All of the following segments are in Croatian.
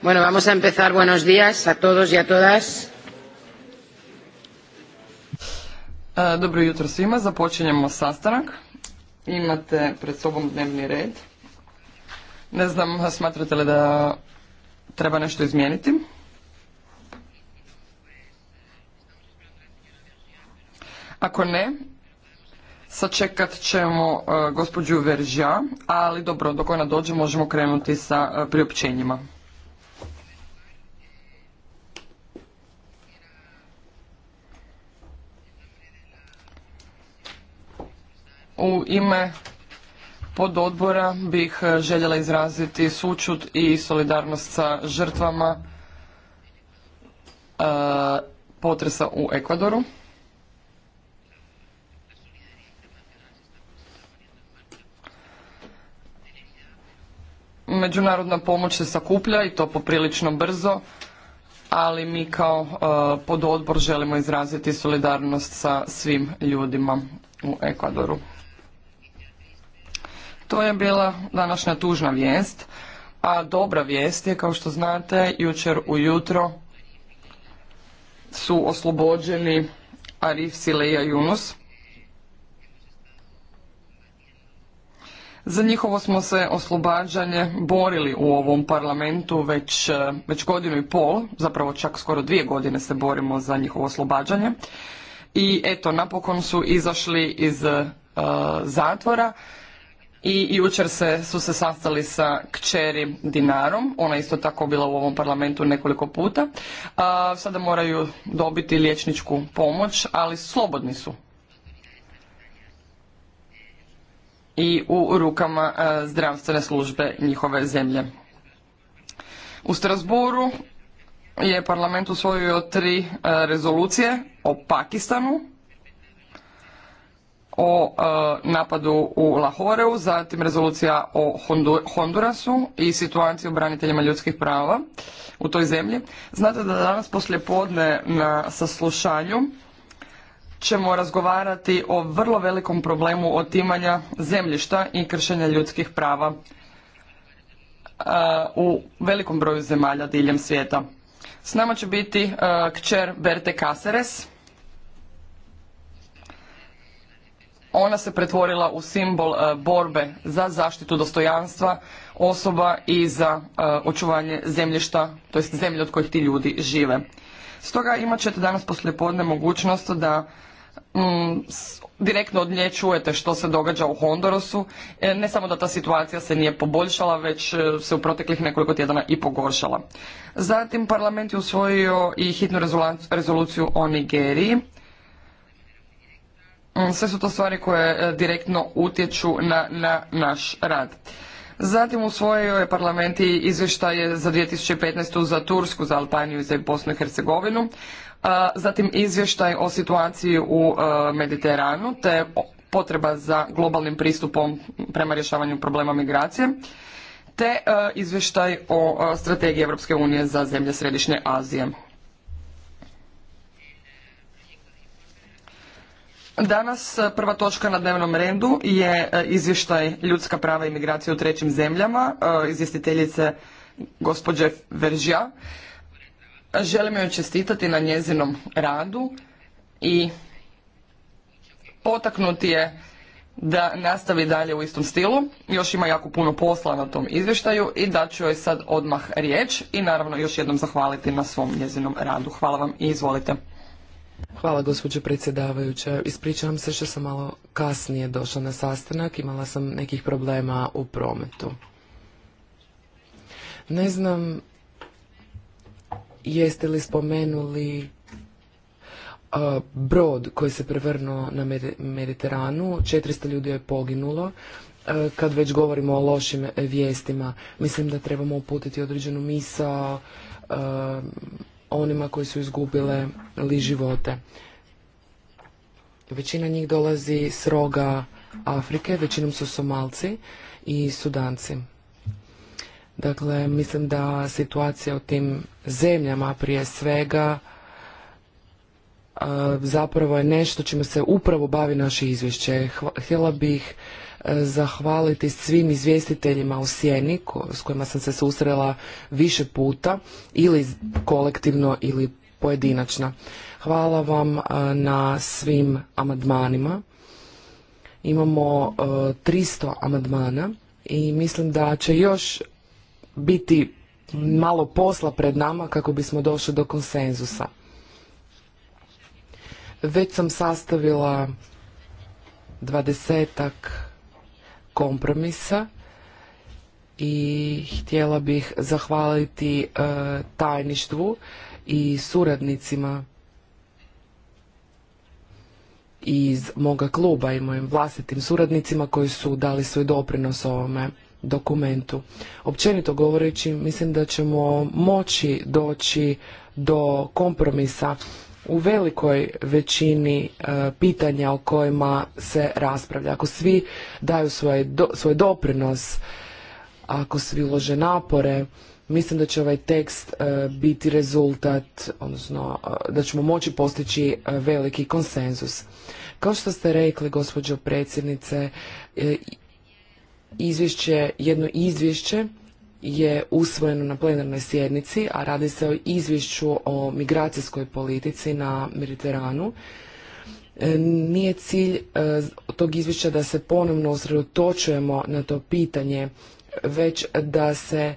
Bueno, vamos a empezar. Buenos días a todos y a todas. E, dobro jutro svima, započinjemo sastanak. Imate pred sobom dnevni red. Ne znam, smatrate li da treba nešto izmijeniti? Ako ne, sačekat ćemo e, gospođu Veržja, ali dobro, dok ona dođe možemo krenuti sa e, priopćenjima. U ime pododbora bih e, željela izraziti sućut i solidarnost sa žrtvama e, potresa u Ekvadoru. Međunarodna pomoć se sakuplja i to poprilično brzo, ali mi kao e, pododbor želimo izraziti solidarnost sa svim ljudima u Ekvadoru. To je bila današnja tužna vijest, a dobra vijest je, kao što znate, jučer ujutro su oslobođeni Arif Sileja Yunus. Za njihovo smo se oslobađanje borili u ovom parlamentu već, već godinu i pol, zapravo čak skoro dvije godine se borimo za njihovo oslobađanje. I eto, napokon su izašli iz eh, zatvora i jučer su se sastali sa kćeri Dinarom, ona je isto tako bila u ovom parlamentu nekoliko puta. sada moraju dobiti liječničku pomoć, ali slobodni su. I u rukama e, zdravstvene službe njihove zemlje. U Strasboru je parlament usvojio tri e, rezolucije o Pakistanu, o e, napadu u Lahoreu, zatim rezolucija o Hondurasu i situaciji u braniteljima ljudskih prava u toj zemlji. Znate da danas poslije podne na saslušanju ćemo razgovarati o vrlo velikom problemu otimanja zemljišta i kršenja ljudskih prava e, u velikom broju zemalja diljem svijeta. S nama će biti e, kćer Berte Kaseres. ona se pretvorila u simbol e, borbe za zaštitu dostojanstva osoba i za e, očuvanje zemljišta, to jest zemlje od kojih ti ljudi žive. Stoga imat ćete danas poslijepodne mogućnost da mm, direktno od nje čujete što se događa u Hondurasu. E, ne samo da ta situacija se nije poboljšala, već se u proteklih nekoliko tjedana i pogoršala. Zatim parlament je usvojio i hitnu rezoluciju o Nigeriji Mm, sve su to stvari koje e, direktno utječu na, na naš rad. Zatim usvojio je parlament i izvještaje za 2015. za Tursku, za Albaniju i za Bosnu i Hercegovinu. Zatim izvještaj o situaciji u e, Mediteranu te potreba za globalnim pristupom prema rješavanju problema migracije te e, izvještaj o strategiji Europske unije za zemlje Središnje Azije. Danas e, prva točka na dnevnom redu je e, izvještaj ljudska prava i migracije u trećim zemljama, e, izvjestiteljice gospođe Veržja. Želim joj čestitati na njezinom radu i potaknuti je da nastavi dalje u istom stilu. Još ima jako puno posla na tom izvještaju i ću joj sad odmah riječ i naravno još jednom zahvaliti na svom njezinom radu. Hvala vam i izvolite. Hvala gospođo predsjedavajuća. Ispričavam se što sam malo kasnije došla na sastanak, imala sam nekih problema u prometu. Ne znam jeste li spomenuli brod koji se prevrnuo na Mediteranu, 400 ljudi je poginulo. kad već govorimo o lošim vijestima, mislim da trebamo uputiti određenu misao onima koji su izgubile li živote. Većina njih dolazi s roga Afrike, većinom su Somalci i Sudanci. Dakle, mislim da situacija u tim zemljama prije svega e, zapravo je nešto čime se upravo bavi naše izvješće. Htjela bih E, zahvaliti svim izvjestiteljima u Sjeni s kojima sam se susrela više puta ili kolektivno ili pojedinačno. Hvala vam e, na svim amandmanima. Imamo 300 e, amandmana i mislim da će još biti malo posla pred nama kako bismo došli do konsenzusa. Već sam sastavila dvadesetak kompromisa i htjela bih zahvaliti e, tajništvu i suradnicima iz moga kluba i mojim vlastitim suradnicima koji su dali svoj doprinos ovome dokumentu. Općenito govoreći, mislim da ćemo moći doći do kompromisa u velikoj većini e, pitanja o kojima se raspravlja. Ako svi daju svoje svoj doprinos, ako svi ulože napore, mislim da će ovaj tekst e, biti rezultat, odnosno e, da ćemo moći postići veliki konsenzus. Kao što ste rekli, gospođo predsjednice, izvješće, jedno izvješće je usvojeno na plenarnoj sjednici, a radi se o izvješću o migracijskoj politici na Mediteranu. E, nije cilj e, tog izvješća da se ponovno usredotočujemo na to pitanje, već da se e,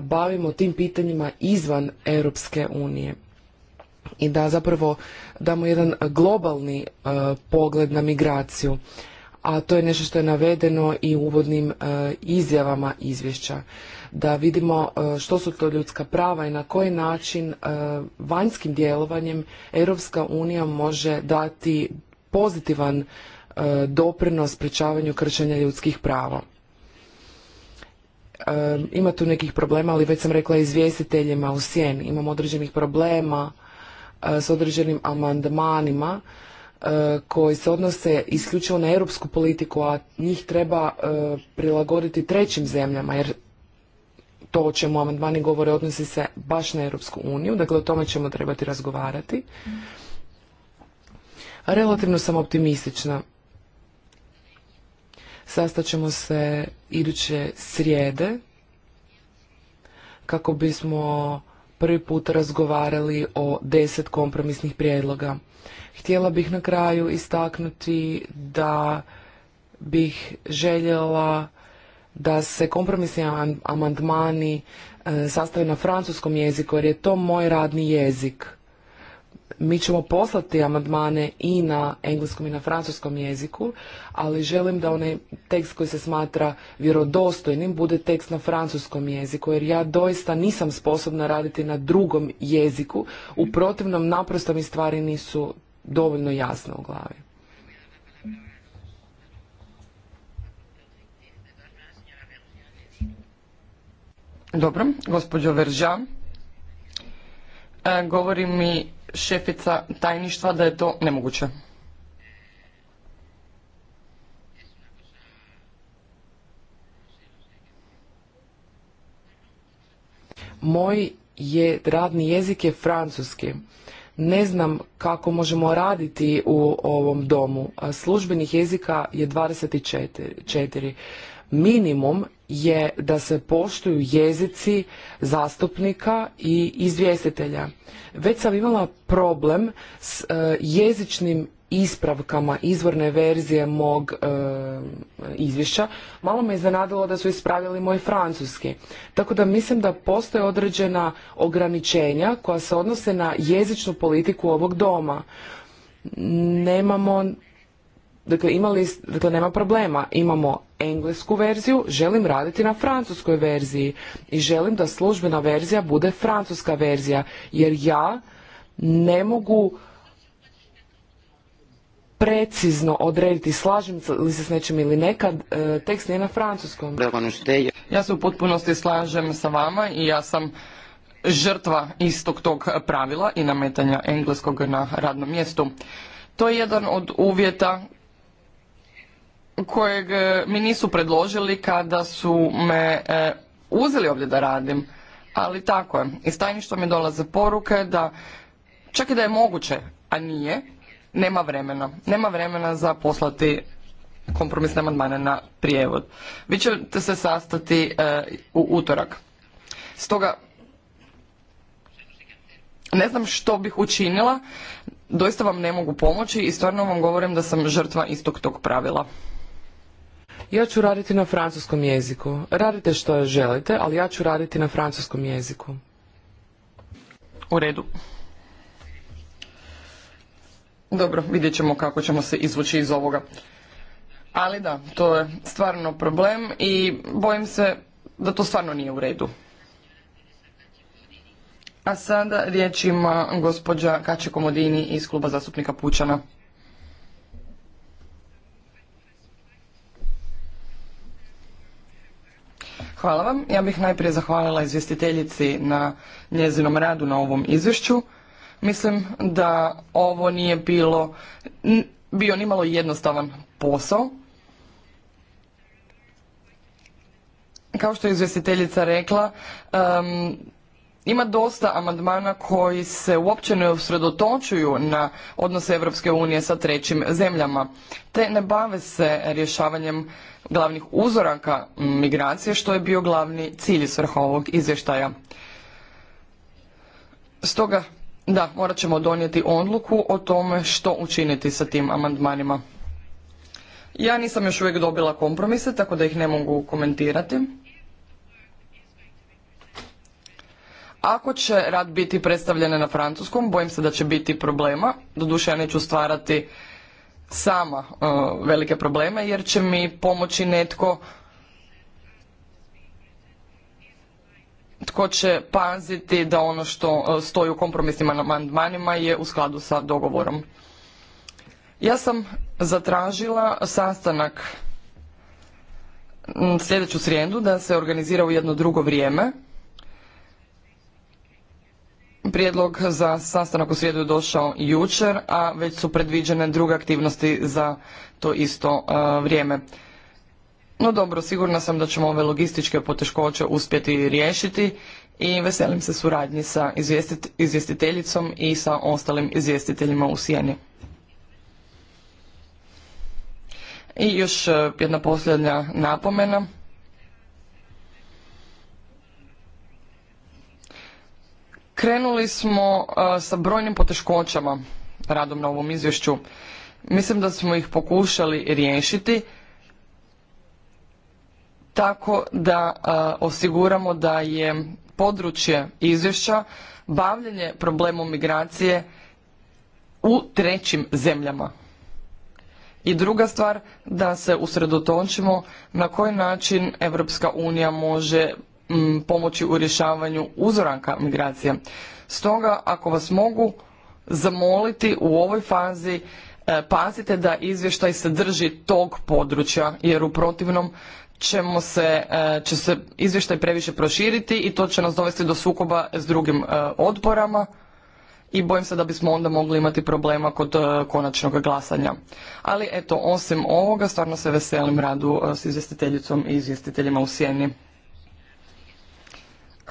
bavimo tim pitanjima izvan Europske unije i da zapravo damo jedan globalni pogled na migraciju a to je nešto što je navedeno i u uvodnim e, izjavama izvješća da vidimo e, što su to ljudska prava i na koji način e, vanjskim djelovanjem Europska unija može dati pozitivan doprinos sprečavanju kršenja ljudskih prava. Ima tu nekih problema, ali već sam rekla izvjestiteljima u sjeni. Imamo određenih problema s određenim amandmanima E, koji se odnose isključivo na europsku politiku, a njih treba e, prilagoditi trećim zemljama, jer to o čemu amandmani govore odnosi se baš na Europsku uniju, dakle o tome ćemo trebati razgovarati. Relativno sam optimistična. Sastaćemo se iduće srijede kako bismo prvi put razgovarali o deset kompromisnih prijedloga. Htjela bih na kraju istaknuti da bih željela da se kompromisni amandmani e, sastave na francuskom jeziku jer je to moj radni jezik mi ćemo poslati amandmane i na engleskom i na francuskom jeziku, ali želim da onaj tekst koji se smatra vjerodostojnim bude tekst na francuskom jeziku, jer ja doista nisam sposobna raditi na drugom jeziku. U protivnom, naprosto mi stvari nisu dovoljno jasne u glavi. Dobro, gospođo Verža, e, govori mi šefica tajništva da je to nemoguće. Moj je radni jezik je francuski. Ne znam kako možemo raditi u ovom domu. Službenih jezika je 24. Minimum je da se poštuju jezici zastupnika i izvjestitelja. Već sam imala problem s e, jezičnim ispravkama izvorne verzije mog e, izvješća. Malo me zanadilo da su ispravili moj francuski. Tako da mislim da postoje određena ograničenja koja se odnose na jezičnu politiku ovog doma. Nemamo Dakle, imali, dakle, nema problema. Imamo englesku verziju, želim raditi na francuskoj verziji i želim da službena verzija bude francuska verzija, jer ja ne mogu precizno odrediti slažem li se s nečim ili nekad e, tekst nije na francuskom. Ja se u potpunosti slažem sa vama i ja sam žrtva istog tog pravila i nametanja engleskog na radnom mjestu. To je jedan od uvjeta kojeg e, mi nisu predložili kada su me e, uzeli ovdje da radim. Ali tako je. Iz tajništva mi dolaze poruke da čak i da je moguće, a nije, nema vremena. Nema vremena za poslati kompromisne amandmane na prijevod. Vi ćete se sastati e, u utorak. Stoga, ne znam što bih učinila, doista vam ne mogu pomoći i stvarno vam govorim da sam žrtva istog tog pravila. Ja ću raditi na francuskom jeziku. Radite što želite, ali ja ću raditi na francuskom jeziku. U redu. Dobro, vidjet ćemo kako ćemo se izvući iz ovoga. Ali da, to je stvarno problem i bojim se da to stvarno nije u redu. A sada riječ ima gospođa Kače Komodini iz kluba zastupnika Pučana. Hvala vam. Ja bih najprije zahvalila izvjestiteljici na njezinom radu na ovom izvješću. Mislim da ovo nije bilo, bio nimalo jednostavan posao. Kao što je izvjestiteljica rekla, ima dosta amandmana koji se uopće ne usredotočuju na odnose Europske unije sa trećim zemljama, te ne bave se rješavanjem glavnih uzoraka migracije, što je bio glavni cilj svrha ovog izvještaja. Stoga, da, morat ćemo donijeti odluku o tome što učiniti sa tim amandmanima. Ja nisam još uvijek dobila kompromise, tako da ih ne mogu komentirati. Ako će rad biti predstavljene na francuskom, bojim se da će biti problema. Doduše ja neću stvarati sama e, velike probleme jer će mi pomoći netko tko će paziti da ono što e, stoji u kompromisnim amandmanima je u skladu sa dogovorom. Ja sam zatražila sastanak sljedeću srijedu da se organizira u jedno drugo vrijeme Prijedlog za sastanak u srijedu je došao jučer, a već su predviđene druge aktivnosti za to isto vrijeme. No dobro, sigurna sam da ćemo ove logističke poteškoće uspjeti riješiti i veselim se suradnji sa izvjestiteljicom i sa ostalim izvjestiteljima u Sijeni. I još e, jedna posljednja napomena. Krenuli smo e, sa brojnim poteškoćama radom na ovom izvješću. Mislim da smo ih pokušali riješiti tako da e, osiguramo da je područje izvješća bavljenje problemom migracije u trećim zemljama. I druga stvar, da se usredotočimo na koji način Europska unija može Mm, pomoći u rješavanju uzoranka migracija. Stoga, ako vas mogu zamoliti u ovoj fazi, e, pazite da izvještaj se drži tog područja, jer u protivnom ćemo se, e, će se izvještaj previše proširiti i to će nas dovesti do sukoba s drugim e, odborama i bojim se da bismo onda mogli imati problema kod konačnog glasanja. Ali eto, osim ovoga, stvarno se veselim radu s izvjestiteljicom i izvjestiteljima u Sjeni.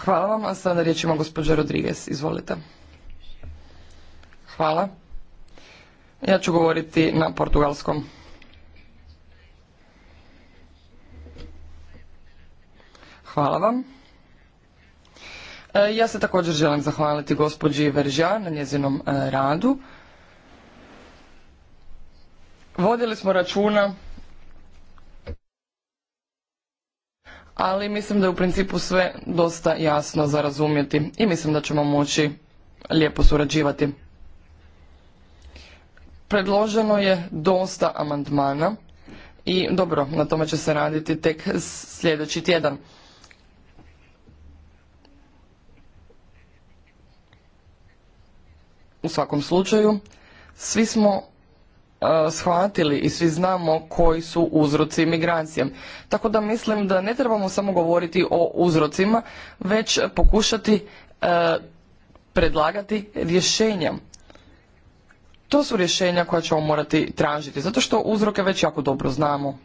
Hvala vam, a sada riječ ima gospođa Rodriguez, izvolite. Hvala. Ja ću govoriti na portugalskom. Hvala vam. E, ja se također želim zahvaliti gospođi Veržja na njezinom e, radu. Vodili smo računa ali mislim da je u principu sve dosta jasno za razumjeti i mislim da ćemo moći lijepo surađivati. Predloženo je dosta amandmana i dobro, na tome će se raditi tek sljedeći tjedan. U svakom slučaju, svi smo shvatili i svi znamo koji su uzroci migracija. Tako da mislim da ne trebamo samo govoriti o uzrocima, već pokušati e, predlagati rješenja. To su rješenja koja ćemo morati tražiti, zato što uzroke već jako dobro znamo.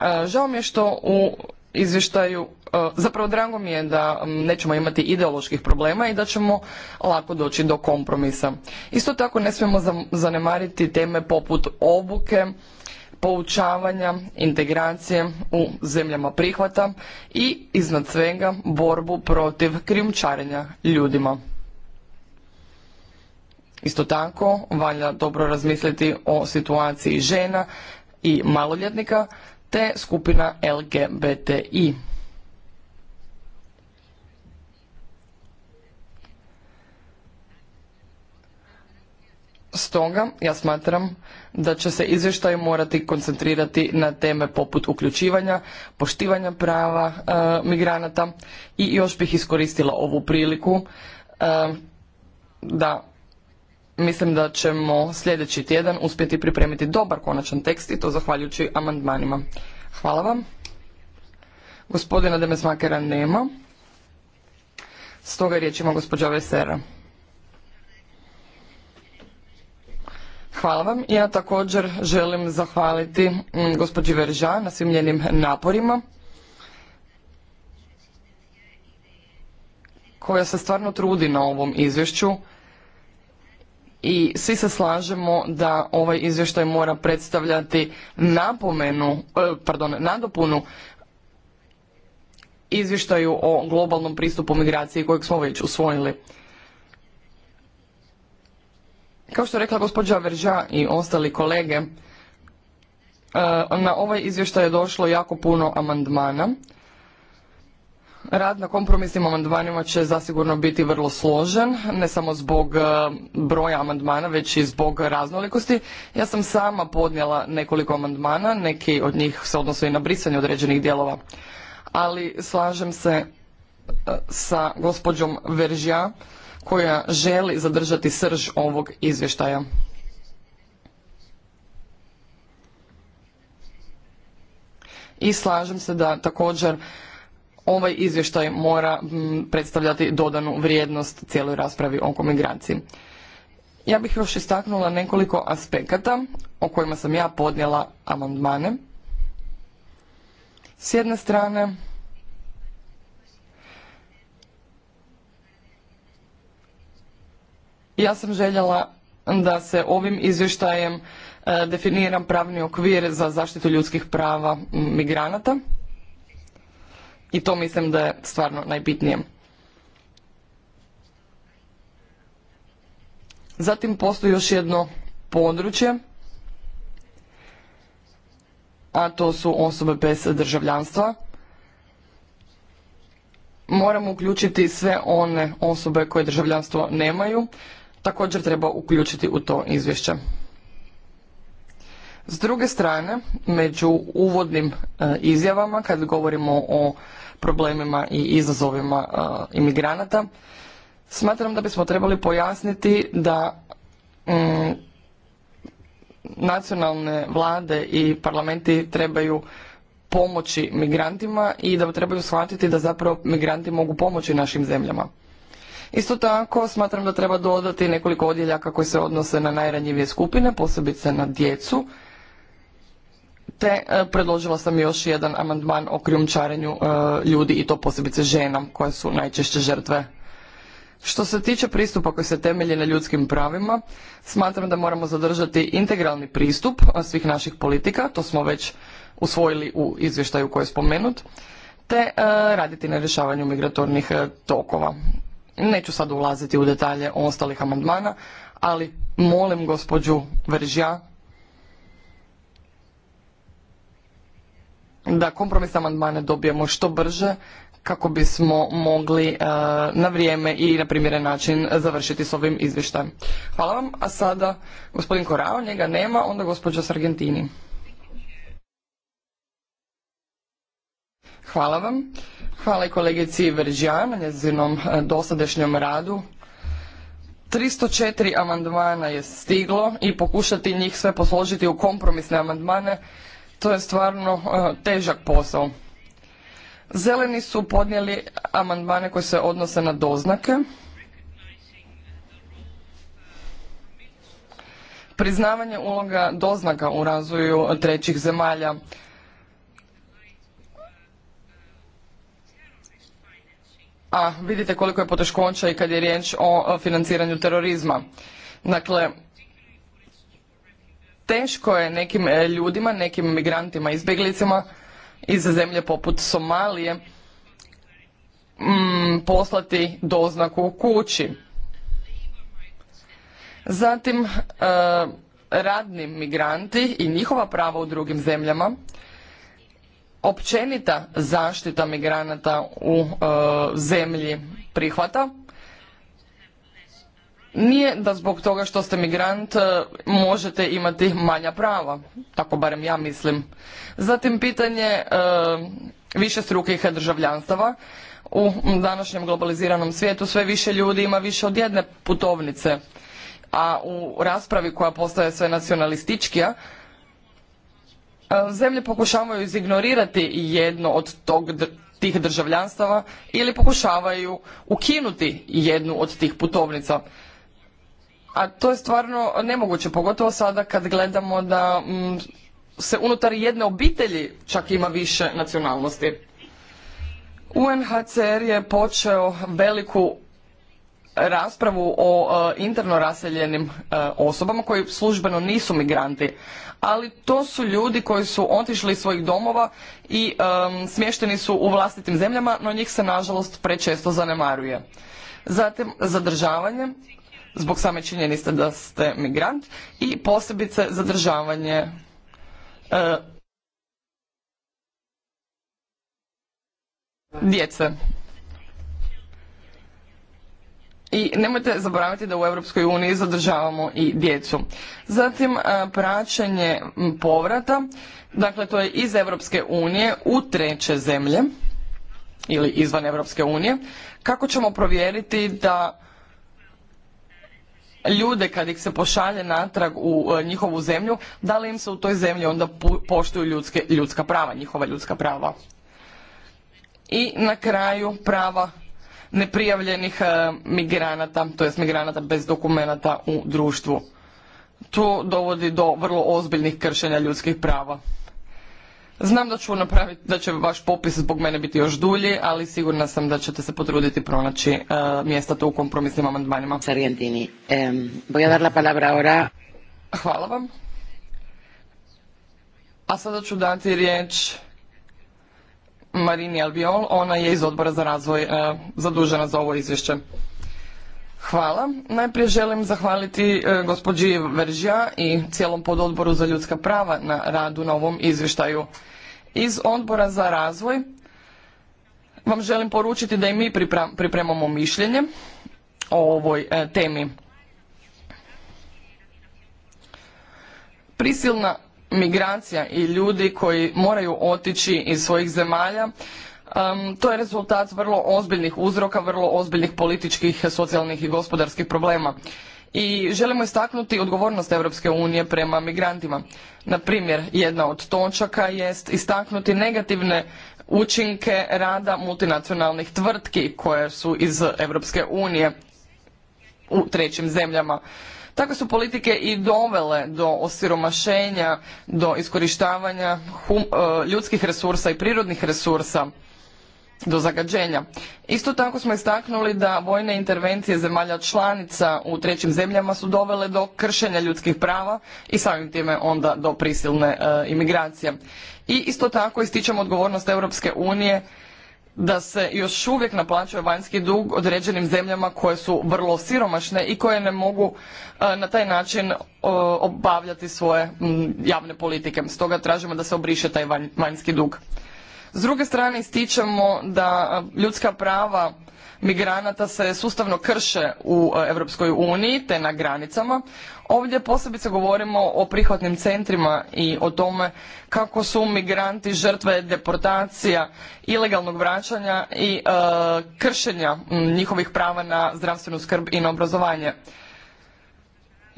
E, žao mi je što u izvještaju E, zapravo drago mi je da nećemo imati ideoloških problema i da ćemo lako doći do kompromisa. Isto tako ne smijemo zanemariti teme poput obuke, poučavanja, integracije u zemljama prihvata i iznad svega borbu protiv krijumčarenja ljudima. Isto tako valja dobro razmisliti o situaciji žena i maloljetnika te skupina LGBTI. Stoga ja smatram da će se izvještaj morati koncentrirati na teme poput uključivanja, poštivanja prava e, migranata i još bih iskoristila ovu priliku e, da mislim da ćemo sljedeći tjedan uspjeti pripremiti dobar konačan tekst i to zahvaljujući amandmanima. Hvala vam. Gospodina Demesmakera nema. Stoga riječ ima gospođa Vesera. Hvala vam. Ja također želim zahvaliti mm, gospođi Verža na svim njenim naporima koja se stvarno trudi na ovom izvješću i svi se slažemo da ovaj izvještaj mora predstavljati napomenu, e, pardon, nadopunu izvještaju o globalnom pristupu migraciji kojeg smo već usvojili. Kao što je rekla gospođa Verža i ostali kolege, e, na ovaj izvještaj je došlo jako puno amandmana. Rad na kompromisnim amandmanima će zasigurno biti vrlo složen, ne samo zbog e, broja amandmana, već i zbog raznolikosti. Ja sam sama podnijela nekoliko amandmana, neki od njih se odnosu i na brisanje određenih dijelova. Ali slažem se e, sa gospođom Veržja koja želi zadržati srž ovog izvještaja. I slažem se da također ovaj izvještaj mora predstavljati dodanu vrijednost cijeloj raspravi oko migraciji. Ja bih još istaknula nekoliko aspekata o kojima sam ja podnijela amandmane. S jedne strane, Ja sam željela da se ovim izvještajem e, definiram pravni okvir za zaštitu ljudskih prava migranata i to mislim da je stvarno najbitnije. Zatim postoji još jedno područje, a to su osobe bez državljanstva. Moramo uključiti sve one osobe koje državljanstvo nemaju također treba uključiti u to izvješće. S druge strane, među uvodnim e, izjavama kad govorimo o problemima i izazovima e, imigranata, smatram da bismo trebali pojasniti da mm, nacionalne vlade i parlamenti trebaju pomoći migrantima i da trebaju shvatiti da zapravo migranti mogu pomoći našim zemljama. Isto tako smatram da treba dodati nekoliko odjeljaka koji se odnose na najranjivije skupine, posebice na djecu, te e, predložila sam još jedan amandman o krijumčarenju e, ljudi i to posebice žena koje su najčešće žrtve. Što se tiče pristupa koji se temelji na ljudskim pravima, smatram da moramo zadržati integralni pristup svih naših politika, to smo već usvojili u izvještaju koji je spomenut, te e, raditi na rješavanju migratornih tokova. Neću sad ulaziti u detalje ostalih amandmana, ali molim gospođu Veržja da kompromis amandmane dobijemo što brže kako bismo mogli e, na vrijeme i na primjeren način završiti s ovim izvještajem. Hvala vam, a sada gospodin Korao, njega nema, onda gospođa Sargentini. Hvala vam. Hvala i kolegici Vrđan na njezinom e, dosadašnjem radu. 304 amandmana je stiglo i pokušati njih sve posložiti u kompromisne amandmane, to je stvarno e, težak posao. Zeleni su podnijeli amandmane koje se odnose na doznake. Priznavanje uloga doznaka u razvoju trećih zemalja a vidite koliko je poteškoća i kad je riječ o financiranju terorizma. Dakle, teško je nekim e, ljudima, nekim migrantima, izbjeglicama iz zemlje poput Somalije mm, poslati doznaku kući. Zatim, e, radni migranti i njihova prava u drugim zemljama općenita zaštita migranata u e, zemlji prihvata nije da zbog toga što ste migrant e, možete imati manja prava, tako barem ja mislim. Zatim pitanje e, više strukih državljanstava. U današnjem globaliziranom svijetu sve više ljudi ima više od jedne putovnice, a u raspravi koja postaje sve nacionalističkija E, zemlje pokušavaju izignorirati jedno od tog, tih državljanstava ili pokušavaju ukinuti jednu od tih putovnica. A to je stvarno nemoguće, pogotovo sada kad gledamo da mm, se unutar jedne obitelji čak ima više nacionalnosti. UNHCR je počeo veliku raspravu o e, interno raseljenim e, osobama koji službeno nisu migranti ali to su ljudi koji su otišli iz svojih domova i smješteni su u vlastitim zemljama, no njih se nažalost prečesto zanemaruje. Zatim zadržavanje, zbog same činjenice da ste migrant i posebice zadržavanje e, djece. I nemojte zaboraviti da u Europskoj uniji zadržavamo i djecu. Zatim e, praćenje povrata, dakle to je iz Europske unije u treće zemlje ili izvan Europske unije, kako ćemo provjeriti da ljude kad ih se pošalje natrag u e, njihovu zemlju, da li im se u toj zemlji onda poštuju ljudska prava, njihova ljudska prava. I na kraju prava neprijavljenih e, migranata, to jest migranata bez dokumenata u društvu. To dovodi do vrlo ozbiljnih kršenja ljudskih prava. Znam da ću napraviti, da će vaš popis zbog mene biti još dulji, ali sigurna sam da ćete se potruditi pronaći e, mjesta to u kompromisnim amandmanima. Sargentini, voy a dar la palabra ahora. Hvala vam. A sada ću dati riječ Marini Albiol, ona je iz odbora za razvoj e, zadužena za ovo izvješće. Hvala. Najprije želim zahvaliti e, gospođi Veržija i cijelom pododboru za ljudska prava na radu na ovom izvještaju. Iz odbora za razvoj vam želim poručiti da i mi pripremamo mišljenje o ovoj e, temi. Prisilna migracija i ljudi koji moraju otići iz svojih zemalja um, to je rezultat vrlo ozbiljnih uzroka, vrlo ozbiljnih političkih, socijalnih i gospodarskih problema. I želimo istaknuti odgovornost Europske unije prema migrantima. Na primjer, jedna od točaka jest istaknuti negativne učinke rada multinacionalnih tvrtki koje su iz Europske unije u trećim zemljama. Takve su politike i dovele do osiromašenja, do iskorištavanja e, ljudskih resursa i prirodnih resursa do zagađenja. Isto tako smo istaknuli da vojne intervencije zemalja članica u trećim zemljama su dovele do kršenja ljudskih prava i samim time onda do prisilne e, imigracije. I isto tako ističemo odgovornost Europske unije da se još uvijek naplaćuje vanjski dug određenim zemljama koje su vrlo siromašne i koje ne mogu e, na taj način e, obavljati svoje javne politike. Stoga tražimo da se obriše taj vanjski dug. S druge strane ističemo da e, ljudska prava migranata se sustavno krše u Europskoj uniji te na granicama. Ovdje posebice govorimo o prihvatnim centrima i o tome kako su migranti žrtve deportacija, ilegalnog vraćanja i e, kršenja njihovih prava na zdravstvenu skrb i na obrazovanje.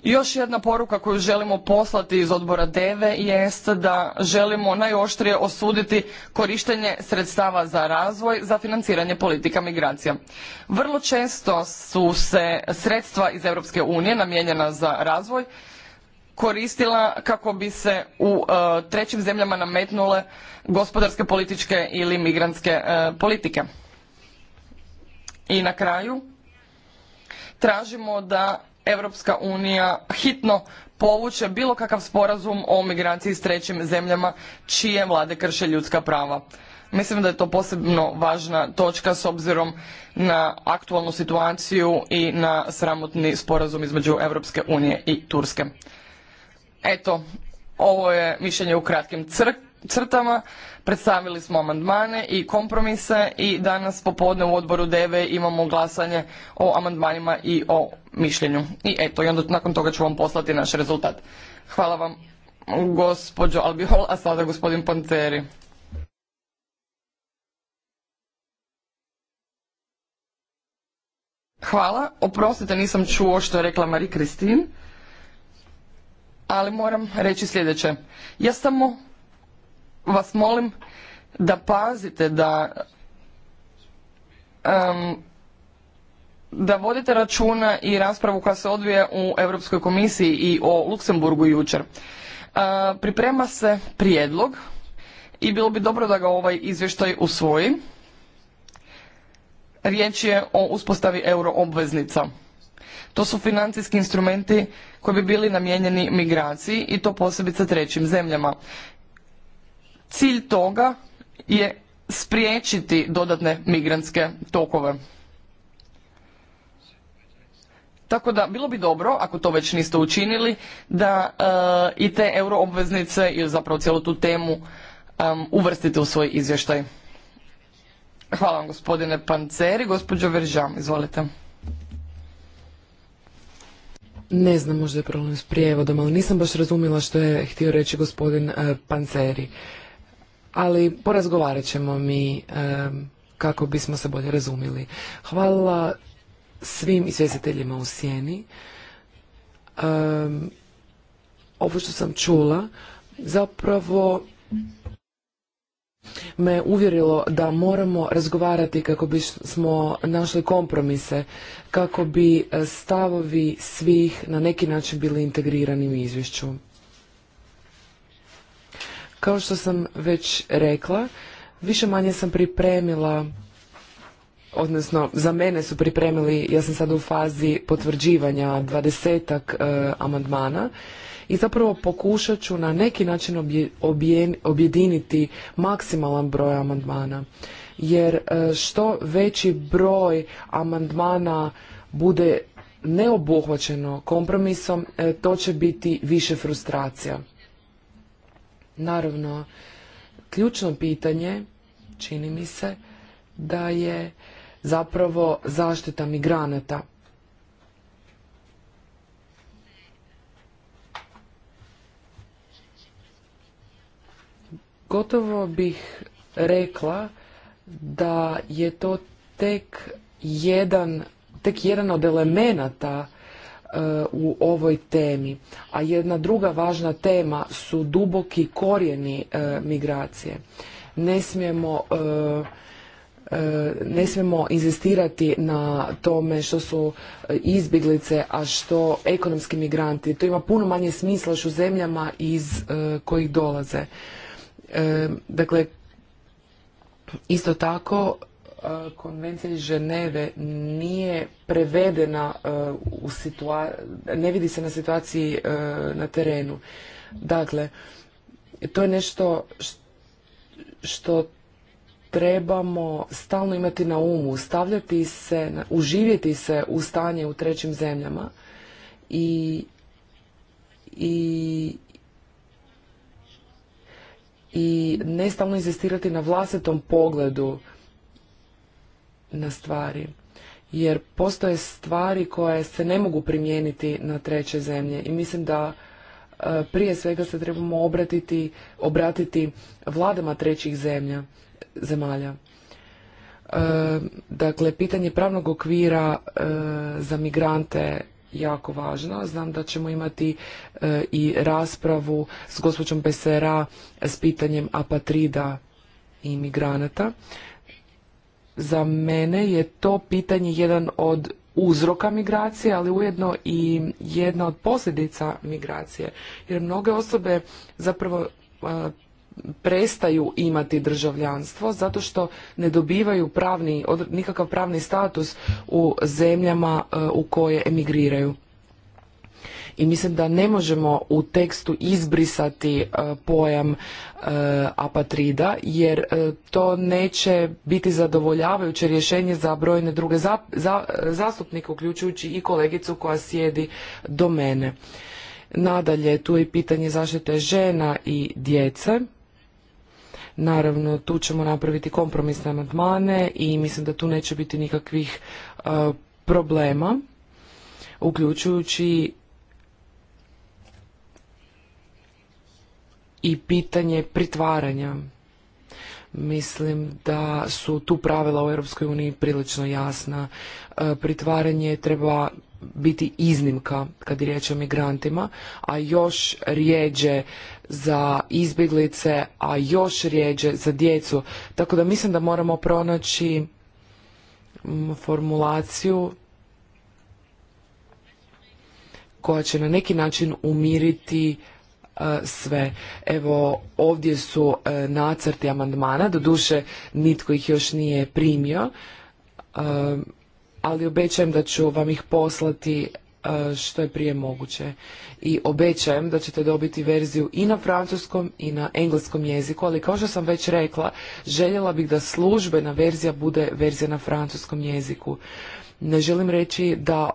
Još jedna poruka koju želimo poslati iz odbora DEVE jest da želimo najoštrije osuditi korištenje sredstava za razvoj za financiranje politika migracija. Vrlo često su se sredstva iz Europske unije namijenjena za razvoj koristila kako bi se u e, trećim zemljama nametnule gospodarske, političke ili migrantske e, politike. I na kraju tražimo da Europska unija hitno povuče bilo kakav sporazum o migraciji s trećim zemljama čije vlade krše ljudska prava. Mislim da je to posebno važna točka s obzirom na aktualnu situaciju i na sramotni sporazum između Europske unije i Turske. Eto, ovo je mišljenje u kratkim crk crtama. Predstavili smo amandmane i kompromise i danas popodne u odboru DEVE imamo glasanje o amandmanima i o mišljenju. I eto, i onda nakon toga ću vam poslati naš rezultat. Hvala vam gospođo Albihol, a sada gospodin Panteri. Hvala. Oprostite, nisam čuo što je rekla Marie Christine, ali moram reći sljedeće. Ja samo vas molim da pazite da da vodite računa i raspravu koja se odvija u Europskoj komisiji i o Luksemburgu jučer. E, priprema se prijedlog i bilo bi dobro da ga ovaj izvještaj usvoji. Riječ je o uspostavi euroobveznica. To su financijski instrumenti koji bi bili namijenjeni migraciji i to posebice trećim zemljama. Cilj toga je spriječiti dodatne migrantske tokove. Tako da bilo bi dobro, ako to već niste učinili, da e, i te euroobveznice i zapravo cijelu tu temu e, uvrstite u svoj izvještaj. Hvala vam gospodine Panceri. Gospođo Veržam, izvolite. Ne znam, možda je problem s prijevodom, ali nisam baš razumjela što je htio reći gospodin e, Panceri ali porazgovarat ćemo mi kako bismo se bolje razumjeli. Hvala svim izvjestiteljima u sjeni. Ovo što sam čula zapravo me uvjerilo da moramo razgovarati kako bismo našli kompromise, kako bi stavovi svih na neki način bili integrirani u izvješću. Kao što sam već rekla, više manje sam pripremila odnosno za mene su pripremili, ja sam sada u fazi potvrđivanja dvadesetak e, amandmana i zapravo pokušat ću na neki način objediniti maksimalan broj amandmana. Jer e, što veći broj amandmana bude neobuhvaćeno kompromisom, e, to će biti više frustracija. Naravno, ključno pitanje, čini mi se, da je zapravo zaštita migranata. Gotovo bih rekla da je to tek jedan, tek jedan od elemenata E, u ovoj temi. A jedna druga važna tema su duboki korijeni e, migracije. Ne smijemo e, ne smijemo inzistirati na tome što su izbjeglice, a što ekonomski migranti. To ima puno manje smisla što u zemljama iz kojih dolaze. Dakle, isto tako konvencija iz Ženeve nije prevedena u situaciju ne vidi se na situaciji na terenu. Dakle, to je nešto što trebamo stalno imati na umu, stavljati se, uživjeti se u stanje u trećim zemljama i i i ne stalno inzistirati na vlastitom pogledu na stvari jer postoje stvari koje se ne mogu primijeniti na treće zemlje i mislim da e, prije svega se trebamo obratiti, obratiti vladama trećih zemlja, zemalja. E, dakle, pitanje pravnog okvira e, za migrante jako važno. Znam da ćemo imati i raspravu s gospođom Pesera s pitanjem apatrida i migranata za mene je to pitanje jedan od uzroka migracije, ali ujedno i jedna od posljedica migracije. Jer mnoge osobe zapravo prestaju imati državljanstvo zato što ne dobivaju pravni, nikakav pravni status u zemljama u koje emigriraju i mislim da ne možemo u tekstu izbrisati e, pojam e, apatrida jer e, to neće biti zadovoljavajuće rješenje za brojne druge zastupnike uključujući i kolegicu koja sjedi do mene. Nadalje, tu je pitanje zaštite žena i djece. Naravno, tu ćemo napraviti kompromisne amandmane i mislim da tu neće biti nikakvih problema, uključujući i pitanje pritvaranja. Mislim da su tu pravila u Europskoj uniji prilično jasna. E, pritvaranje treba biti iznimka kad je riječ o migrantima, a još rijeđe za izbjeglice, a još rijeđe za djecu. Tako da mislim da moramo pronaći formulaciju koja će na neki način umiriti sve. Evo ovdje su e, nacrti amandmana, doduše nitko ih još nije primio, e, ali obećajem da ću vam ih poslati e, što je prije moguće. I obećajem da ćete dobiti verziju i na francuskom i na engleskom jeziku, ali kao što sam već rekla, željela bih da službena verzija bude verzija na francuskom jeziku. Ne želim reći da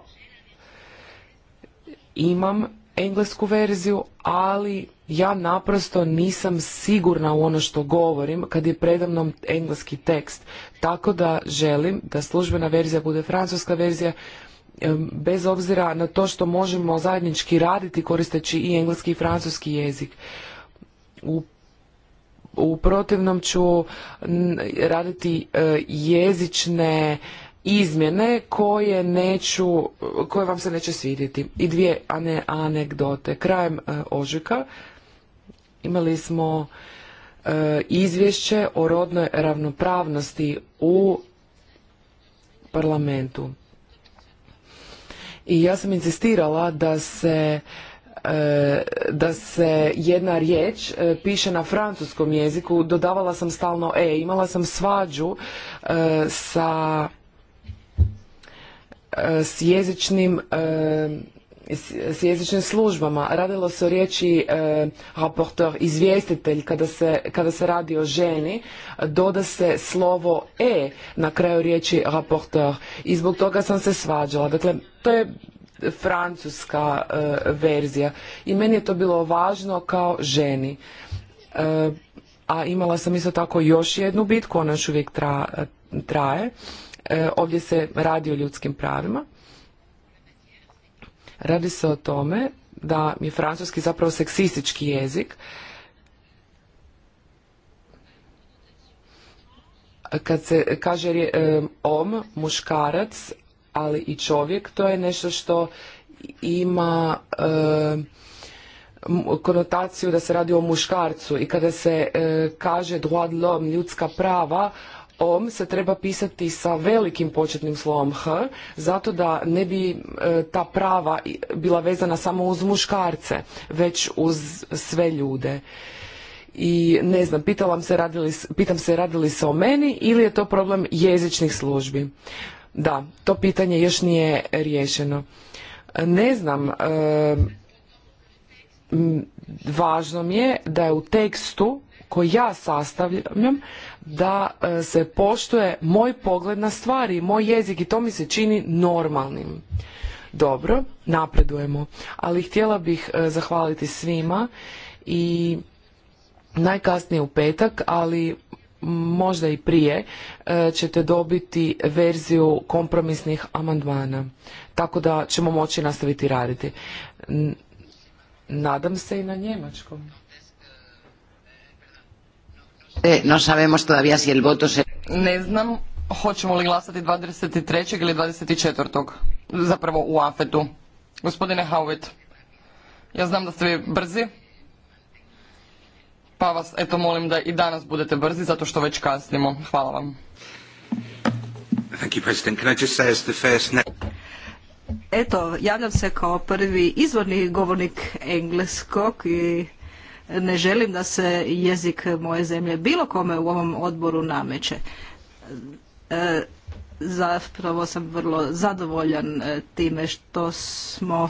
imam englesku verziju, ali ja naprosto nisam sigurna u ono što govorim kad je predamnom engleski tekst. Tako da želim da službena verzija bude francuska verzija, bez obzira na to što možemo zajednički raditi koristeći i engleski i francuski jezik. U, u protivnom ću raditi e, jezične izmjene koje neću, koje vam se neće svidjeti. I dvije ane, anegdote. Krajem e, ožujka imali smo e, izvješće o rodnoj ravnopravnosti u parlamentu. I ja sam insistirala da se e, da se jedna riječ e, piše na francuskom jeziku, dodavala sam stalno e, imala sam svađu sa E, s jezičnim službama. Radilo se o riječi e, izvjestitelj, kada se, radi o ženi, doda se slovo e na kraju riječi rapporteur I zbog toga sam se svađala. Dakle, to je francuska e, verzija. I meni je to bilo važno kao ženi. E, a imala sam isto tako još jednu bitku, ona još uvijek traje. E, ovdje se radi o ljudskim pravima. Radi se o tome da je francuski zapravo seksistički jezik. Kad se kaže e, om, muškarac, ali i čovjek, to je nešto što ima e, konotaciju da se radi o muškarcu i kada se kaže droit de l'homme, ljudska prava, ovom se treba pisati sa velikim početnim slovom h, zato da ne bi e, ta prava bila vezana samo uz muškarce, već uz sve ljude. I ne znam, pitalam se radili, pitam se radi se o meni ili je to problem jezičnih službi. Da, to pitanje još nije riješeno. Ne znam, e, važno mi je da je u tekstu koji ja sastavljam da e, se poštuje moj pogled na stvari moj jezik i to mi se čini normalnim. Dobro, napredujemo, ali htjela bih e, zahvaliti svima i najkasnije u petak, ali možda i prije e, ćete dobiti verziju kompromisnih amandmana. Tako da ćemo moći nastaviti raditi. Nadam se i na njemačkom. E, no sabemos todavía si Ne znam hoćemo li glasati 23. ili 24. zapravo u afetu. Gospodine Howitt, ja znam da ste vi brzi, pa vas eto molim da i danas budete brzi zato što već kasnimo. Hvala vam. Thank President. Can I just say as the first... Eto, javljam se kao prvi izvorni govornik engleskog i ne želim da se jezik moje zemlje bilo kome u ovom odboru nameće. E, zapravo sam vrlo zadovoljan e, time što smo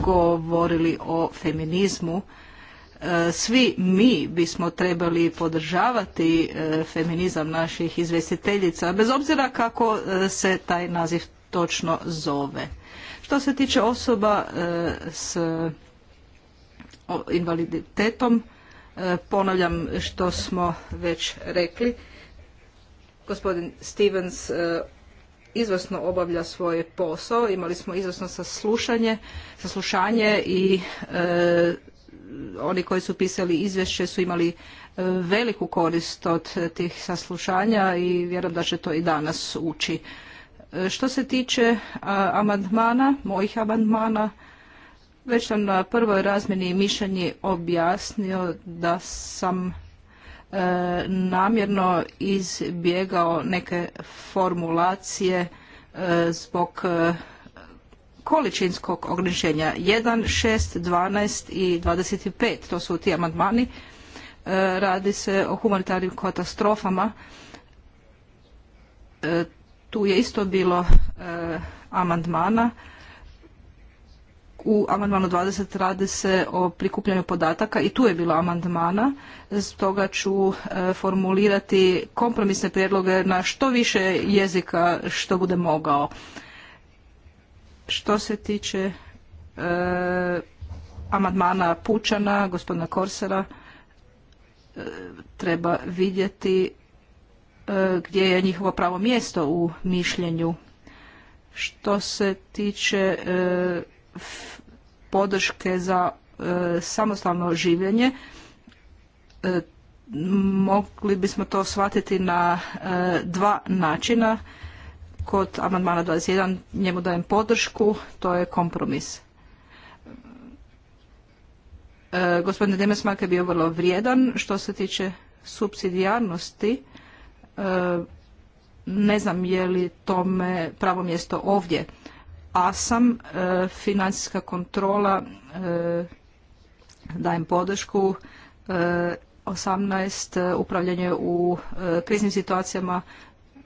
govorili o feminizmu. E, svi mi bismo trebali podržavati feminizam naših izvjestiteljica, bez obzira kako se taj naziv točno zove. Što se tiče osoba s invaliditetom. E, ponavljam što smo već rekli. Gospodin Stevens e, izvrsno obavlja svoj posao. Imali smo izvrsno saslušanje, saslušanje i e, oni koji su pisali izvješće su imali veliku korist od tih saslušanja i vjerujem da će to i danas ući. Što se tiče amandmana, mojih amandmana, već sam na prvoj razmjeni mišljenje objasnio da sam e, namjerno izbjegao neke formulacije e, zbog e, količinskog ograničenja 1, 6, 12 i 25. To su ti amandmani. E, radi se o humanitarnim katastrofama. Tu je isto bilo amandmana u amandmanu 20 radi se o prikupljanju podataka i tu je bilo amandmana, stoga ću e, formulirati kompromisne prijedloge na što više jezika što bude mogao. Što se tiče e, amandmana Pučana, gospodina Korsera, e, treba vidjeti gdje je njihovo pravo mjesto u mišljenju. Što se tiče podrške za e, samostalno življenje e, mogli bismo to shvatiti na e, dva načina kod amandmana 21 njemu dajem podršku to je kompromis gospodine Demesmak je bio vrlo vrijedan što se tiče subsidijarnosti ne znam je li tome pravo mjesto ovdje ASAM, e, financijska kontrola, e, dajem podršku, 18 e, upravljanje u kriznim situacijama,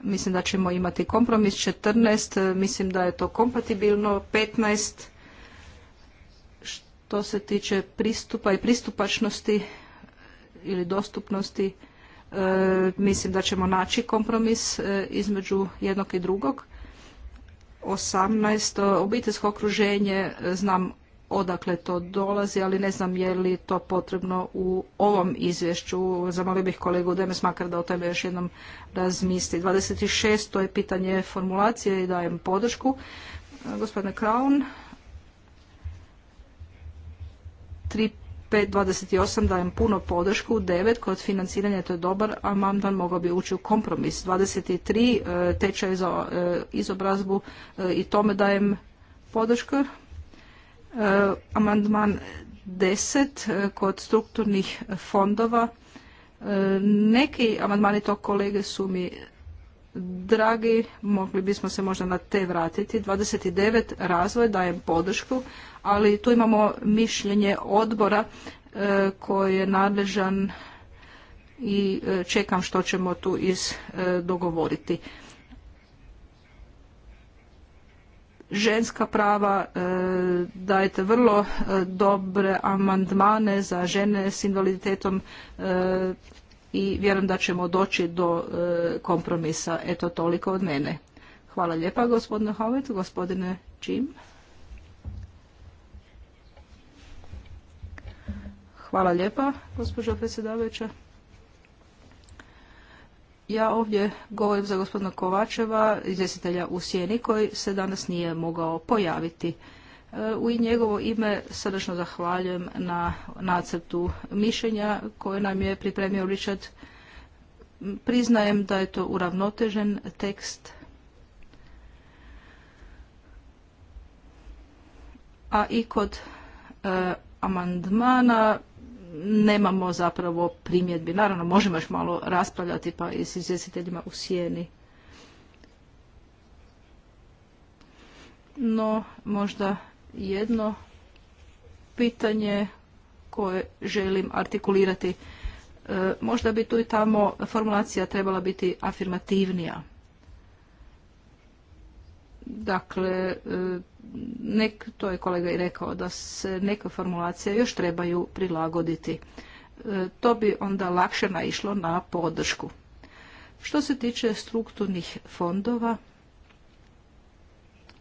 mislim da ćemo imati kompromis, 14 mislim da je to kompatibilno, 15 što se tiče pristupa i pristupačnosti ili dostupnosti, mislim da ćemo naći kompromis između jednog i drugog. 18. Obiteljsko okruženje znam odakle to dolazi, ali ne znam je li to potrebno u ovom izvješću. Zamolio bih kolegu Demes makar da o tome još jednom razmisli. 26. To je pitanje formulacije i dajem podršku. Gospodine Kraun, tri osam dajem puno podršku, 9 kod financiranja to je dobar amandman, mogao bi ući u kompromis. 23 e, tečaj za e, izobrazbu e, i tome dajem podršku. Amandman 10 kod strukturnih fondova. Neki amandmani to kolege su mi dragi, mogli bismo se možda na te vratiti. 29 razvoj dajem podršku, ali tu imamo mišljenje odbora e, koji je nadležan i e, čekam što ćemo tu iz e, dogovoriti. Ženska prava dajete vrlo dobre amandmane za žene s invaliditetom i vjerujem da ćemo doći do kompromisa. Eto toliko od mene. Hvala lijepa gospodine Hovet, gospodine Čim. Hvala lijepa, gospođo predsjedavajuća. Ja ovdje govorim za gospodina Kovačeva, izvjestitelja u Sjeni, koji se danas nije mogao pojaviti. E, u njegovo ime srdačno zahvaljujem na nacrtu mišljenja koje nam je pripremio Richard. Priznajem da je to uravnotežen tekst, a i kod e, amandmana nemamo zapravo primjedbi. Naravno, možemo još malo raspravljati pa i s izvjestiteljima u sjeni. No, možda jedno pitanje koje želim artikulirati. E, možda bi tu i tamo formulacija trebala biti afirmativnija. Dakle, e, nek, to je kolega i rekao da se neke formulacije još trebaju prilagoditi. E, to bi onda lakše naišlo na podršku. Što se tiče strukturnih fondova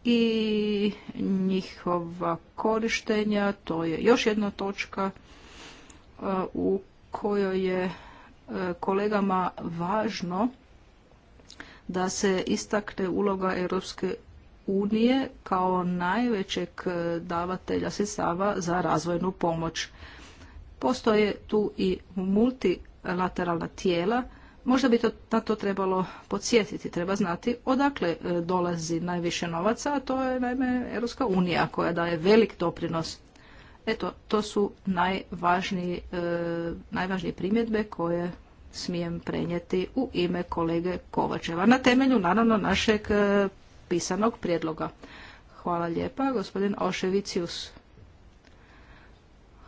i njihova korištenja, to je još jedna točka e, u kojoj je kolegama važno da se istakne uloga Europske unije kao najvećeg e, davatelja sredstava za razvojnu pomoć. Postoje tu i multilateralna tijela, možda bi to, na to trebalo podsjetiti, treba znati odakle e, dolazi najviše novaca, a to je naime Europska unija koja daje velik doprinos. Eto, to su najvažniji, e, najvažnije primjedbe koje smijem prenijeti u ime kolege Kovačeva. Na temelju, naravno, našeg pisanog prijedloga. Hvala lijepa, gospodin Oševicius.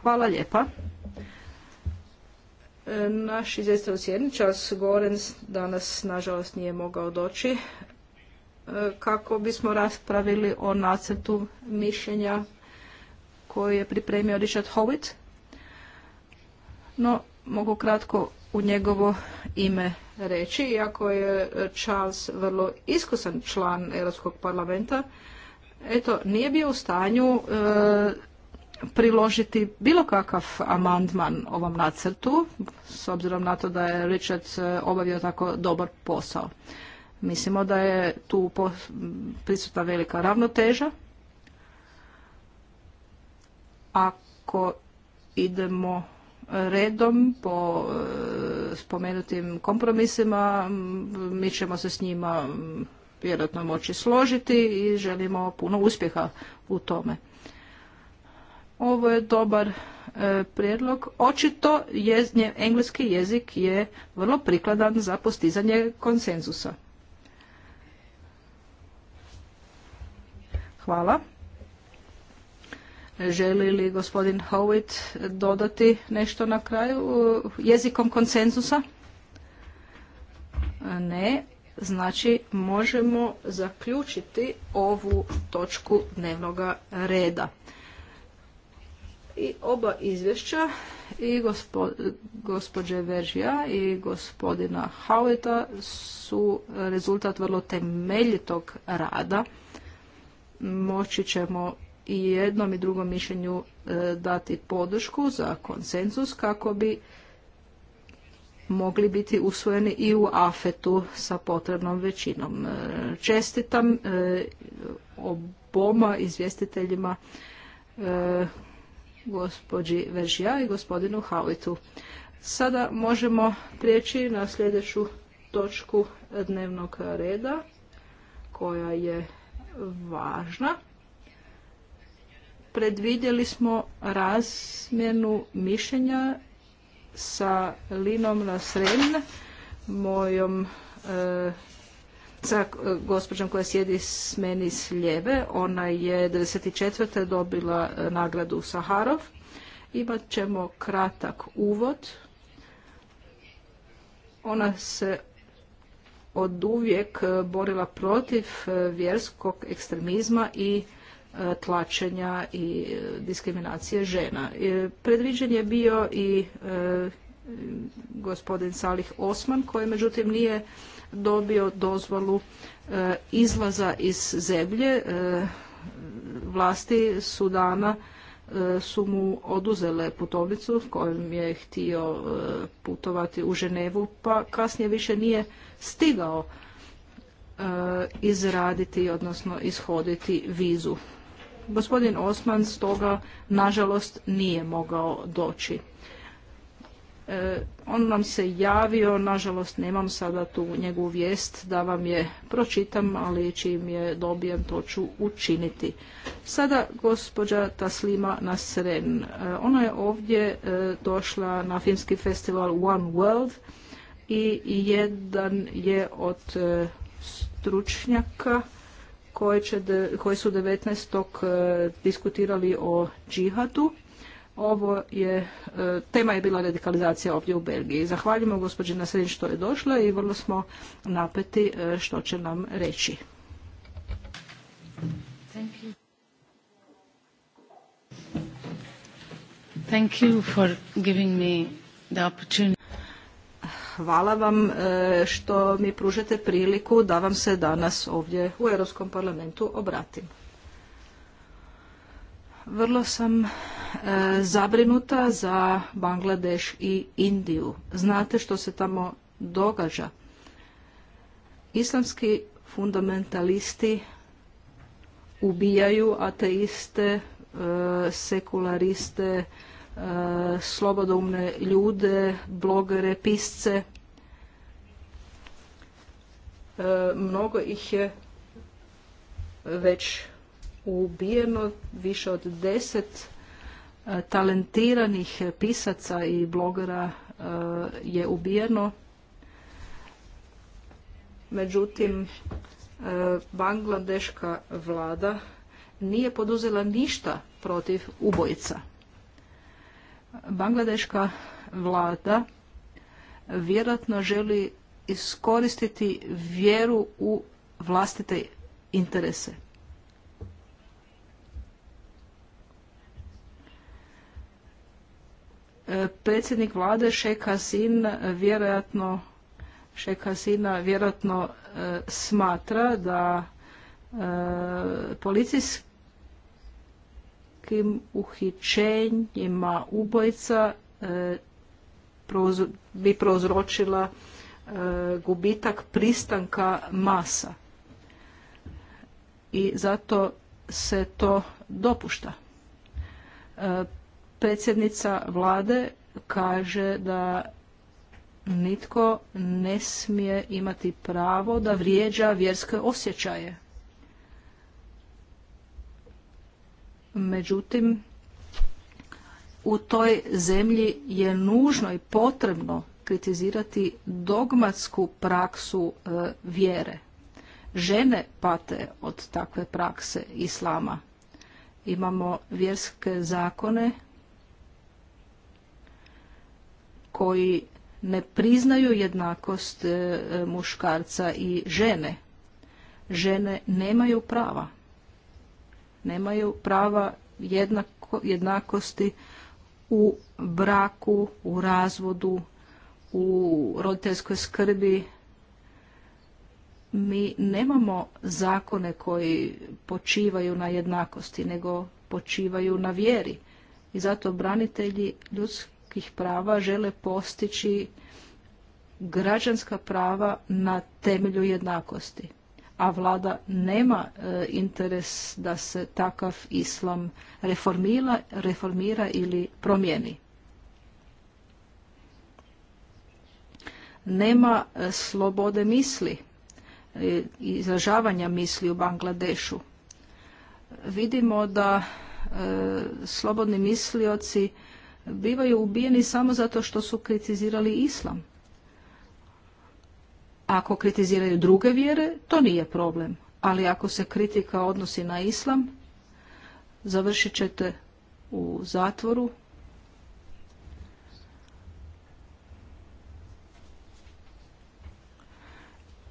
Hvala lijepa. E, naš izvjestitelj sjedničas Gorens danas nažalost nije mogao doći e, kako bismo raspravili o nacrtu mišljenja koji je pripremio Richard Howitt. No, mogu kratko u njegovo ime reći, iako je Charles vrlo iskusan član Europskog parlamenta, eto, nije bio u stanju e, priložiti bilo kakav amandman ovom nacrtu, s obzirom na to da je Richard e, obavio tako dobar posao. Mislimo da je tu prisutna velika ravnoteža. Ako idemo redom po e, spomenutim kompromisima. Mi ćemo se s njima vjerojatno moći složiti i želimo puno uspjeha u tome. Ovo je dobar e, prijedlog. Očito jeznje engleski jezik je vrlo prikladan za postizanje konsenzusa. Hvala. Želi li gospodin Howitt dodati nešto na kraju jezikom konsenzusa? Ne. Znači, možemo zaključiti ovu točku dnevnog reda. I oba izvješća, i gospođe Veržija i gospodina Howitta, su rezultat vrlo temeljitog rada. Moći ćemo i jednom i drugom mišljenju e, dati podršku za konsenzus kako bi mogli biti usvojeni i u afetu sa potrebnom većinom. E, čestitam e, oboma izvjestiteljima gospođi Veržija i gospodinu Hauitu. Sada možemo prijeći na sljedeću točku dnevnog reda koja je važna predvidjeli smo razmjenu mišljenja sa Linom srednje, mojom e, gospođom koja sjedi s meni s lijeve. Ona je 94. dobila e, nagradu Saharov. Imat ćemo kratak uvod. Ona se od uvijek e, borila protiv e, vjerskog ekstremizma i tlačenja i diskriminacije žena. E, predviđen je bio i e, gospodin Salih Osman koji međutim nije dobio dozvolu e, izlaza iz zemlje. Vlasti Sudana su mu oduzele putovnicu kojom je htio putovati u Ženevu pa kasnije više nije stigao izraditi odnosno ishoditi vizu Gospodin Osman stoga nažalost nije mogao doći. E, on nam se javio, nažalost nemam sada tu njegovu vijest da vam je pročitam, ali čim je dobijem to ću učiniti. Sada gospođa Taslima Nasren. E, ona je ovdje e, došla na filmski festival One World i jedan je od e, stručnjaka koje, će, koje su 19. E, diskutirali o džihadu. Ovo je, e, tema je bila radikalizacija ovdje u Belgiji. Zahvaljujemo gospođi Nasrin što je došla i vrlo smo napeti e, što će nam reći. Thank you. for giving me the hvala vam e, što mi pružate priliku da vam se danas ovdje u Europskom parlamentu obratim. Vrlo sam e, zabrinuta za Bangladeš i Indiju. Znate što se tamo događa. Islamski fundamentalisti ubijaju ateiste, e, sekulariste, E, slobodoumne ljude, blogere, pisce. E, mnogo ih je već ubijeno, više od deset e, talentiranih pisaca i blogera je ubijeno. Međutim, bangladeška vlada nije poduzela ništa protiv ubojica. Bangladeška vlada vjerojatno želi iskoristiti vjeru u vlastite interese. E, predsjednik vlade Šek Hasin vjerojatno Šek vjerojatno e, smatra da e, policijski velikim uhićenjima ubojica e, bi prouzročila e, gubitak pristanka masa. I zato se to dopušta. E, predsjednica vlade kaže da nitko ne smije imati pravo da vrijeđa vjerske osjećaje međutim u toj zemlji je nužno i potrebno kritizirati dogmatsku praksu e, vjere. Žene pate od takve prakse islama. Imamo vjerske zakone koji ne priznaju jednakost e, muškarca i žene. Žene nemaju prava nemaju prava jednakosti u braku, u razvodu, u roditeljskoj skrbi. Mi nemamo zakone koji počivaju na jednakosti, nego počivaju na vjeri. I zato branitelji ljudskih prava žele postići građanska prava na temelju jednakosti a vlada nema e, interes da se takav islam reformira, ili promijeni. Nema e, slobode misli, i e, izražavanja misli u Bangladešu. Vidimo da slobodni mislioci bivaju ubijeni samo zato što su kritizirali islam. Ako kritiziraju druge vjere, to nije problem. Ali ako se kritika odnosi na islam, završit ćete u zatvoru.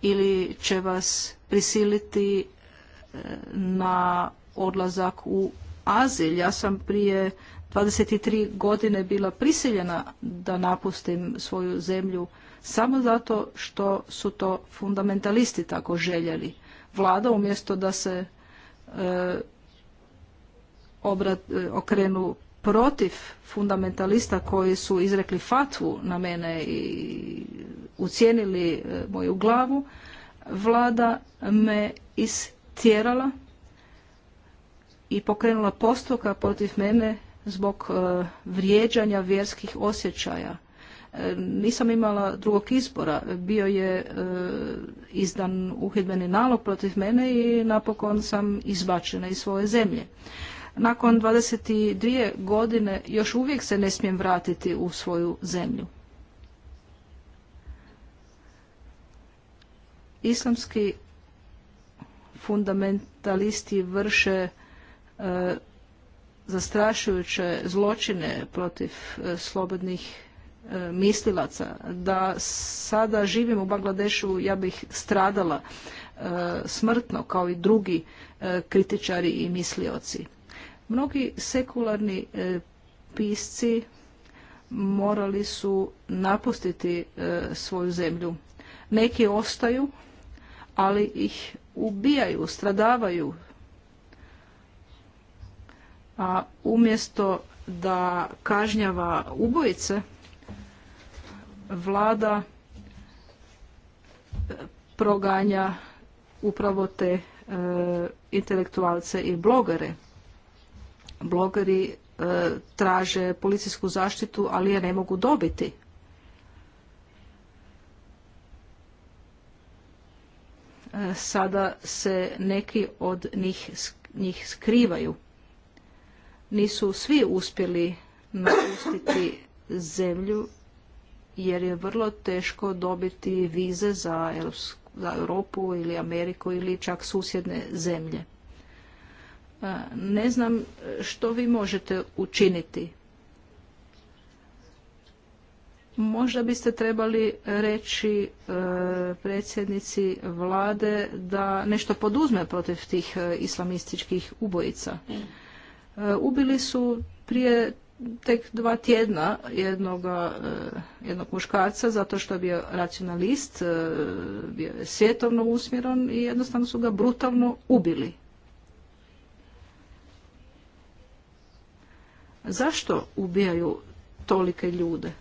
Ili će vas prisiliti e, na odlazak u azil. Ja sam prije 23 godine bila prisiljena da napustim svoju zemlju samo zato što su to fundamentalisti tako željeli. Vlada umjesto da se e, obrat, e, okrenu protiv fundamentalista koji su izrekli fatvu na mene i ucijenili e, moju glavu, vlada me istjerala i pokrenula postoka protiv mene zbog vrijeđanja vjerskih osjećaja. Nisam imala drugog izbora. Bio je e, izdan uhidbeni nalog protiv mene i napokon sam izbačena iz svoje zemlje. Nakon 22 godine još uvijek se ne smijem vratiti u svoju zemlju. Islamski fundamentalisti vrše e, zastrašujuće zločine protiv e, slobodnih E, mislilaca da sada živim u Bangladešu ja bih stradala e, smrtno kao i drugi e, kritičari i mislioci. Mnogi sekularni pisci morali su napustiti svoju zemlju. Neki ostaju, ali ih ubijaju, stradavaju. A umjesto da kažnjava ubojice, vlada e, proganja upravo te e, intelektualce i blogere. Blogeri e, traže policijsku zaštitu, ali je ne mogu dobiti. sada se neki od njih, njih skrivaju. Nisu svi uspjeli napustiti zemlju jer je vrlo teško dobiti vize za Europu ili Ameriku ili čak susjedne zemlje. E, ne znam e, što vi možete učiniti. Možda biste trebali reći e, predsjednici vlade da nešto poduzme protiv tih islamističkih ubojica. ubili su prije tek dva tjedna jednog, eh, jednog muškarca zato što je bio racionalist, eh, bio svjetovno usmjeren i jednostavno su ga brutalno ubili. Zašto ubijaju tolike ljude?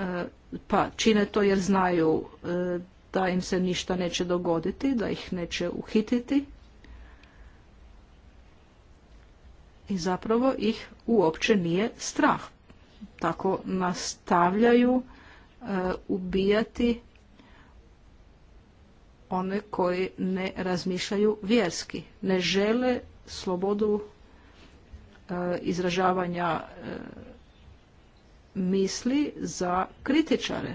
Eh, pa čine to jer znaju da im se ništa neće dogoditi, da ih neće uhititi i zapravo ih uopće nije strah. Tako nastavljaju e, ubijati one koji ne razmišljaju vjerski, ne žele slobodu e, izražavanja e, misli za kritičare,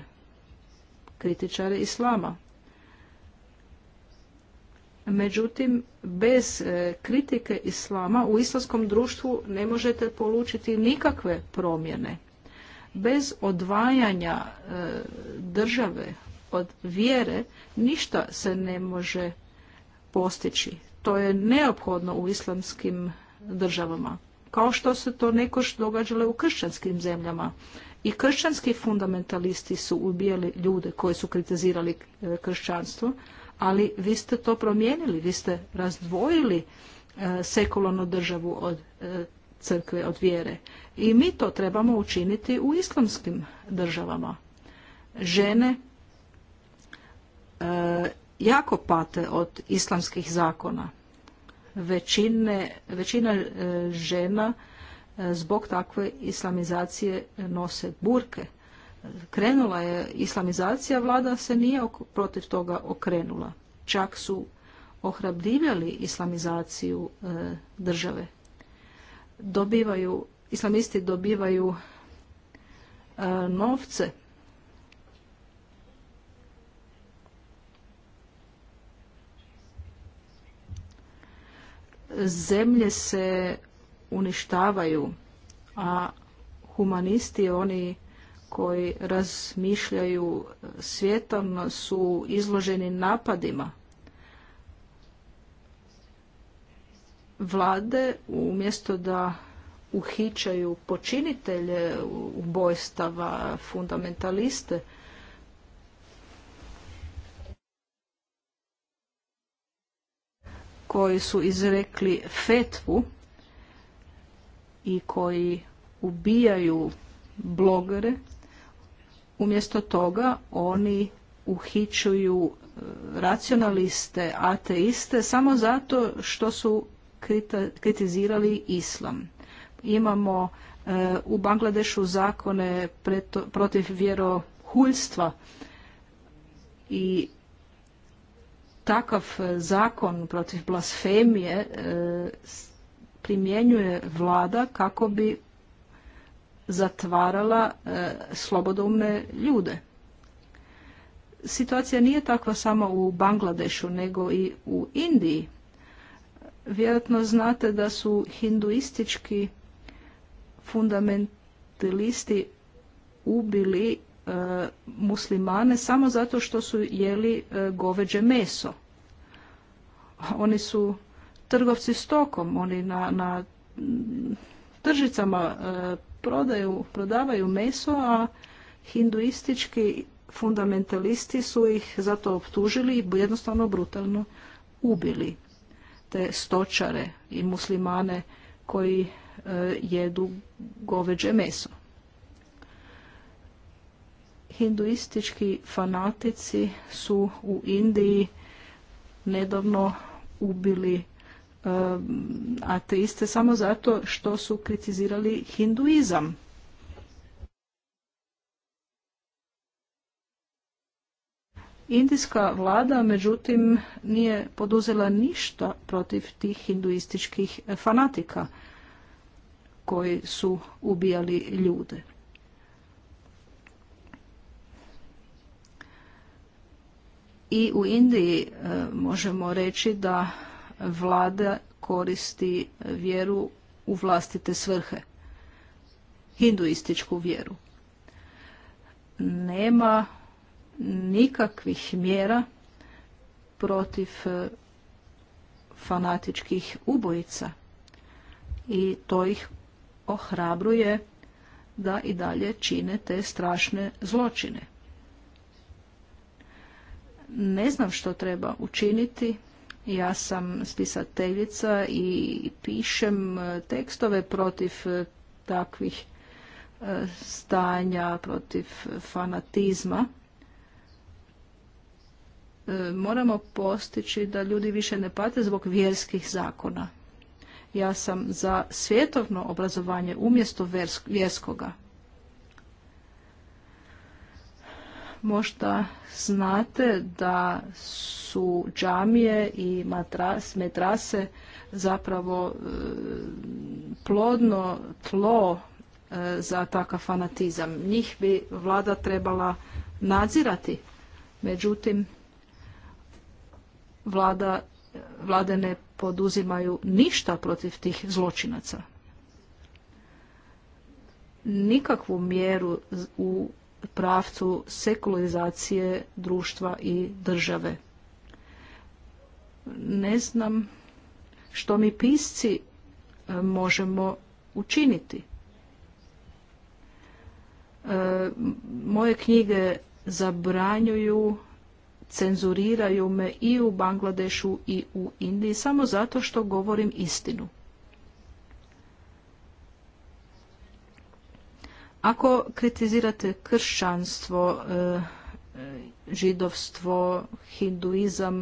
kritičare islama. Međutim, bez e, kritike islama u islamskom društvu ne možete polučiti nikakve promjene. Bez odvajanja e, države od vjere ništa se ne može postići. To je neophodno u islamskim državama. Kao što se to nekoš događalo u kršćanskim zemljama. I kršćanski fundamentalisti su ubijali ljude koji su kritizirali e, kršćanstvo, ali vi ste to promijenili, vi ste razdvojili e, sekularnu državu od e, crkve, od vjere. I mi to trebamo učiniti u islamskim državama. Žene e, jako pate od islamskih zakona. Većine, većina žena zbog takve islamizacije nose burke krenula je islamizacija, vlada se nije protiv toga okrenula. Čak su ohrabrivali islamizaciju e, države. Dobivaju, islamisti dobivaju e, novce. Zemlje se uništavaju, a humanisti, oni koji razmišljaju svijetom su izloženi napadima. Vlade umjesto da uhićaju počinitelje ubojstava, fundamentaliste, koji su izrekli fetvu i koji ubijaju blogere Umjesto toga oni uhićuju e, racionaliste, ateiste, samo zato što su kritizirali islam. Imamo e, u Bangladešu zakone protiv vjerohuljstva i takav zakon protiv blasfemije e, primjenjuje vlada kako bi zatvarala e, slobodoumne ljude. Situacija nije takva samo u Bangladešu, nego i u Indiji. Vjerojatno znate da su hinduistički fundamentalisti ubili e, muslimane samo zato što su jeli e, goveđe meso. Oni su trgovci stokom, oni na, na tržicama e, prodaju, prodavaju meso, a hinduistički fundamentalisti su ih zato optužili i jednostavno brutalno ubili te stočare i muslimane koji e, jedu goveđe meso. Hinduistički fanatici su u Indiji nedavno ubili ateiste samo zato što su kritizirali hinduizam. Indijska vlada, međutim, nije poduzela ništa protiv tih hinduističkih fanatika koji su ubijali ljude. I u Indiji e, možemo reći da vlada koristi vjeru u vlastite svrhe, hinduističku vjeru. Nema nikakvih mjera protiv e, fanatičkih ubojica i to ih ohrabruje da i dalje čine te strašne zločine. Ne znam što treba učiniti ja sam spisateljica i pišem e, tekstove protiv e, takvih e, stanja, protiv fanatizma. Moramo postići da ljudi više ne pate zbog vjerskih zakona. Ja sam za svjetovno obrazovanje umjesto vjerskoga Možda znate da su džamije i matras, metrase zapravo e, plodno tlo e, za takav fanatizam. Njih bi vlada trebala nadzirati. Međutim, vlada, vlade ne poduzimaju ništa protiv tih zločinaca. Nikakvu mjeru u pravcu sekularizacije društva i države. Ne znam što mi pisci e, možemo učiniti. E, moje knjige zabranjuju, cenzuriraju me i u Bangladešu i u Indiji samo zato što govorim istinu. Ako kritizirate kršćanstvo, eh, židovstvo, hinduizam,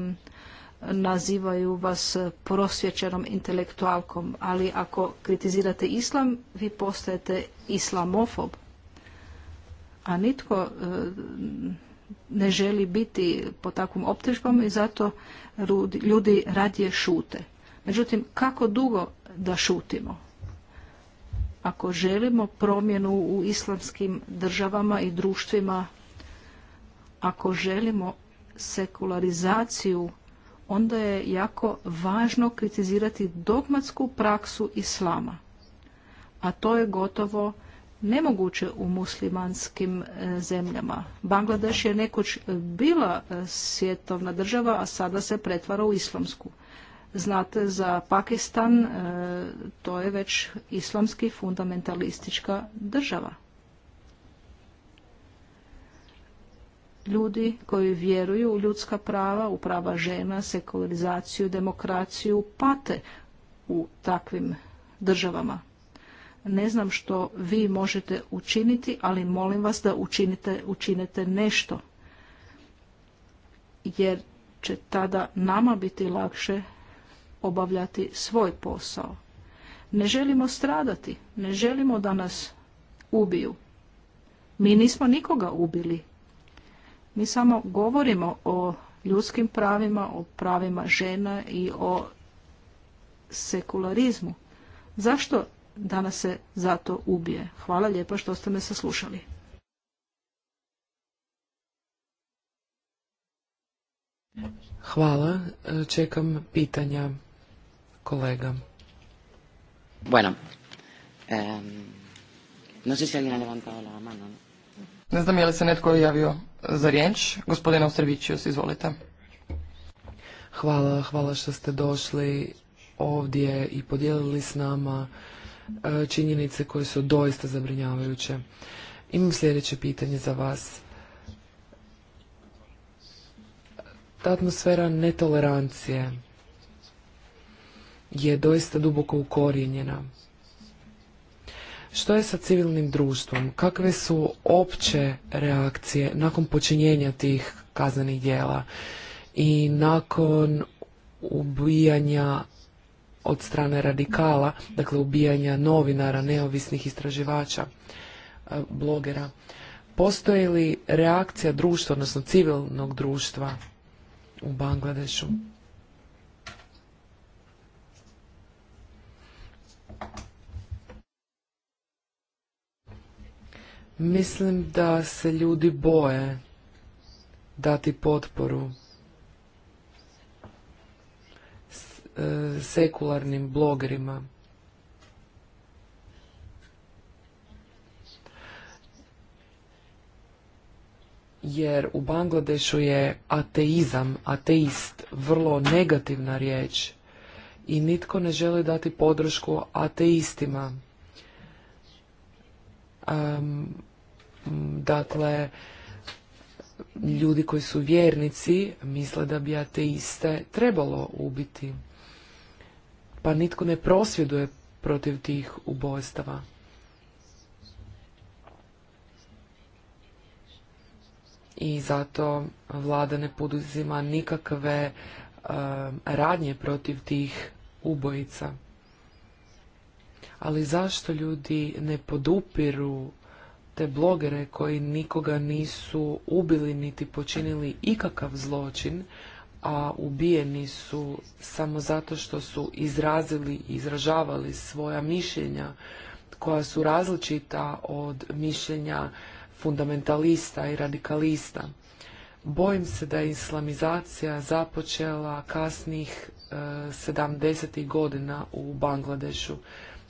nazivaju vas prosvjećenom intelektualkom, ali ako kritizirate islam, vi postajete islamofob. A nitko eh, ne želi biti po takvom optužbom i zato ljudi radije šute. Međutim, kako dugo da šutimo? Ako želimo promjenu u islamskim državama i društvima, ako želimo sekularizaciju, onda je jako važno kritizirati dogmatsku praksu islama. A to je gotovo nemoguće u muslimanskim e, zemljama. Bangladeš je nekoć bila e, svjetovna država, a sada se pretvara u islamsku. Znate za Pakistan, e, to je već islamski fundamentalistička država. Ljudi koji vjeruju u ljudska prava, u prava žena, sekularizaciju, demokraciju, pate u takvim državama. Ne znam što vi možete učiniti, ali molim vas da učinite, učinite nešto. Jer će tada nama biti lakše obavljati svoj posao. Ne želimo stradati, ne želimo da nas ubiju. Mi nismo nikoga ubili. Mi samo govorimo o ljudskim pravima, o pravima žena i o sekularizmu. Zašto danas se zato ubije? Hvala lijepa što ste me saslušali. Hvala. Čekam pitanja kolega. Bueno, um, no sé si ha levantado la mano, Ne znam je li se netko javio za riječ. Gospodin Ostervićius, izvolite. Hvala, hvala što ste došli ovdje i podijelili s nama e, činjenice koje su doista zabrinjavajuće. Imam sljedeće pitanje za vas. Ta atmosfera netolerancije je doista duboko ukorijenjena. Što je sa civilnim društvom? Kakve su opće reakcije nakon počinjenja tih kaznenih djela i nakon ubijanja od strane radikala, dakle ubijanja novinara, neovisnih istraživača, e, blogera. Postoji li reakcija društva, odnosno civilnog društva u Bangladešu? Mislim da se ljudi boje dati potporu e, sekularnim blogerima. Jer u Bangladešu je ateizam, ateist, vrlo negativna riječ i nitko ne želi dati podršku ateistima. Um, dakle, ljudi koji su vjernici misle da bi ateiste trebalo ubiti. Pa nitko ne prosvjeduje protiv tih ubojstava. I zato vlada ne poduzima nikakve radnje protiv tih ubojica. Ali zašto ljudi ne podupiru te blogere koji nikoga nisu ubili niti počinili ikakav zločin, a ubijeni su samo zato što su izrazili i izražavali svoja mišljenja koja su različita od mišljenja fundamentalista i radikalista. Bojim se da je islamizacija započela kasnih 70. godina u Bangladešu.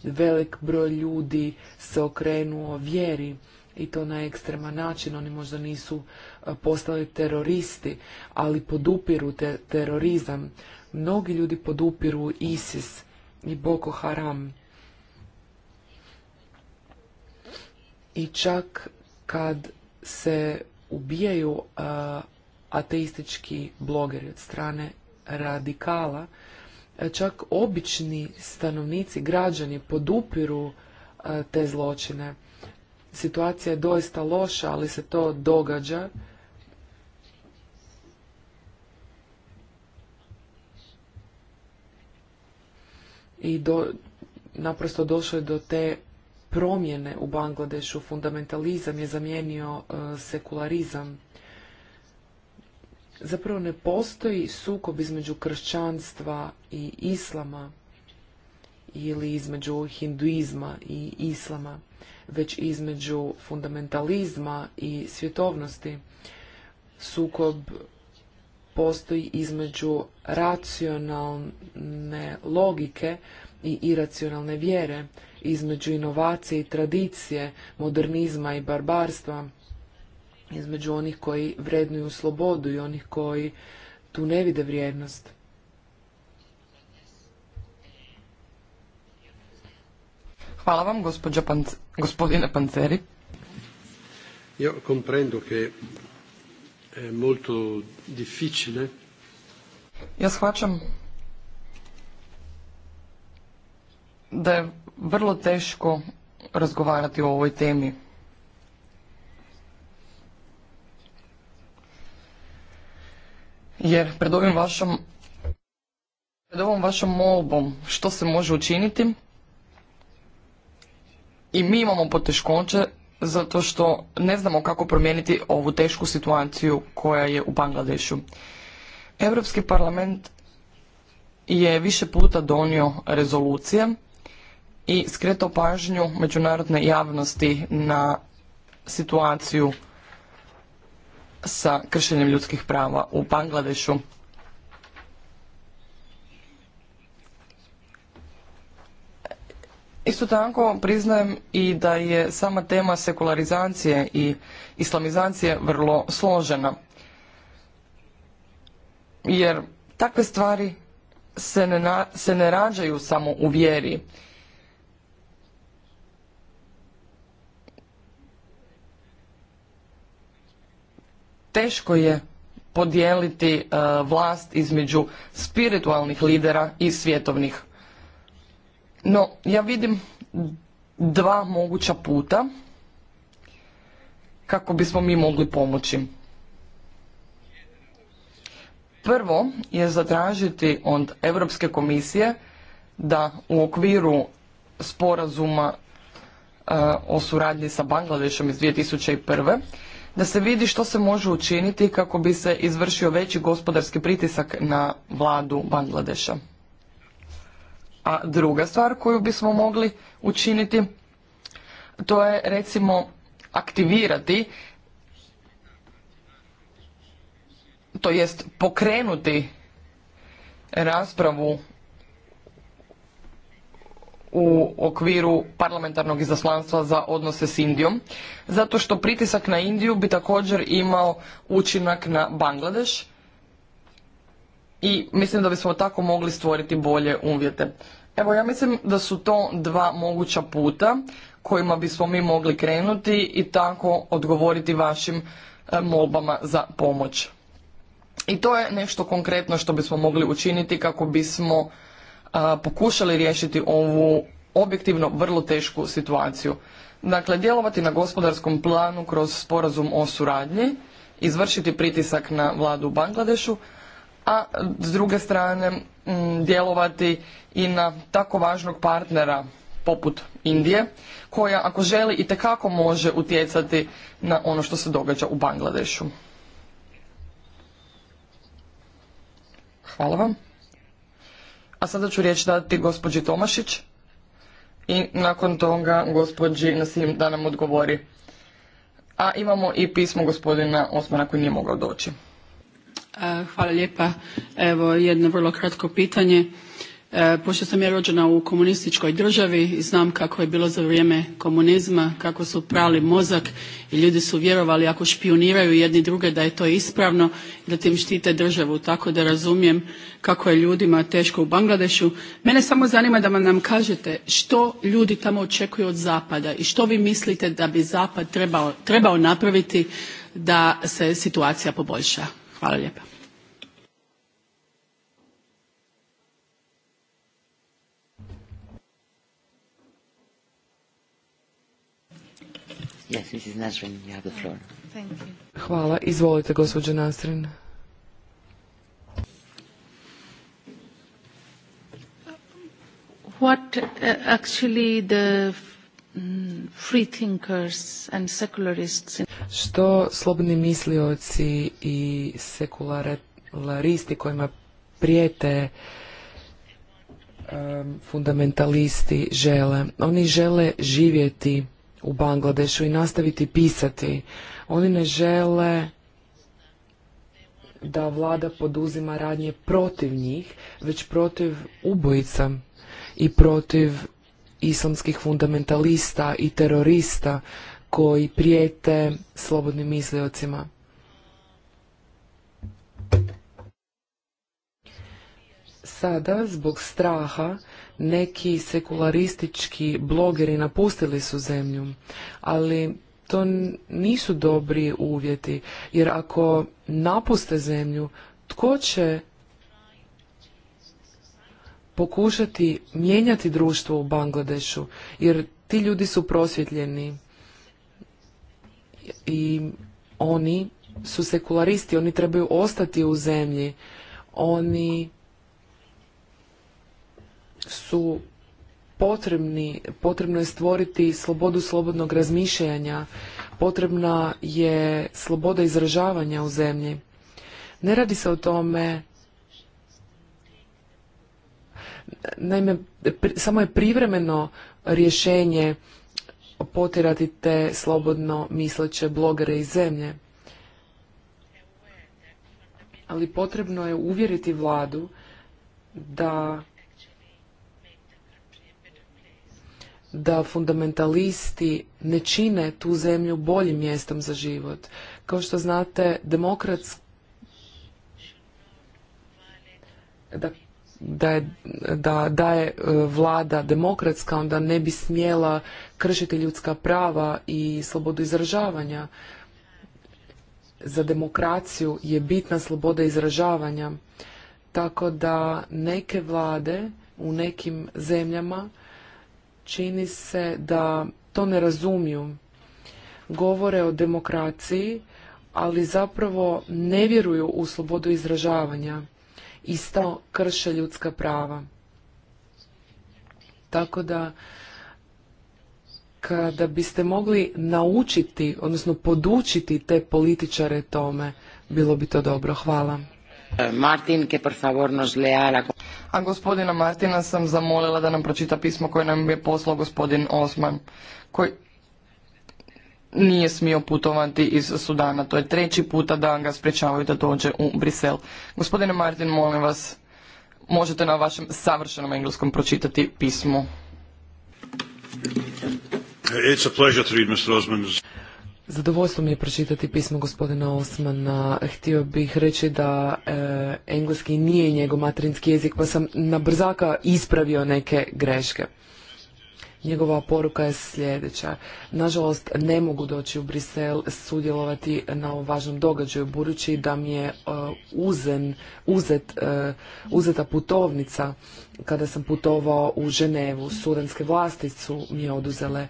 Velik broj ljudi se okrenuo vjeri i to na ekstreman način. Oni možda nisu e, postali teroristi, ali podupiru terorizam. Mnogi ljudi podupiru ISIS i Boko Haram. I čak kad se ubijaju e, ateistički blogeri od strane radikala, e, čak obični stanovnici, građani podupiru e, te zločine. Situacija je doista loša, ali se to događa. I do, naprosto došlo je do te promjene u Bangladešu. Fundamentalizam je zamijenio e, sekularizam zapravo ne postoji sukob između kršćanstva i islama ili između hinduizma i islama, već između fundamentalizma i svjetovnosti. Sukob postoji između racionalne logike i iracionalne vjere, između inovacije i tradicije, modernizma i barbarstva, između onih koji vrednuju slobodu i onih koji tu ne vide vrijednost. Hvala vam, gospodine Panceri. che è molto difficile. Ja shvaćam da je vrlo teško razgovarati o ovoj temi. jer pred ovim vašom pred ovom vašom molbom što se može učiniti i mi imamo poteškoće zato što ne znamo kako promijeniti ovu tešku situaciju koja je u Bangladešu. Europski parlament je više puta donio rezolucije i skretao pažnju međunarodne javnosti na situaciju sa kršenjem ljudskih prava u Bangladešu. Isto tako priznajem i da je sama tema sekularizacije i islamizacije vrlo složena. Jer takve stvari se se ne rađaju samo u vjeri teško je podijeliti e, vlast između spiritualnih lidera i svjetovnih. No, ja vidim dva moguća puta kako bismo mi mogli pomoći. Prvo je zatražiti od Europske komisije da u okviru sporazuma e, o suradnji sa Bangladešom iz 2001 da se vidi što se može učiniti kako bi se izvršio veći gospodarski pritisak na vladu Bangladeša. A druga stvar koju bismo mogli učiniti to je recimo aktivirati to jest pokrenuti raspravu u okviru parlamentarnog izaslanstva za odnose s Indijom, zato što pritisak na Indiju bi također imao učinak na Bangladeš i mislim da bismo tako mogli stvoriti bolje uvjete. Evo, ja mislim da su to dva moguća puta kojima bismo mi mogli krenuti i tako odgovoriti vašim e, molbama za pomoć. I to je nešto konkretno što bismo mogli učiniti kako bismo pokušali riješiti ovu objektivno vrlo tešku situaciju. Dakle, djelovati na gospodarskom planu kroz sporazum o suradnji, izvršiti pritisak na vladu u Bangladešu, a s druge strane djelovati i na tako važnog partnera poput Indije, koja ako želi i tekako može utjecati na ono što se događa u Bangladešu. Hvala vam. A sada ću riječ dati gospođi Tomašić i nakon toga gospođi Nasim da nam odgovori. A imamo i pismo gospodina Osmana koji nije mogao doći. E, hvala lijepa. Evo jedno vrlo kratko pitanje. E, pošto sam ja rođena u komunističkoj državi i znam kako je bilo za vrijeme komunizma, kako su prali mozak i ljudi su vjerovali ako špioniraju jedni druge da je to ispravno i da tim štite državu, tako da razumijem kako je ljudima teško u Bangladešu. Mene samo zanima da vam nam kažete što ljudi tamo očekuju od Zapada i što vi mislite da bi Zapad trebao, trebao napraviti da se situacija poboljša. Hvala lijepa. Yes, Mrs. Nasrin, you have the floor. Thank you. Hvala. Izvolite, gospođa Nasrin. What uh, actually the mm, free thinkers and secularists in... Što slobodni mislioci i sekularisti kojima prijete um, fundamentalisti žele? Oni žele živjeti u Bangladešu i nastaviti pisati. Oni ne žele da vlada poduzima radnje protiv njih, već protiv ubojica i protiv islamskih fundamentalista i terorista koji prijete slobodnim misliocima. Sada, zbog straha, neki sekularistički blogeri napustili su zemlju, ali to nisu dobri uvjeti, jer ako napuste zemlju, tko će pokušati mijenjati društvo u Bangladešu, jer ti ljudi su prosvjetljeni i oni su sekularisti, oni trebaju ostati u zemlji, oni su potrebni, potrebno je stvoriti slobodu slobodnog razmišljanja, potrebna je sloboda izražavanja u zemlji. Ne radi se o tome Naime, samo je privremeno rješenje potirati te slobodno misleće blogere iz zemlje. Ali potrebno je uvjeriti vladu da da fundamentalisti ne čine tu zemlju boljim mjestom za život. Kao što znate, demokratski da je, da, da je e, vlada demokratska, onda ne bi smjela kršiti ljudska prava i slobodu izražavanja. Za demokraciju je bitna sloboda izražavanja. Tako da neke vlade u nekim zemljama čini se da to ne razumiju. Govore o demokraciji, ali zapravo ne vjeruju u slobodu izražavanja isto krše ljudska prava. Tako da kada biste mogli naučiti, odnosno podučiti te političare tome, bilo bi to dobro. Hvala. Martin, por favor nos lea la a gospodina Martina sam zamolila da nam pročita pismo koje nam je poslao gospodin Osman, koji nije smio putovati iz Sudana. To je treći puta da ga sprečavaju da dođe u Brisel. Gospodine Martin, molim vas, možete na vašem savršenom engleskom pročitati pismo. It's a pleasure to read Mr. Osman's. Zadovoljstvo mi je pročitati pismo gospodina Osmana. Htio bih reći da e, engleski nije njegov materinski jezik, pa sam na brzaka ispravio neke greške. Njegova poruka je sljedeća. Nažalost, ne mogu doći u Brisel sudjelovati na ovom važnom događaju, budući da mi je e, uzen, uzet, e, uzeta putovnica kada sam putovao u Ženevu. Sudanske vlasti su mi oduzele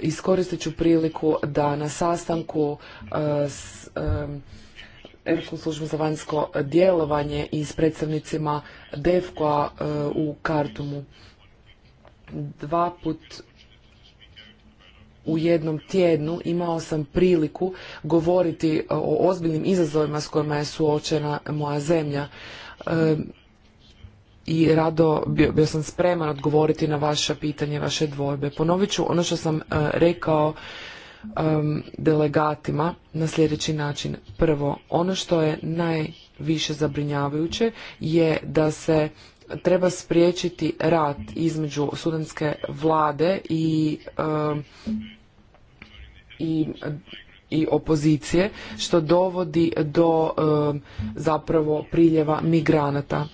iskoristit ću priliku da na sastanku e, s e, Europskom službom za vanjsko djelovanje i s predstavnicima DEFKO-a e, u Kartumu dva put u jednom tjednu imao sam priliku govoriti o ozbiljnim izazovima s kojima je suočena moja zemlja i rado bio, sam spreman odgovoriti na vaše pitanje, vaše dvojbe. Ponovit ću ono što sam e, rekao delegatima na sljedeći način. Prvo, ono što je najviše zabrinjavajuće je da se treba spriječiti rat između sudanske vlade i, i opozicije što dovodi do zapravo priljeva migranata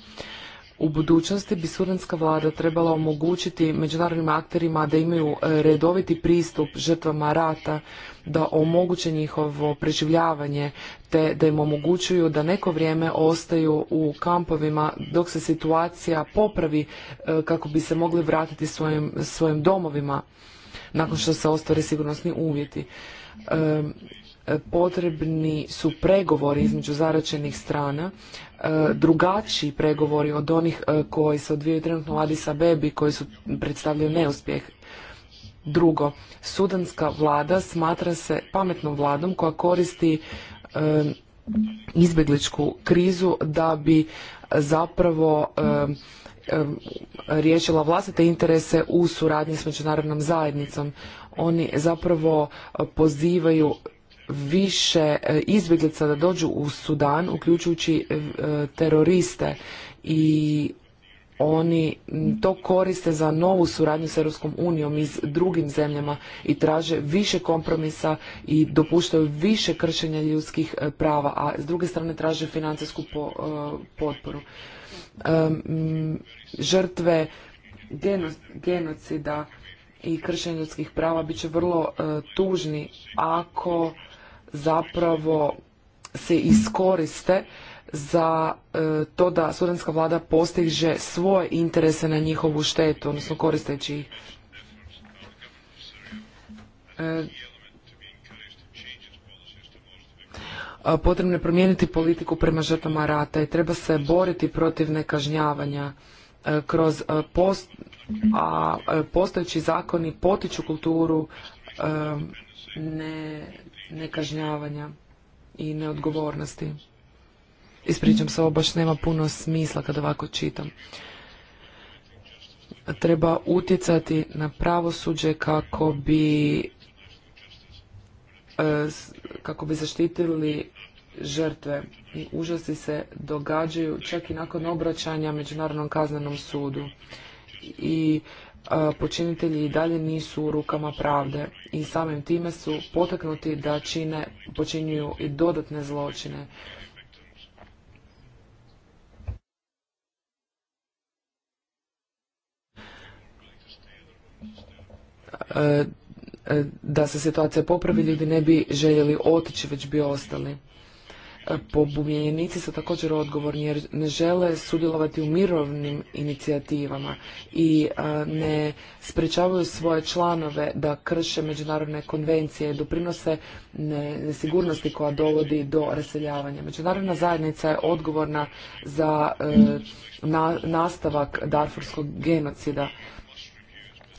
u budućnosti bi sudanska vlada trebala omogućiti međunarodnim akterima da imaju e, redoviti pristup žrtvama rata, da omoguće njihovo preživljavanje te da im omogućuju da neko vrijeme ostaju u kampovima dok se situacija popravi e, kako bi se mogli vratiti svojim, svojim domovima nakon što se ostvare sigurnosni uvjeti. E, potrebni su pregovori između zaračenih strana, e, drugačiji pregovori od onih e, koji se odvijaju trenutno u sa Bebi koji su predstavljaju neuspjeh. Drugo, sudanska vlada smatra se pametnom vladom koja koristi e, izbjegličku krizu da bi zapravo riješila vlastite interese u suradnji s međunarodnom zajednicom. Oni zapravo pozivaju više e, izbjeglica da dođu u Sudan, uključujući e, teroriste i oni to koriste za novu suradnju s Europskom unijom i s drugim zemljama i traže više kompromisa i dopuštaju više kršenja ljudskih e, prava, a s druge strane traže financijsku potporu. žrtve genocida i kršenja ljudskih prava bit će vrlo tužni ako zapravo se iskoriste za e, to da sudanska vlada postiže svoje interese na njihovu štetu, odnosno koristeći ih. E, potrebno je promijeniti politiku prema žrtvama rata i treba se boriti protiv nekažnjavanja e, kroz post, a postojeći zakoni potiču kulturu ne nekažnjavanja i neodgovornosti. Ispričam se, ovo baš nema puno smisla kada ovako čitam. Treba utjecati na pravosuđe kako bi e, kako bi zaštitili žrtve. I užasi se događaju čak i nakon obraćanja Međunarodnom kaznenom sudu. I počinitelji i dalje nisu u rukama pravde i samim time su potaknuti da čine, počinjuju i dodatne zločine. Da se situacija popravi, ljudi ne bi željeli otići, već bi ostali pobunjenici su također odgovorni jer ne žele sudjelovati u mirovnim inicijativama i ne sprečavaju svoje članove da krše međunarodne konvencije doprinose nesigurnosti koja dovodi do raseljavanja. Međunarodna zajednica je odgovorna za e, nastavak darfurskog genocida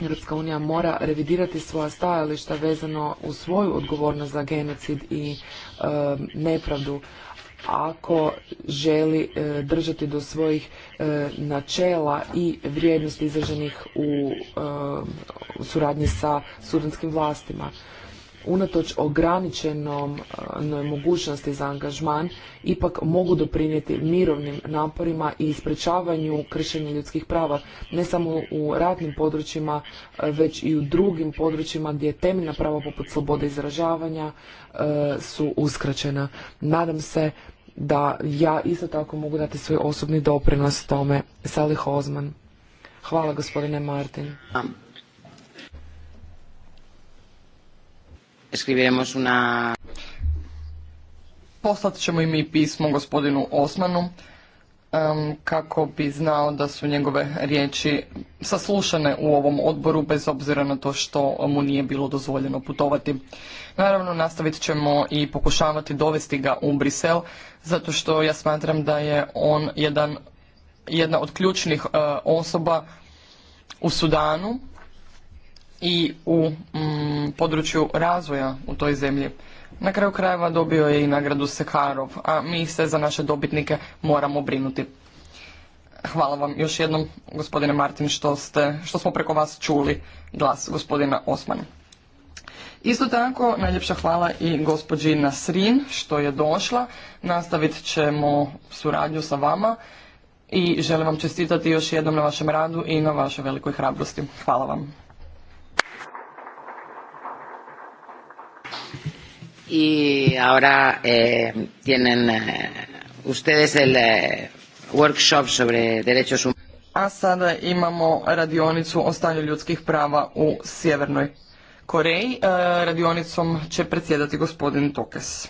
Europska unija mora revidirati svoja stajališta vezano u svoju odgovornost za genocid i e, nepravdu ako želi e, držati do svojih e, načela i vrijednosti izraženih u, u suradnji sa sudanskim vlastima unatoč ograničenom eh, mogućnosti za angažman ipak mogu doprinijeti mirovnim naporima i sprečavanju kršenja ljudskih prava ne samo u ratnim područjima eh, već i u drugim područjima gdje temeljna prava poput slobode izražavanja eh, su uskraćena. Nadam se da ja isto tako mogu dati svoj osobni doprinos tome. Salih Ozman. Hvala gospodine Martin. escribiremos una... Poslat ćemo i mi pismo gospodinu Osmanu kako bi znao da su njegove riječi saslušane u ovom odboru bez obzira na to što mu nije bilo dozvoljeno putovati. Naravno nastavit ćemo i pokušavati dovesti ga u Brisel zato što ja smatram da je on jedan, jedna od ključnih e, osoba u Sudanu i u mm, području razvoja u toj zemlji. Na kraju krajeva dobio je i nagradu Sekarov, a mi se za naše dobitnike moramo brinuti. Hvala vam još jednom, gospodine Martin, što, ste, što smo preko vas čuli glas gospodina Osman Isto tako, najljepša hvala i gospođi Nasrin što je došla. Nastavit ćemo suradnju sa vama i želim vam čestitati još jednom na vašem radu i na vašoj velikoj hrabrosti. Hvala vam. y ahora eh, tienen eh, ustedes el eh, workshop sobre derechos humanos. A sada imamo radionicu o stanju ljudskih prava u Sjevernoj Koreji. Eh, radionicom će predsjedati gospodin Tokes.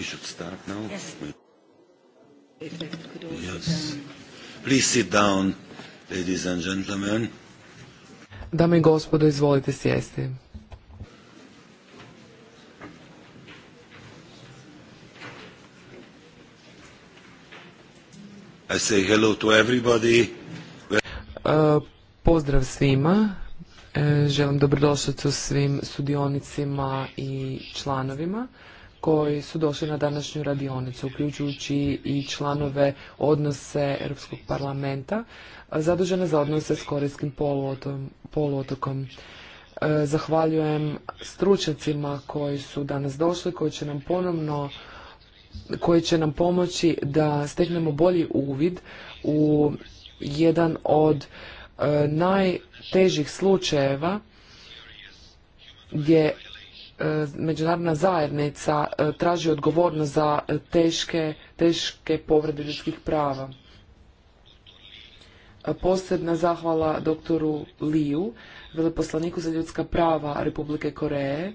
We should start now. Yes. yes. Please sit down, ladies and gentlemen. Dame i gospodo, izvolite sjesti. I say hello to everybody. Uh, pozdrav svima. E, želim dobrodošlicu svim sudionicima i članovima koji su došli na današnju radionicu, uključujući i članove odnose Europskog parlamenta, zadužene za odnose s Korejskim poluotokom. E, zahvaljujem stručnjacima koji su danas došli, koji će nam ponovno koji će nam pomoći da steknemo bolji uvid u jedan od e, najtežih slučajeva gdje E, međunarodna zajednica e, traži odgovornost za teške, teške povrede ljudskih prava. E, posebna zahvala doktoru Liju, veleposlaniku za ljudska prava Republike Koreje,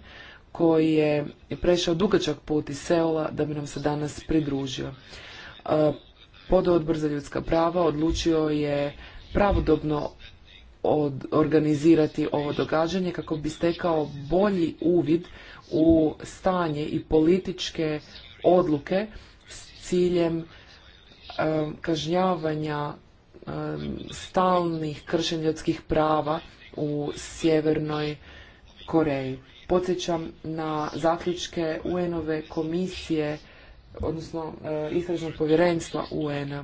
koji je prešao dugačak put iz Seola da bi nam se danas pridružio. Pododbor za ljudska prava odlučio je pravodobno od, organizirati ovo događanje kako bi stekao bolji uvid u stanje i političke odluke s ciljem kažnjavanja stalnih kršenja ljudskih prava u Sjevernoj Koreji. Podsjećam na zaključke UN-ove komisije, odnosno e, istražnog povjerenstva UN-a,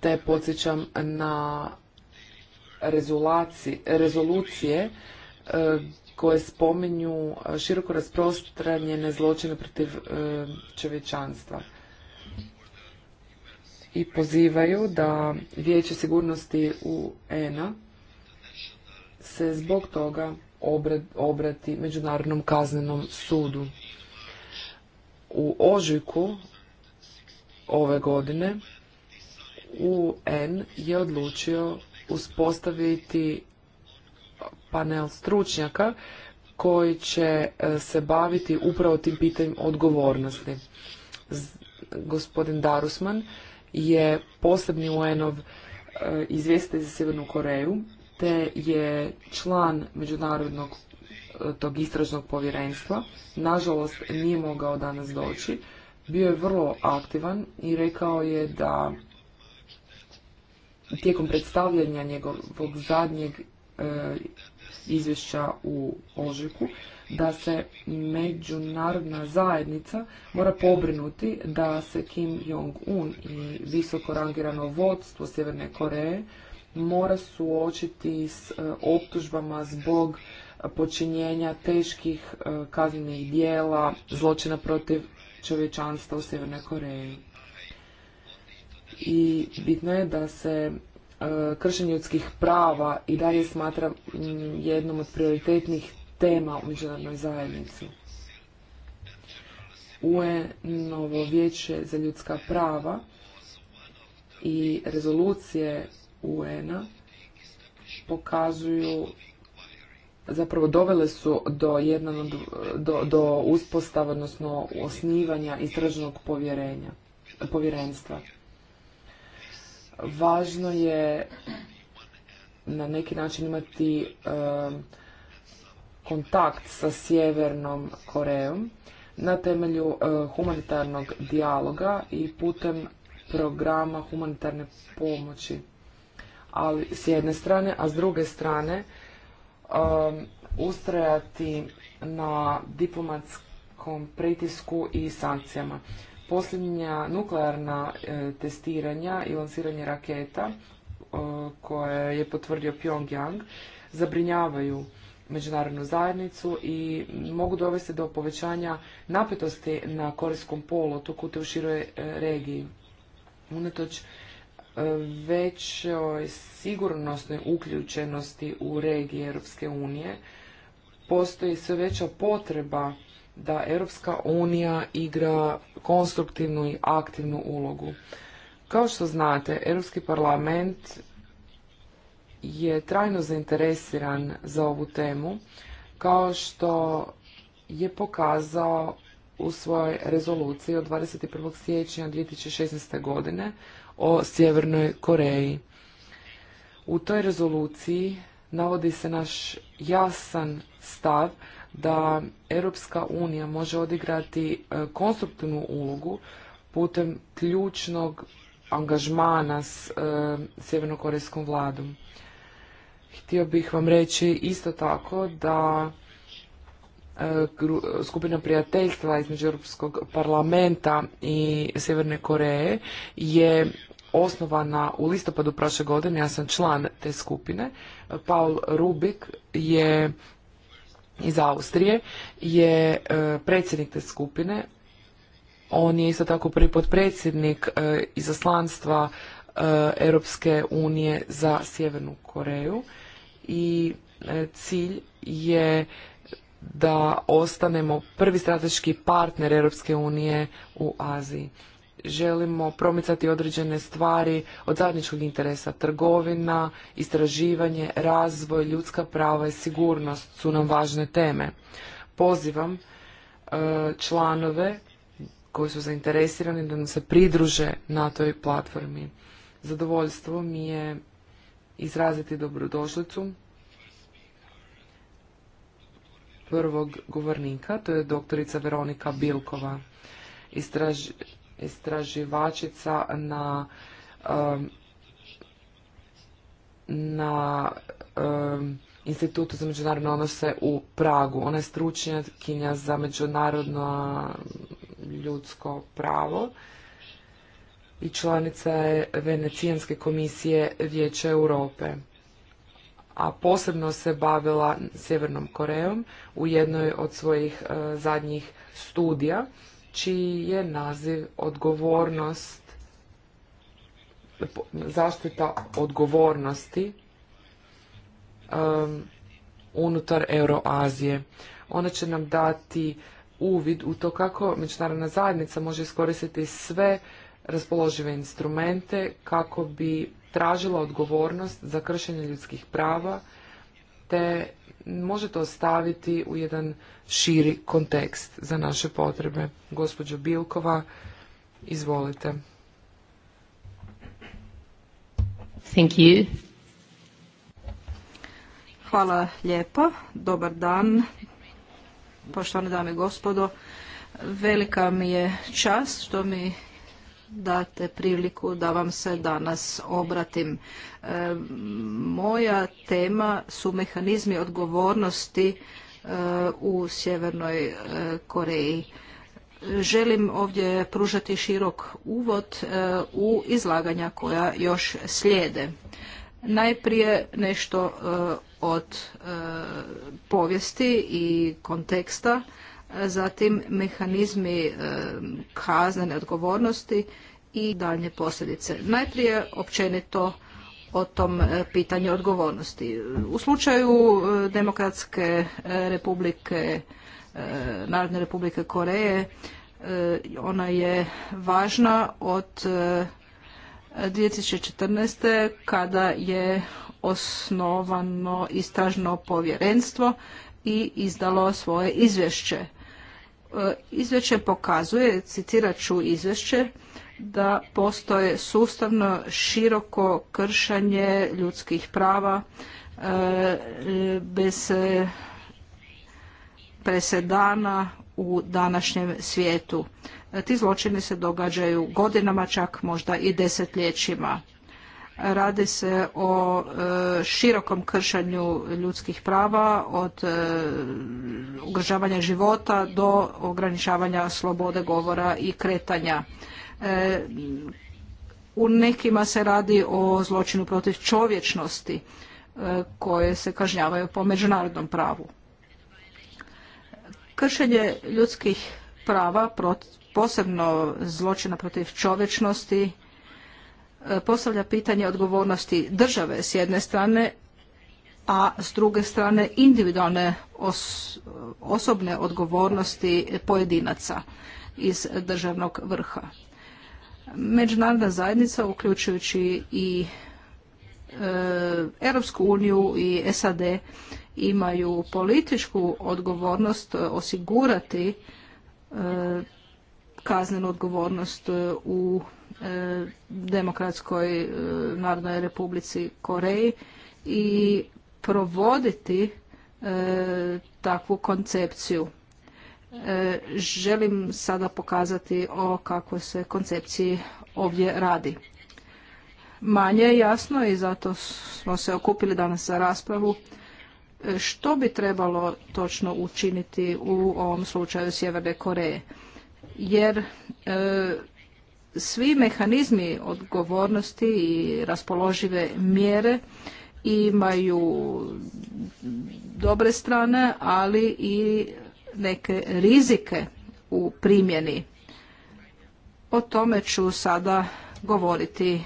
te podsjećam na rezolucije e, koje spominju e, široko rasprostranjene zločine protiv e, čovječanstva i pozivaju da Vijeće sigurnosti UN-a se zbog toga obrati Međunarodnom kaznenom sudu. U ožujku ove godine UN je odlučio uspostaviti panel stručnjaka koji će e, se baviti upravo tim pitanjem odgovornosti. Gospodin Darusman je posebni UN-ov e, izvjestitelj za Sjevernu Koreju, te je član međunarodnog e, tog istražnog povjerenstva. Nažalost, nije mogao danas doći. Bio je vrlo aktivan i rekao je da tijekom predstavljanja njegovog zadnjeg e, izvješća u ožujku da se međunarodna zajednica mora pobrinuti da se Kim Jong-un i visoko rangirano vodstvo Sjeverne Koreje mora suočiti s e, optužbama zbog počinjenja teških e, kaznenih dijela zločina protiv čovječanstva u Sjevernoj Koreji i bitno je da se e, kršenje ljudskih prava i dalje smatra mm, jednom od prioritetnih tema u međunarodnoj zajednici. UN novo vijeće za ljudska prava i rezolucije UN-a pokazuju zapravo dovele su do, jednog, do, do uspostave, odnosno osnivanja istražnog povjerenja, povjerenstva važno je na neki način imati um, kontakt sa Sjevernom Korejom na temelju uh, humanitarnog dijaloga i putem programa humanitarne pomoći. Ali s jedne strane, a s druge strane um, ustrajati na diplomatskom pritisku i sankcijama posljednja nuklearna e, testiranja i lansiranje raketa e, koje je potvrdio Pyongyang zabrinjavaju međunarodnu zajednicu i mogu dovesti do povećanja napetosti na Korejskom toku te u široj e, regiji. Unatoč većoj sigurnosnoj uključenosti u regiji Europske unije postoji sve veća potreba da Europska unija igra konstruktivnu i aktivnu ulogu. Kao što znate, Europski parlament je trajno zainteresiran za ovu temu, kao što je pokazao u svojoj rezoluciji od 21. siječnja 2016. godine o Sjevernoj Koreji. U toj rezoluciji navodi se naš jasan stav da Europska unija može odigrati e, konstruktivnu ulogu putem ključnog angažmana s e, sjevernokorejskom vladom. Htio bih vam reći isto tako da e, skupina prijateljstva između Europskog parlamenta i Sjeverne Koreje je osnovana u listopadu prošle godine, ja sam član te skupine. Paul Rubik je iz Austrije je e, predsjednik te skupine. On je isto tako prvi potpredsjednik e, izaslanstva e, Europske unije za Sjevernu Koreju i cilj je da ostanemo prvi strateški partner Europske unije u Aziji želimo promicati određene stvari od zajedničkog interesa. Trgovina, istraživanje, razvoj, ljudska prava i sigurnost su nam važne teme. Pozivam e, članove koji su zainteresirani da nam se pridruže na toj platformi. Zadovoljstvo mi je izraziti dobrodošlicu prvog govornika, to je doktorica Veronika Bilkova. Istraž, istraživačica na na Institutu za međunarodne odnose u Pragu. Ona je stručnjakinja za međunarodno ljudsko pravo i članica je Venecijanske komisije Vijeća Europe. A posebno se bavila Sjevernom Korejom u jednoj od svojih eh, zadnjih studija čiji je naziv odgovornost, zaštita odgovornosti um, unutar Euroazije. Ona će nam dati uvid u to kako međunarodna zajednica može iskoristiti sve raspoložive instrumente kako bi tražila odgovornost za kršenje ljudskih prava te možete ostaviti u jedan širi kontekst za naše potrebe. Gospođo Bilkova, izvolite. Thank you. Hvala lijepo Dobar dan, poštovane dame i gospodo. Velika mi je čast što mi date priliku da vam se danas obratim. E, moja tema su mehanizmi odgovornosti e, u Sjevernoj e, Koreji. Želim ovdje pružati širok uvod u izlaganja koja još slijede. Najprije nešto od povijesti i konteksta zatim mehanizmi e, kaznene odgovornosti i daljnje posljedice. Najprije općenito o tom e, pitanju odgovornosti. U slučaju e, Demokratske republike, Narodne republike Koreje, ona je važna od 2014. kada je osnovano istražno povjerenstvo i izdalo svoje izvješće. Izvješće pokazuje, citirat ću izvješće, da postoje sustavno široko kršanje ljudskih prava e, bez presedana u današnjem svijetu. E, ti zločini se događaju godinama, čak možda i desetljećima. Radi se o e, širokom kršenju ljudskih prava od e, ugrožavanja života do ograničavanja slobode govora i kretanja. E, u nekima se radi o zločinu protiv čovječnosti koje se kažnjavaju po međunarodnom pravu. Kršenje ljudskih prava, posebno zločina protiv čovječnosti, E, postavlja pitanje odgovornosti države s jedne strane, a s druge strane individualne osobne odgovornosti pojedinaca iz državnog vrha. Međunarodna zajednica, uključujući i e, Europsku uniju i SAD, imaju političku odgovornost osigurati e, kaznenu odgovornost u E, demokratskoj e, Narodnoj Republici Koreji i provoditi e, takvu koncepciju. Želim sada pokazati o kakvoj se koncepciji ovdje radi. Manje je jasno i zato smo se okupili danas za raspravu što bi trebalo točno učiniti u ovom slučaju Sjeverne Koreje. Jer svi mehanizmi odgovornosti i raspoložive mjere imaju dobre strane, ali i neke rizike u primjeni. O tome ću sada govoriti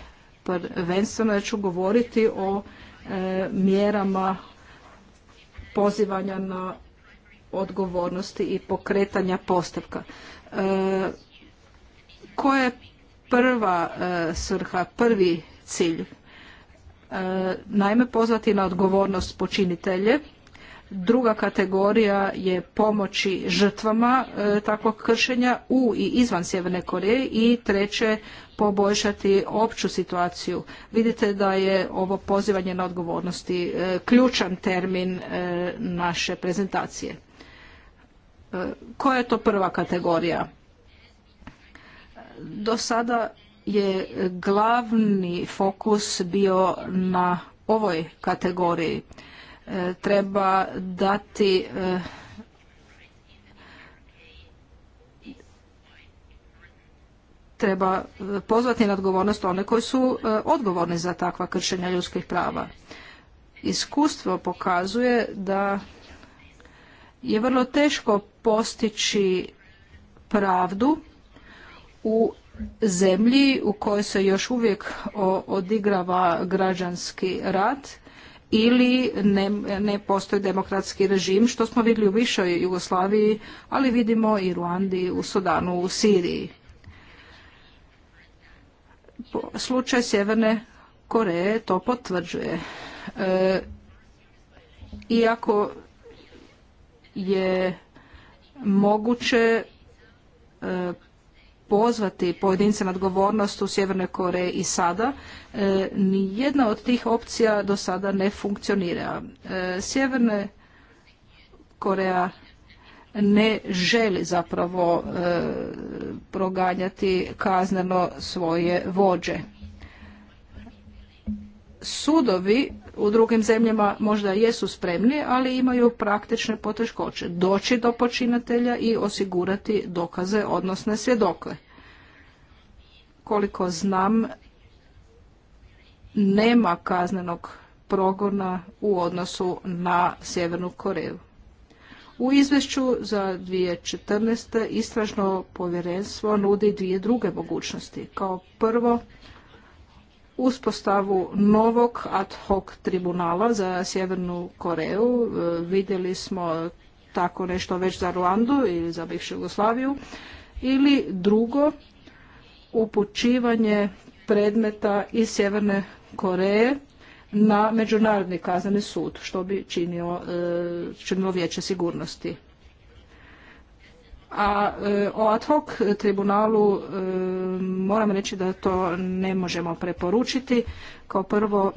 prvenstveno, ja ću govoriti o e, mjerama pozivanja na odgovornosti i pokretanja postupka. E, koje prva e, svrha, prvi cilj. E, naime, pozvati na odgovornost počinitelje. Druga kategorija je pomoći žrtvama e, takvog kršenja u i izvan Sjeverne Koreje i treće poboljšati opću situaciju. Vidite da je ovo pozivanje na odgovornosti ključan termin naše prezentacije. Koja je to prva kategorija? do sada je glavni fokus bio na ovoj kategoriji. E, treba dati e, treba pozvati na odgovornost one koji su e, odgovorni za takva kršenja ljudskih prava. Iskustvo pokazuje da je vrlo teško postići pravdu u zemlji u kojoj se još uvijek odigrava građanski rat ili ne, ne postoji demokratski režim, što smo vidjeli u višoj Jugoslaviji, ali vidimo i Ruandi, u Sudanu, u Siriji. Slučaj Sjeverne Koreje to potvrđuje. E, iako je moguće e, pozvati pojedince na odgovornost u Sjevernoj Koreji i sada, e, ni jedna od tih opcija do sada ne funkcionira. E, Sjeverna Koreja ne želi zapravo e, proganjati kazneno svoje vođe. Sudovi u drugim zemljama možda jesu spremni, ali imaju praktične poteškoće. Doći do počinatelja i osigurati dokaze, odnosne svjedokle. Koliko znam, nema kaznenog progona u odnosu na Sjevernu Koreju. U izvješću za 2014. istražno povjerenstvo nudi dvije druge mogućnosti. Kao prvo, uspostavu novog ad hoc tribunala za Sjevernu Koreju. E, vidjeli smo tako nešto već za Ruandu ili za bivšu Jugoslaviju. Ili drugo, upućivanje predmeta iz Sjeverne Koreje na Međunarodni kazneni sud, što bi činilo, e, činilo vijeće sigurnosti. A e, o ad hoc tribunalu e, moram reći da to ne možemo preporučiti. Kao prvo,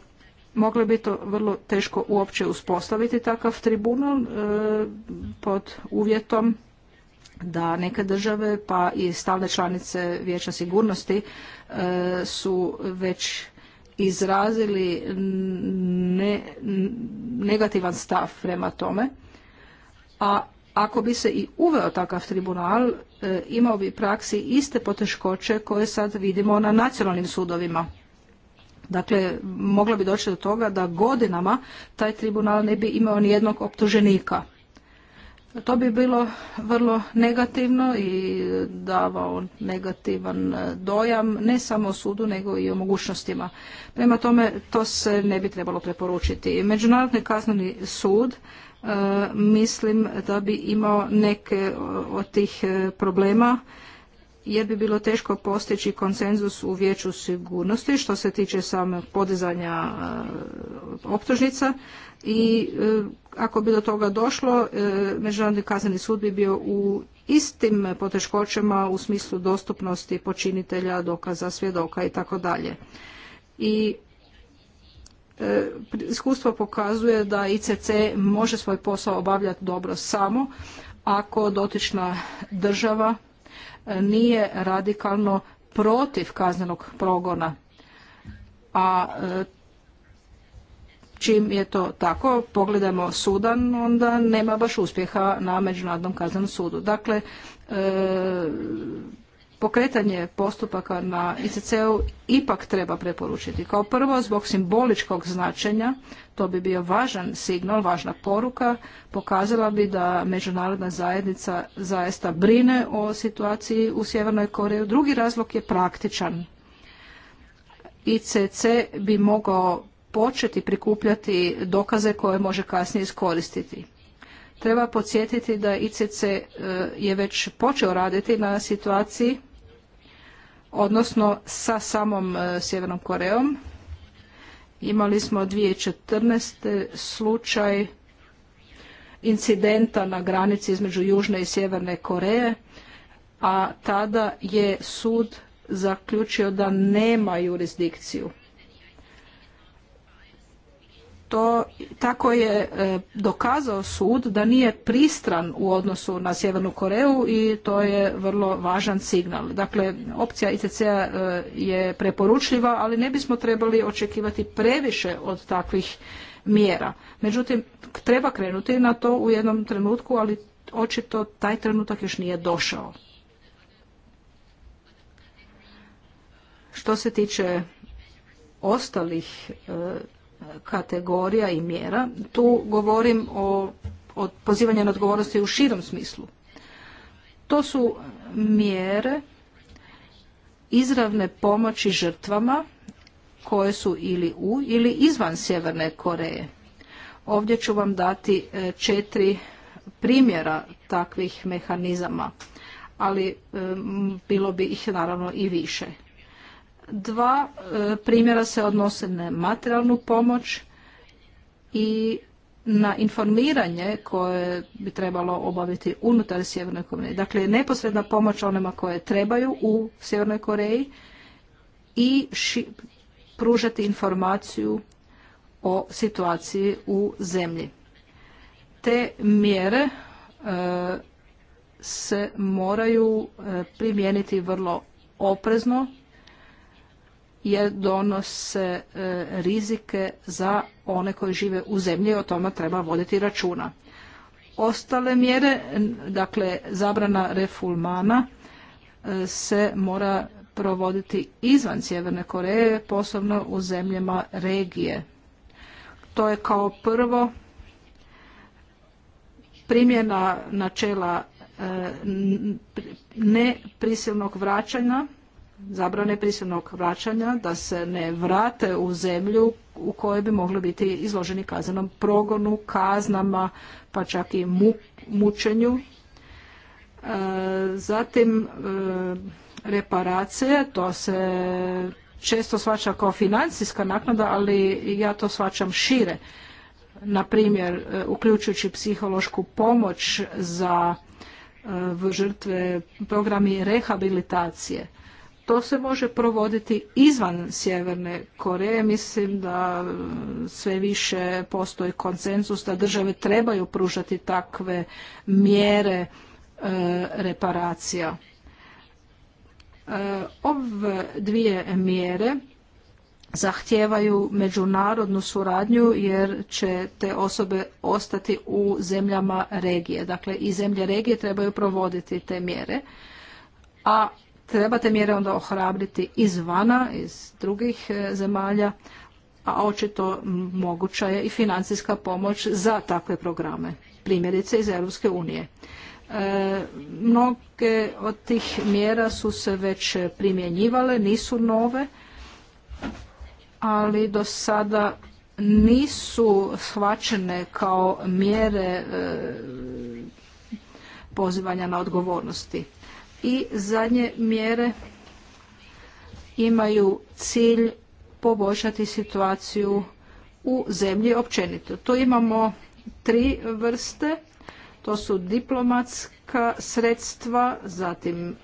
moglo bi to vrlo teško uopće uspostaviti takav tribunal e, pod uvjetom da neke države pa i stalne članice Vijeća sigurnosti su već izrazili negativan stav prema tome, a ako bi se i uveo takav tribunal, e, imao bi praksi iste poteškoće koje sad vidimo na nacionalnim sudovima. Dakle, mogla bi doći do toga da godinama taj tribunal ne bi imao ni jednog optuženika. To bi bilo vrlo negativno i davao negativan e, dojam ne samo o sudu nego i o mogućnostima. Prema tome, to se ne bi trebalo preporučiti. Međunarodni kazneni sud E, mislim da bi imao neke od tih e, problema jer bi bilo teško postići konsenzus u vijeću sigurnosti što se tiče samog podizanja e, optužnica i ako bi do toga došlo Međunarodni kazneni sud bi bio u istim poteškoćama u smislu dostupnosti počinitelja, dokaza, svjedoka i tako dalje. I E, iskustvo pokazuje da ICC može svoj posao obavljati dobro samo ako dotična država e, nije radikalno protiv kaznenog progona. A e, čim je to tako, pogledamo Sudan, onda nema baš uspjeha na Međunarodnom kaznenom sudu. Dakle, pokretanje postupaka na ICC-u ipak treba preporučiti. Kao prvo, zbog simboličkog značenja, to bi bio važan signal, važna poruka, pokazala bi da međunarodna zajednica zaista brine o situaciji u Sjevernoj Koreji. Drugi razlog je praktičan. ICC bi mogao početi prikupljati dokaze koje može kasnije iskoristiti. Treba podsjetiti da ICC e, je već počeo raditi na situaciji odnosno sa samom e, Sjevernom Korejom. Imali smo 2014. slučaj incidenta na granici između Južne i Sjeverne Koreje, a tada je sud zaključio da nema jurisdikciju to tako je e, dokazao sud da nije pristran u odnosu na Sjevernu Koreju i to je vrlo važan signal. Dakle, opcija icc e, e, je preporučljiva, ali ne bismo trebali očekivati previše od takvih mjera. Međutim, treba krenuti na to u jednom trenutku, ali očito taj trenutak još nije došao. Što se tiče ostalih kategorija i mjera. Tu govorim o, o pozivanju na odgovornosti u širom smislu. To su mjere izravne pomoći žrtvama koje su ili u ili izvan Sjeverne Koreje. Ovdje ću vam dati e, četiri primjera takvih mehanizama, ali e, bilo bi ih naravno i više. Dva e, primjera se odnose na materijalnu pomoć i na informiranje koje bi trebalo obaviti unutar Sjeverne Koreje. Dakle, neposredna pomoć onima koje trebaju u Sjevernoj Koreji i pružati informaciju o situaciji u zemlji. Te mjere e, se moraju e, primijeniti vrlo oprezno jer donose e, rizike za one koji žive u zemlji i o tome treba voditi računa. Ostale mjere, dakle zabrana refulmana e, se mora provoditi izvan Sjeverne Koreje, posebno u zemljama regije. To je kao prvo primjena načela e, neprisilnog vraćanja zabrane prisilnog vraćanja, da se ne vrate u zemlju u kojoj bi mogli biti izloženi kaznenom progonu, kaznama, pa čak i mučenju. E, zatim e, reparacije, to se često svača kao financijska naknada, ali ja to svačam šire. Na primjer, e, uključujući psihološku pomoć za e, žrtve, programi rehabilitacije to se može provoditi izvan Sjeverne Koreje. Mislim da e, sve više postoji konsenzus da države trebaju pružati takve mjere e, reparacija. E, ove dvije mjere zahtijevaju međunarodnu suradnju jer će te osobe ostati u zemljama regije. Dakle, i zemlje regije trebaju provoditi te mjere. A treba te mjere onda ohrabriti izvana, iz drugih e, zemalja, a očito moguća je i financijska pomoć za takve programe, primjerice iz Europske unije. E, mnoge od tih mjera su se već primjenjivale, nisu nove, ali do sada nisu shvaćene kao mjere e, pozivanja na odgovornosti i zadnje mjere imaju cilj poboljšati situaciju u zemlji općenito. Tu imamo tri vrste, to su diplomatska sredstva, zatim e,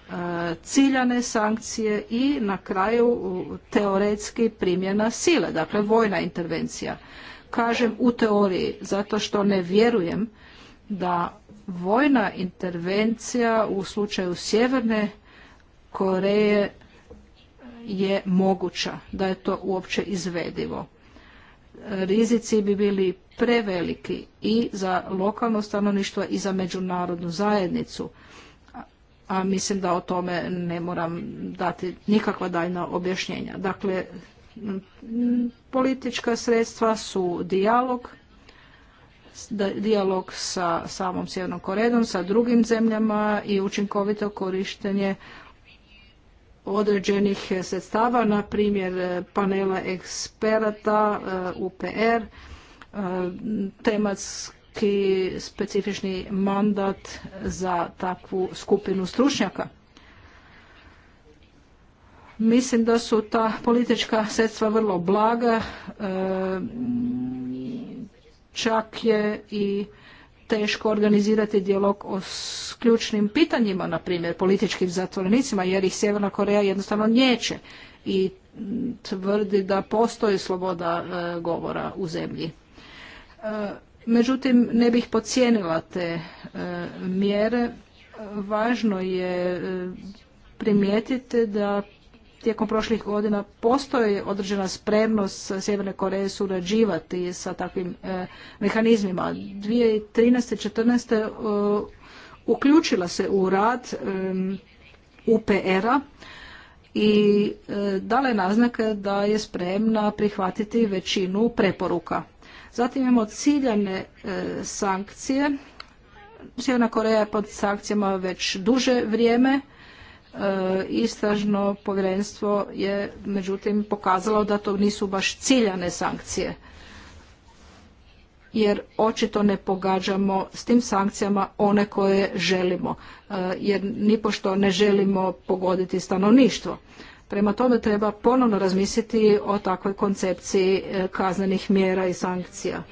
ciljane sankcije i na kraju teoretski primjena sile, dakle vojna intervencija. Kažem u teoriji zato što ne vjerujem da vojna intervencija u slučaju Sjeverne Koreje je moguća, da je to uopće izvedivo. Rizici bi bili preveliki i za lokalno stanovništvo i za međunarodnu zajednicu. A mislim da o tome ne moram dati nikakva daljna objašnjenja. Dakle, politička sredstva su dijalog, dijalog sa samom Sjevernom Koredom, sa drugim zemljama i učinkovito korištenje određenih sredstava, na primjer e, panela eksperata e, UPR, e, tematski specifični mandat za takvu skupinu stručnjaka. Mislim da su ta politička sredstva vrlo blaga, čak je i teško organizirati dijalog o ključnim pitanjima, na primjer političkim zatvorenicima, jer ih Sjeverna Koreja jednostavno neće i tvrdi da postoji sloboda e, govora u zemlji. E, međutim, ne bih podcijenila te e, mjere. Važno je e, primijetiti da tijekom prošlih godina postoji određena spremnost Sjeverne Koreje surađivati sa takvim e, mehanizmima. 2013. i 2014. uključila se u rad e, UPR-a i e, dala je naznake da je spremna prihvatiti većinu preporuka. Zatim imamo ciljane sankcije. Sjeverna Koreja je pod sankcijama već duže vrijeme E, istražno povjerenstvo je međutim pokazalo da to nisu baš ciljane sankcije jer očito ne pogađamo s tim sankcijama one koje želimo, e, jer nipošto ne želimo pogoditi stanovništvo. Prema tome treba ponovno razmisliti o takvoj koncepciji e, kaznenih mjera i sankcija.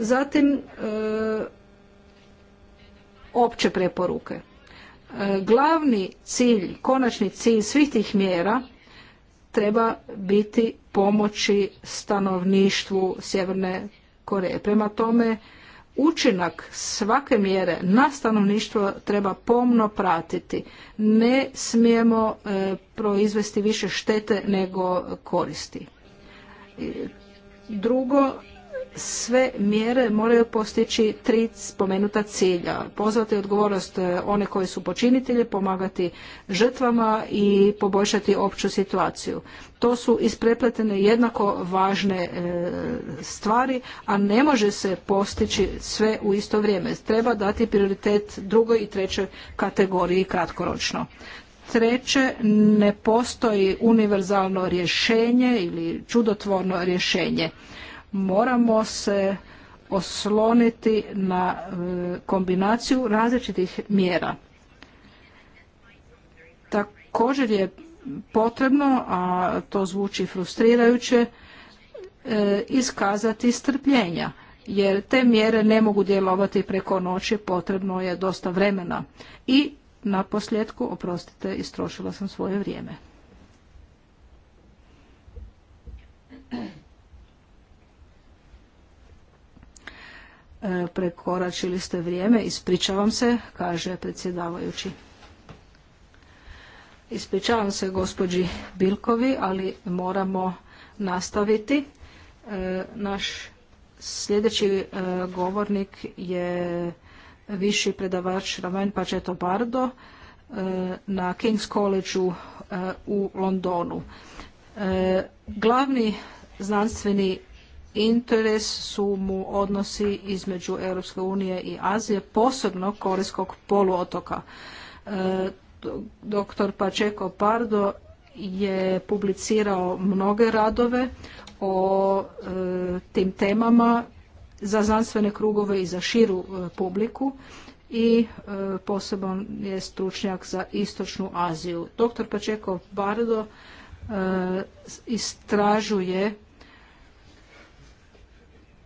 Zatim, opće preporuke glavni cilj, konačni cilj svih tih mjera treba biti pomoći stanovništvu Sjeverne Koreje. Prema tome, učinak svake mjere na stanovništvo treba pomno pratiti. Ne smijemo e, proizvesti više štete nego koristi. Drugo, sve mjere moraju postići tri spomenuta cilja. Pozvati odgovornost e, one koji su počinitelji, pomagati žrtvama i poboljšati opću situaciju. To su isprepletene jednako važne e, stvari, a ne može se postići sve u isto vrijeme. Treba dati prioritet drugoj i trećoj kategoriji kratkoročno. Treće, ne postoji univerzalno rješenje ili čudotvorno rješenje moramo se osloniti na e, kombinaciju različitih mjera. Također je potrebno, a to zvuči frustrirajuće, e, iskazati strpljenja, jer te mjere ne mogu djelovati preko noći, potrebno je dosta vremena. I na posljedku, oprostite, istrošila sam svoje vrijeme. E, prekoračili ste vrijeme, ispričavam se, kaže predsjedavajući. Ispričavam se gospođi Bilkovi, ali moramo nastaviti. E, naš sljedeći e, govornik je viši predavač Ramen Paceto Bardo na King's College u Londonu. Glavni znanstveni interes su mu odnosi između Europske unije i Azije, posebno Korejskog poluotoka. E, Dr. doktor Pačeko Pardo je publicirao mnoge radove o e, tim temama za znanstvene krugove i za širu e, publiku i poseban je stručnjak za istočnu Aziju. Doktor Pačeko Pardo istražuje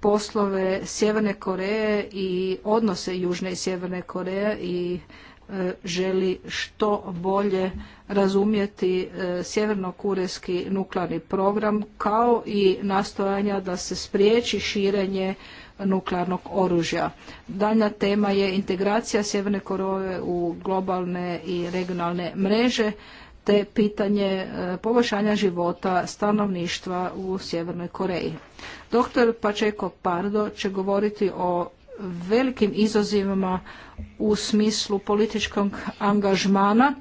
poslove Sjeverne Koreje i odnose Južne i Sjeverne Koreje i e, želi što bolje razumjeti e, sjevernokurejski nuklearni program kao i nastojanja da se spriječi širenje nuklearnog oružja. Daljna tema je integracija Sjeverne Koreje u globalne i regionalne mreže te pitanje e, poboljšanja života stanovništva u Sjevernoj Koreji. Doktor Pačeko Pardo će govoriti o velikim izazivima u smislu političkog angažmana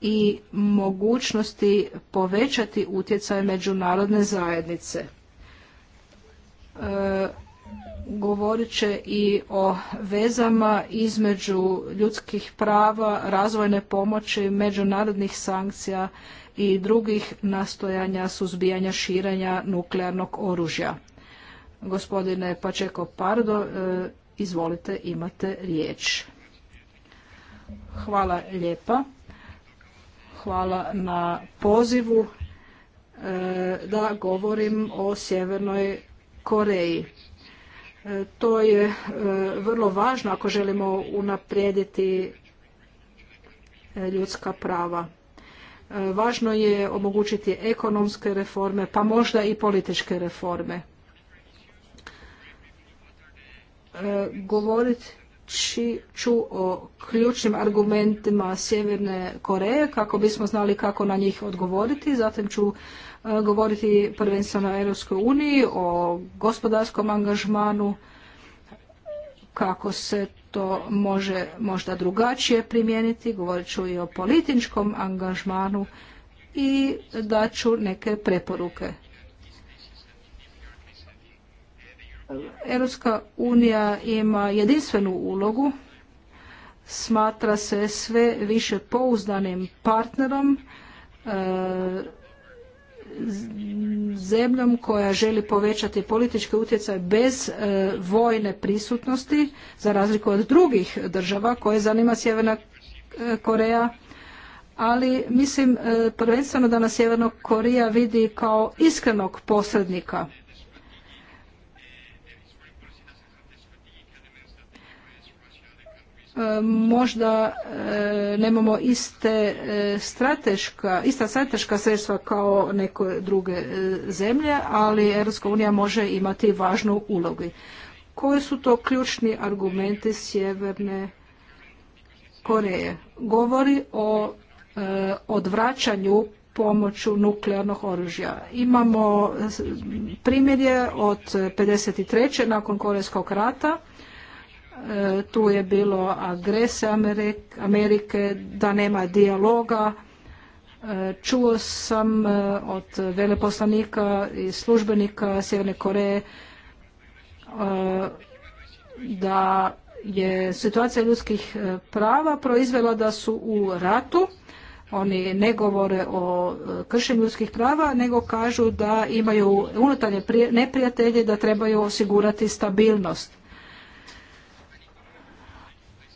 i mogućnosti povećati utjecaj međunarodne zajednice. E, govorit će i o vezama između ljudskih prava, razvojne pomoći, međunarodnih sankcija i drugih nastojanja suzbijanja širenja nuklearnog oružja. Gospodine Pačeko Pardo, e, izvolite, imate riječ. Hvala lijepa. Hvala na pozivu e, da govorim o Sjevernoj Koreji. E, to je e, vrlo važno ako želimo unaprijediti e, ljudska prava. Važno je omogućiti ekonomske reforme, pa možda i političke reforme. Govorit ću o ključnim argumentima Sjeverne Koreje kako bismo znali kako na njih odgovoriti. Zatim ću E, govoriti prvenstveno o Europskoj uniji, o gospodarskom angažmanu, kako se to može možda drugačije primijeniti, govorit ću i o političkom angažmanu i daću neke preporuke. Europska unija ima jedinstvenu ulogu, smatra se sve više pouzdanim partnerom, e, zemljom koja želi povećati politički utjecaj bez e, vojne prisutnosti za razliku od drugih država koje zanima Sjeverna e, Koreja ali mislim e, prvenstveno da nas Sjeverna Koreja vidi kao iskrenog posrednika E, možda e, nemamo iste e, strateška, ista strateška sredstva kao neke druge zemlje, ali EU može imati važnu ulogu. Koji su to ključni argumenti Sjeverne Koreje? Govori o odvraćanju pomoću nuklearnog oružja. Imamo primjerje od 53. nakon Korejskog rata E, tu je bilo agrese Amerike, da nema dijaloga. E, čuo sam e, od veleposlanika i službenika Sjeverne Koreje da je situacija ljudskih prava proizvela da su u ratu. Oni ne govore o kršenju ljudskih prava, nego kažu da imaju unutarnje neprijatelje, da trebaju osigurati stabilnost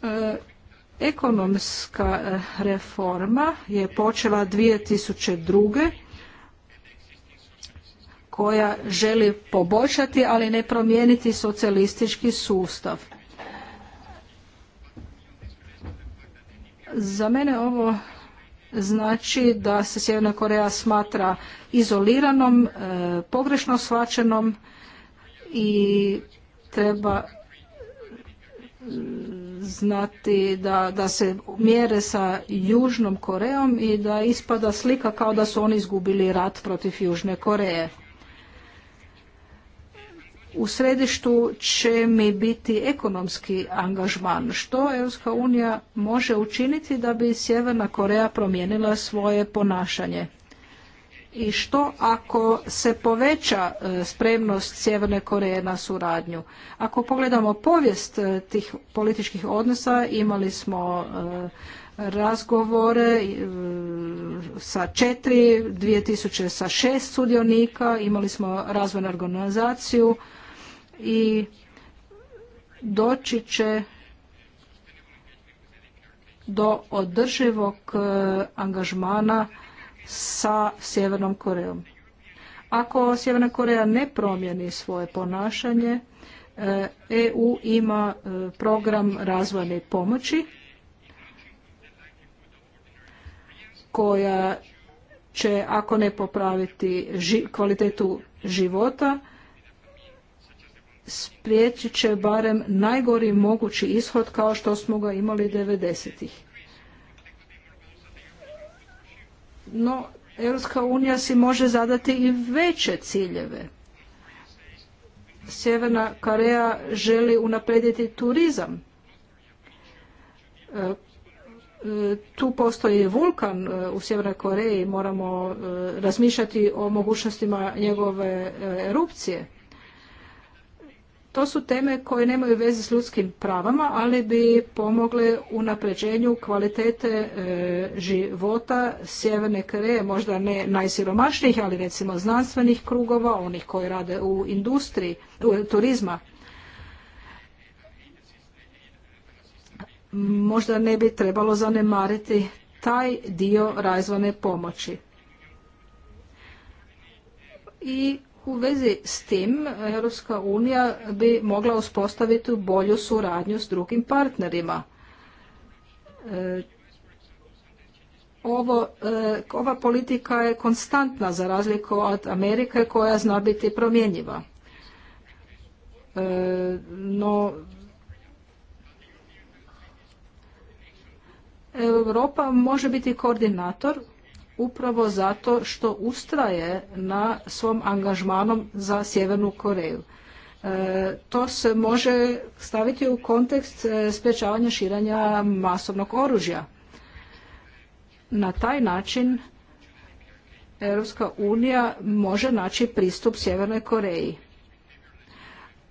E, ekonomska e, reforma je počela 2002 koja želi poboljšati, ali ne promijeniti socijalistički sustav. Za mene ovo znači da se Sjeverna Koreja smatra izoliranom, e, pogrešno shvaćenom i treba znati da, da se mjere sa Južnom Korejom i da ispada slika kao da su oni izgubili rat protiv Južne Koreje. U središtu će mi biti ekonomski angažman. Što EU unija može učiniti da bi Sjeverna Koreja promijenila svoje ponašanje? i što ako se poveća e, spremnost Sjeverne Koreje na suradnju? Ako pogledamo povijest e, tih političkih odnosa, imali smo e, razgovore sa četiri, 2000 sa šest sudionika, imali smo razvojnu organizaciju i doći će do održivog angažmana sa Sjevernom Korejom. Ako Sjeverna Koreja ne promijeni svoje ponašanje, EU e ima e, program razvojne pomoći koja će, ako ne popraviti kvalitetu života, spriječit će barem najgori mogući ishod kao što smo ga imali 90-ih. No, Europska unija si može zadati i veće ciljeve. Sjeverna Koreja želi unaprijediti turizam. E, e, tu postoji vulkan e, u Sjevernoj Koreji, moramo razmišljati o mogućnostima njegove erupcije. To su teme koje nemaju veze s ljudskim pravama, ali bi pomogle u napređenju kvalitete e, života Sjeverne Koreje, možda ne najsiromašnijih, ali recimo znanstvenih krugova, onih koji rade u industriji, turizma. Možda ne bi trebalo zanemariti taj dio razvojne pomoći. I u vezi s tim, Europska unija bi mogla uspostaviti bolju suradnju s drugim partnerima. E, ovo, e, ova politika je konstantna za razliku od Amerike koja zna biti promjenjiva. E, no, Europa može biti koordinator upravo zato što ustraje na svom angažmanom za Sjevernu Koreju. E, to se može staviti u kontekst e, sprječavanja širanja masovnog oružja. Na taj način Europska unija može naći pristup Sjevernoj Koreji.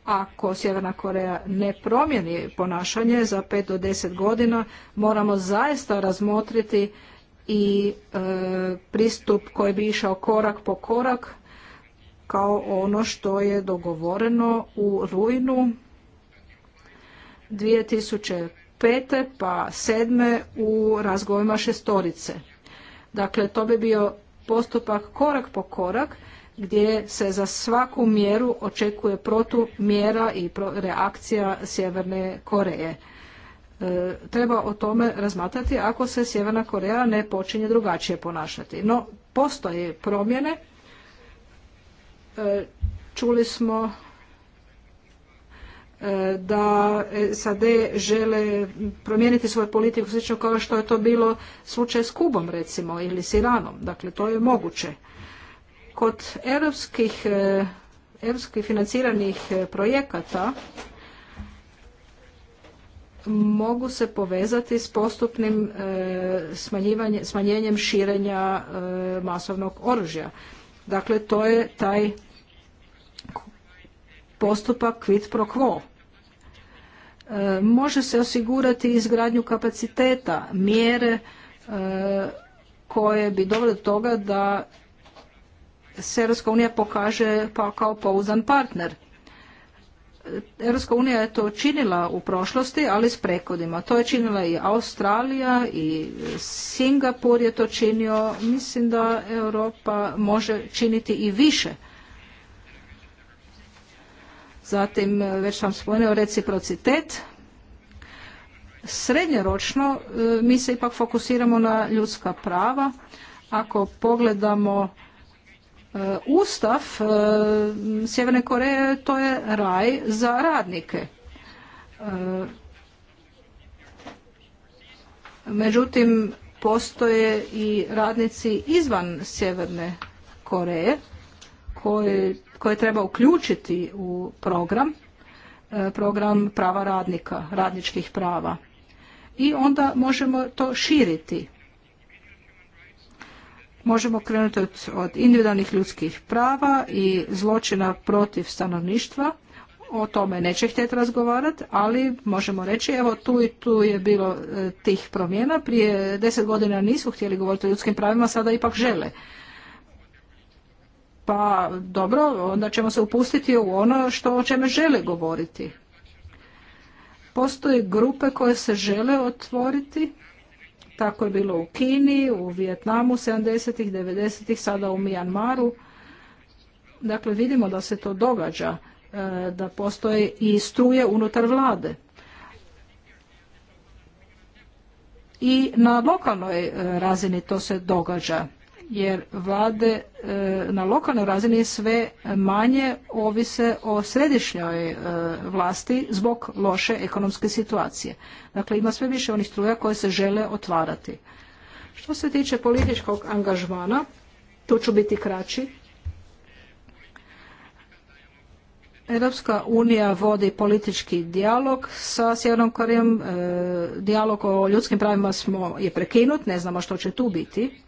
Ako Sjeverna Koreja ne promijeni ponašanje za 5 do 10 godina, moramo zaista razmotriti i e, pristup koji bi išao korak po korak kao ono što je dogovoreno u rujnu 2005. pa 7. u razgovorima šestorice. Dakle, to bi bio postupak korak po korak gdje se za svaku mjeru očekuje protumjera i reakcija Sjeverne Koreje. E, treba o tome razmatrati ako se Sjeverna Koreja ne počinje drugačije ponašati. No, postoje promjene. E, čuli smo e, da SAD žele promijeniti svoju politiku slično kao što je to bilo slučaj s Kubom recimo ili s Iranom. Dakle, to je moguće. Kod europskih, europskih financiranih projekata mogu se povezati s postupnim e, smanjenjem širenja e, masovnog oružja. Dakle, to je taj postupak quid pro quo. E, može se osigurati izgradnju kapaciteta, mjere koje bi dovele do toga da se Europska unija pokaže pa kao pouzan partner Europska unija je to činila u prošlosti, ali s prekodima. To je činila i Australija i Singapur je to činio. Mislim da Europa može činiti i više. Zatim, već sam spomenuo reciprocitet. Srednjeročno e, mi se ipak fokusiramo na ljudska prava. Ako pogledamo E, ustav e, Sjeverne Koreje to je raj za radnike. E, međutim, postoje i radnici izvan Sjeverne Koreje koje, treba uključiti u program, program prava radnika, radničkih prava. I onda možemo to širiti možemo krenuti od, od individualnih ljudskih prava i zločina protiv stanovništva o tome neće htjeti razgovarati, ali možemo reći evo tu i tu je bilo e, tih promjena. Prije deset godina nisu htjeli govoriti o ljudskim pravima, sada ipak žele. Pa dobro, onda ćemo se upustiti u ono što o čemu žele govoriti. Postoje grupe koje se žele otvoriti tako je bilo u Kini, u Vijetnamu 70-ih, 90-ih, sada u Mijanmaru. Dakle, vidimo da se to događa, e, da postoje i struje unutar vlade. I na lokalnoj e, razini to se događa jer vlade e, na lokalnoj razini sve manje ovise o središnjoj e, vlasti zbog loše ekonomske situacije. Dakle, ima sve više onih struja koje se žele otvarati. Što se tiče političkog angažmana, tu ću biti kraći. Europska unija vodi politički dijalog sa Sjevernom Korijom, e, dijalog o ljudskim pravima smo, je prekinut, ne znamo što će tu biti.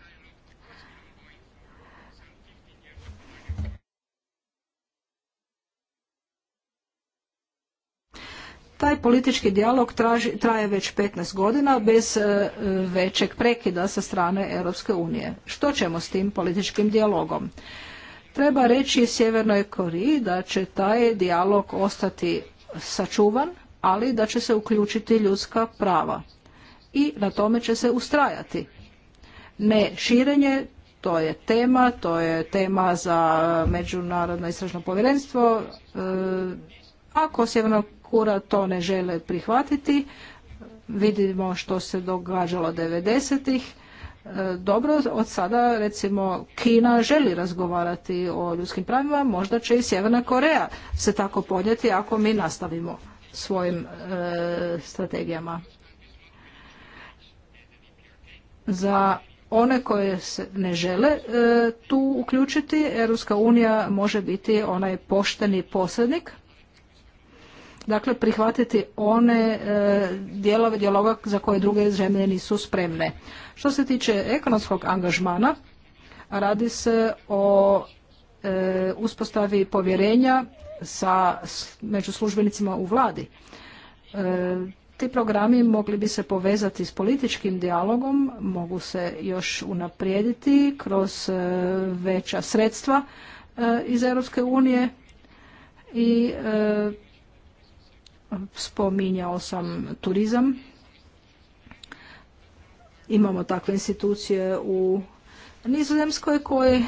Taj politički dijalog traje već 15 godina bez e, većeg prekida sa strane Europske unije. Što ćemo s tim političkim dijalogom? Treba reći Sjevernoj Koriji da će taj dijalog ostati sačuvan, ali da će se uključiti ljudska prava. I na tome će se ustrajati. Ne širenje, to je tema, to je tema za Međunarodno istražno povjerenstvo. E, ako sjeverno URA to ne žele prihvatiti. Vidimo što se događalo 90-ih. E, dobro, od sada recimo Kina želi razgovarati o ljudskim pravima, možda će i Sjeverna Koreja se tako podnijeti ako mi nastavimo svojim e, strategijama. Za one koje se ne žele e, tu uključiti, Europska unija može biti onaj pošteni posrednik dakle prihvatiti one e, dijelove dijaloga za koje druge zemlje nisu spremne. Što se tiče ekonomskog angažmana, radi se o e, uspostavi povjerenja sa, među službenicima u vladi. E, ti programi mogli bi se povezati s političkim dijalogom, mogu se još unaprijediti kroz veća sredstva iz Europske unije i spominjao sam turizam. Imamo takve institucije u Nizozemskoj koje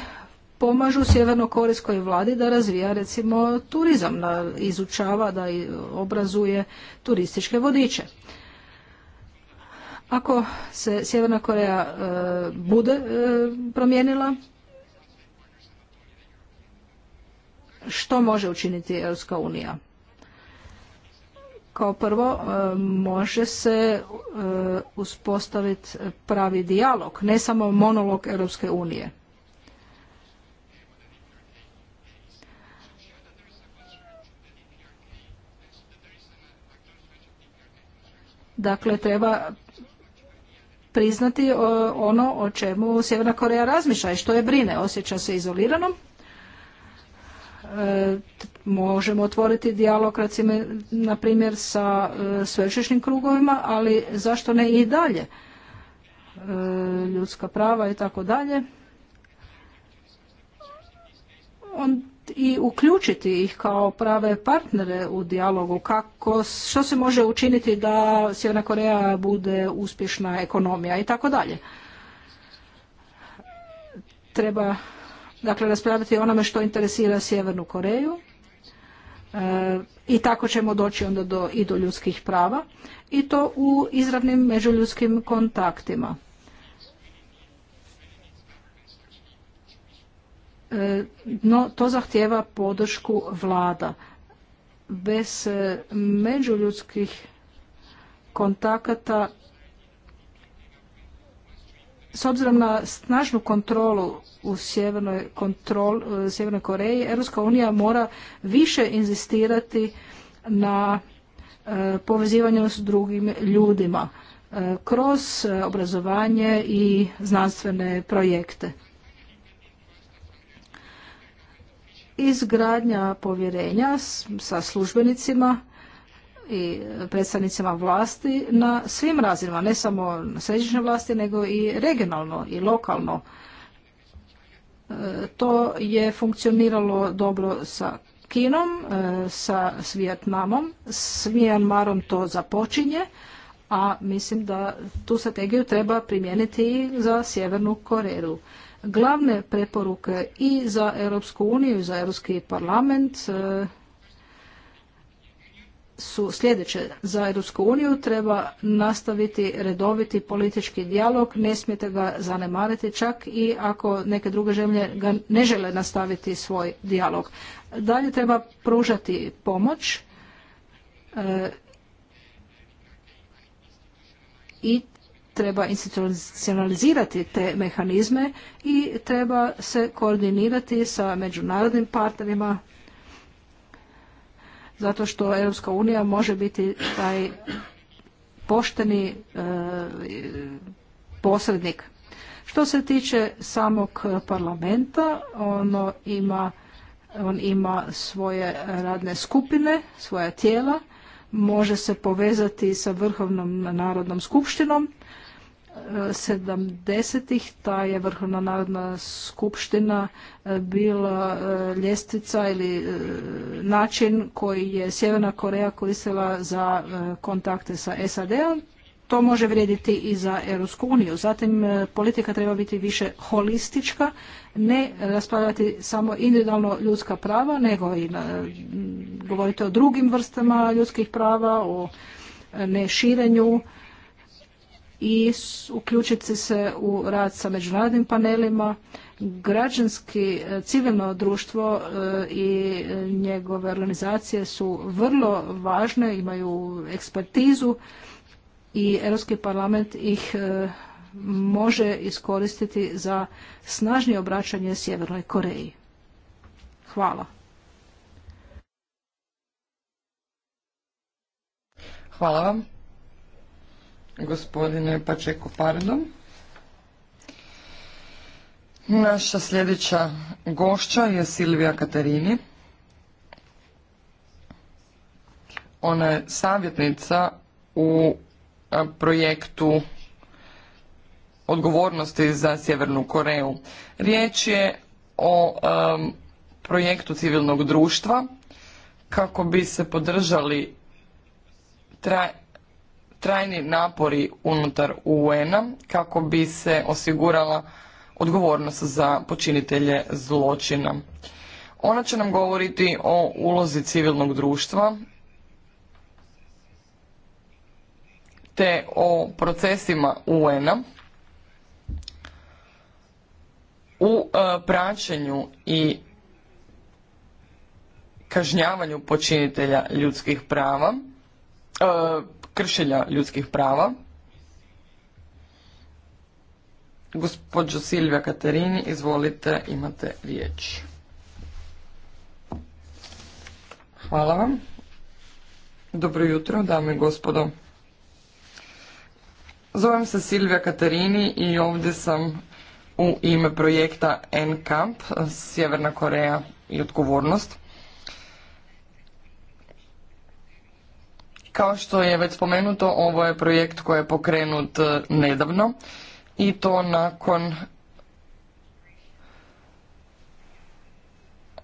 pomažu sjevernokorejskoj vladi da razvija recimo turizam, da izučava, da obrazuje turističke vodiče. Ako se Sjeverna Koreja e, bude e, promijenila, što može učiniti Europska unija? Kao prvo, e, može se e, uspostaviti pravi dijalog, ne samo monolog Europske unije. Dakle, treba priznati e, ono o čemu Sjeverna Koreja razmišlja i što je brine. Osjeća se izoliranom E, možemo otvoriti dijalog recimo na primjer sa e, sveučilišnim krugovima, ali zašto ne i dalje? E, ljudska prava i tako dalje. I uključiti ih kao prave partnere u dijalogu. Kako, što se može učiniti da Sjeverna Koreja bude uspješna ekonomija i tako dalje. Treba dakle raspravljati o onome što interesira Sjevernu Koreju e, i tako ćemo doći onda do, i do ljudskih prava i to u izravnim međuljudskim kontaktima. E, no, to zahtjeva podršku vlada. Bez e, međuljudskih kontakata s obzirom na snažnu kontrolu u Sjevernoj, kontrol, Sjevernoj Koreji, Europska unija mora više inzistirati na uh, povezivanju s drugim ljudima e, kroz e, obrazovanje i znanstvene projekte. Izgradnja povjerenja sa službenicima i predstavnicima vlasti na svim razinama, ne samo na središnjoj vlasti, nego i regionalno i lokalno. E, to je funkcioniralo dobro sa Kinom, e, sa s s Mijanmarom to započinje, a mislim da tu strategiju treba primijeniti i za Sjevernu Koreju. Glavne preporuke i za Europsku uniju i za Europski parlament e, su sljedeće za Europsku uniju. Treba nastaviti redoviti politički dijalog, ne smijete ga zanemariti čak i ako neke druge zemlje ga ne žele nastaviti svoj dijalog. Dalje treba pružati pomoć e, i treba institucionalizirati te mehanizme i treba se koordinirati sa međunarodnim partnerima zato što Europska unija može biti taj pošteni e, posrednik. Što se tiče samog parlamenta, ono ima, on ima svoje radne skupine, svoja tijela, može se povezati sa Vrhovnom narodnom skupštinom 70-ih ta je Vrhovna narodna skupština e, bila e, ljestvica ili e, način koji je Sjeverna Koreja koristila za kontakte sa SAD-om. To može vrijediti i za Europsku uniju. Zatim politika treba biti više holistička, ne raspravljati samo individualno ljudska prava, nego i govoriti o drugim vrstama ljudskih prava, o neširenju i uključiti se u rad sa međunarodnim panelima, građanski, e, civilno društvo e, i njegove organizacije su vrlo važne, imaju ekspertizu i Europski parlament ih e, može iskoristiti za snažnije obraćanje Sjevernoj Koreji. Hvala. Hvala vam gospodine Pačeko Pardo. Naša sljedeća gošća je Silvija Katarini. Ona je savjetnica u e, projektu odgovornosti za Sjevernu Koreju. Riječ je o e, projektu civilnog društva kako bi se podržali traj trajni napori unutar UN-a kako bi se osigurala odgovornost za počinitelje zločina. Ona će nam govoriti o ulozi civilnog društva te o procesima UN-a u e, praćenju i kažnjavanju počinitelja ljudskih prava e, kršenja ljudskih prava. Gospođo Silvija Katerini, izvolite, imate riječ. Hvala vam. Dobro jutro, dame i gospodo. Zovem se Silvija Katerini i ovdje sam u ime projekta N-Camp, Sjeverna Koreja i odgovornost. Kao što je već spomenuto, ovo je projekt koji je pokrenut e, nedavno i to nakon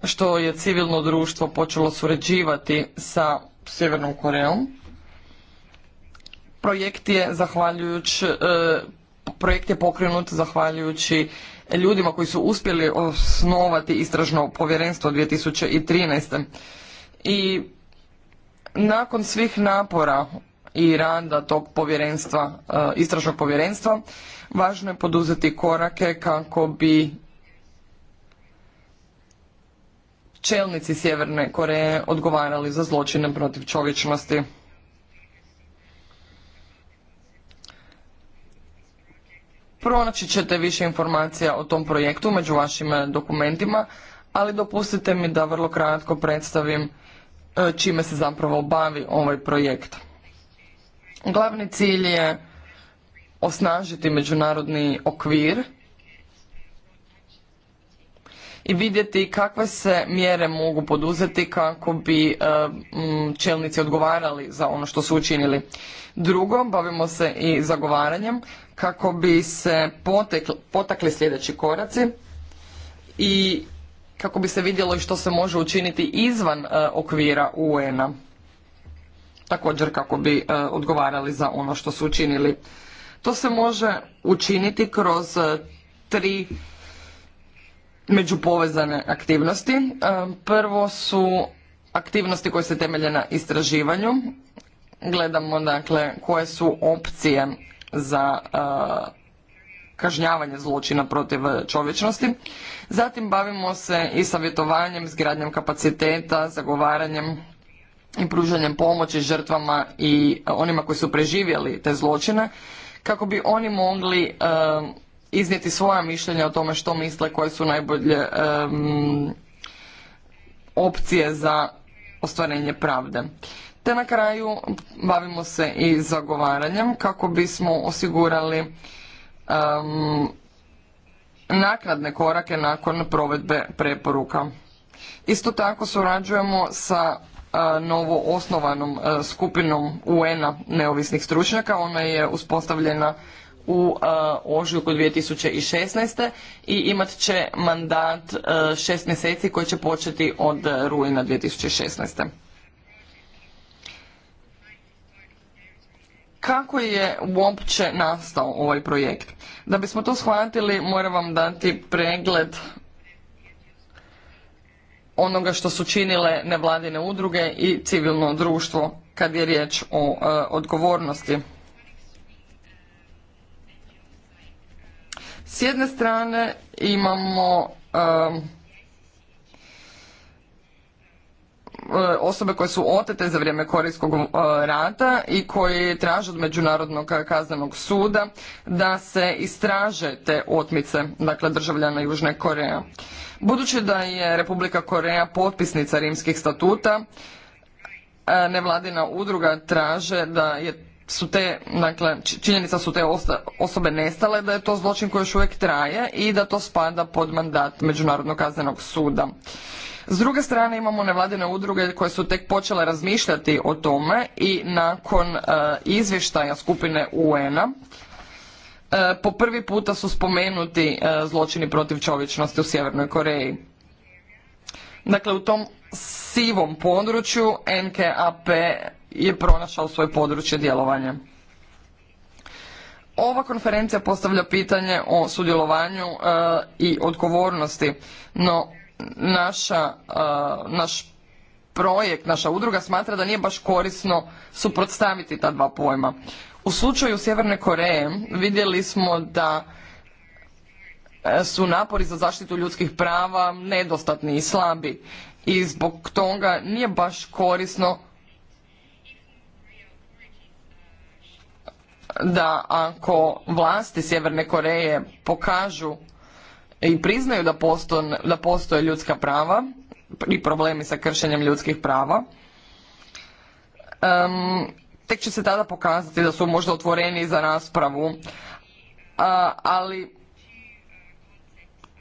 što je civilno društvo počelo surađivati sa Sjevernom Korejom. Projekt je zahvaljujući e, projekt je pokrenut zahvaljujući ljudima koji su uspjeli osnovati istražno povjerenstvo 2013. I nakon svih napora i rada tog povjerenstva, e, istražnog povjerenstva, važno je poduzeti korake kako bi čelnici Sjeverne Koreje odgovarali za zločine protiv čovječnosti. Pronaći ćete više informacija o tom projektu među vašim dokumentima, ali dopustite mi da vrlo kratko predstavim E, čime se zapravo bavi ovaj projekt. Glavni cilj je osnažiti međunarodni okvir i vidjeti kakve se mjere mogu poduzeti kako bi e, čelnici odgovarali za ono što su učinili. Drugo, bavimo se i zagovaranjem kako bi se potakli sljedeći koraci i kako bi se vidjelo i što se može učiniti izvan e, okvira UN-a. Također kako bi e, odgovarali za ono što su učinili. To se može učiniti kroz e, tri međupovezane aktivnosti. Prvo su aktivnosti koje se temelje na istraživanju. Gledamo dakle koje su opcije za kažnjavanje zločina protiv e, čovječnosti. Zatim bavimo se i savjetovanjem, zgradnjem kapaciteta, zagovaranjem i pružanjem pomoći žrtvama i e, onima koji su preživjeli te zločine kako bi oni mogli e, iznijeti svoja mišljenja o tome što misle koje su najbolje opcije za ostvarenje pravde. Te na kraju bavimo se i zagovaranjem kako bismo osigurali um, naknadne korake nakon provedbe preporuka. Isto tako surađujemo sa e, novo osnovanom e, skupinom UN-a neovisnih stručnjaka. Ona je uspostavljena u e, ožujku 2016. i imat će mandat šest mjeseci koji će početi od rujna 2016. kako je uopće nastao ovaj projekt. Da bismo to shvatili, moram vam dati pregled onoga što su činile nevladine udruge i civilno društvo kad je riječ o e, odgovornosti. S jedne strane imamo e, E, osobe koje su otete za vrijeme korejskog e, rata i koji traže od Međunarodnog kaznenog suda da se istraže te otmice, dakle državljana Južne Koreje. Budući da je Republika Koreja potpisnica rimskih statuta, e, nevladina udruga traže da je su te, dakle, činjenica su te osobe nestale, da je to zločin koji još uvijek traje i da to spada pod mandat Međunarodnog kaznenog suda. S druge strane imamo nevladine udruge koje su tek počele razmišljati o tome i nakon e, izvještaja skupine UN-a e, po prvi puta su spomenuti e, zločini protiv čovječnosti u Sjevernoj Koreji. Dakle, u tom sivom području NKAP je pronašao svoje područje djelovanja. Ova konferencija postavlja pitanje o sudjelovanju e, i odgovornosti, no naša, e, naš projekt, naša udruga smatra da nije baš korisno suprotstaviti ta dva pojma. U slučaju Sjeverne Koreje vidjeli smo da e, su napori za zaštitu ljudskih prava nedostatni i slabi i zbog toga nije baš korisno da ako vlasti Sjeverne Koreje pokažu i priznaju da, postoje ljudska prava i problemi sa kršenjem ljudskih prava, tek će se tada pokazati da su možda otvoreni za raspravu. ali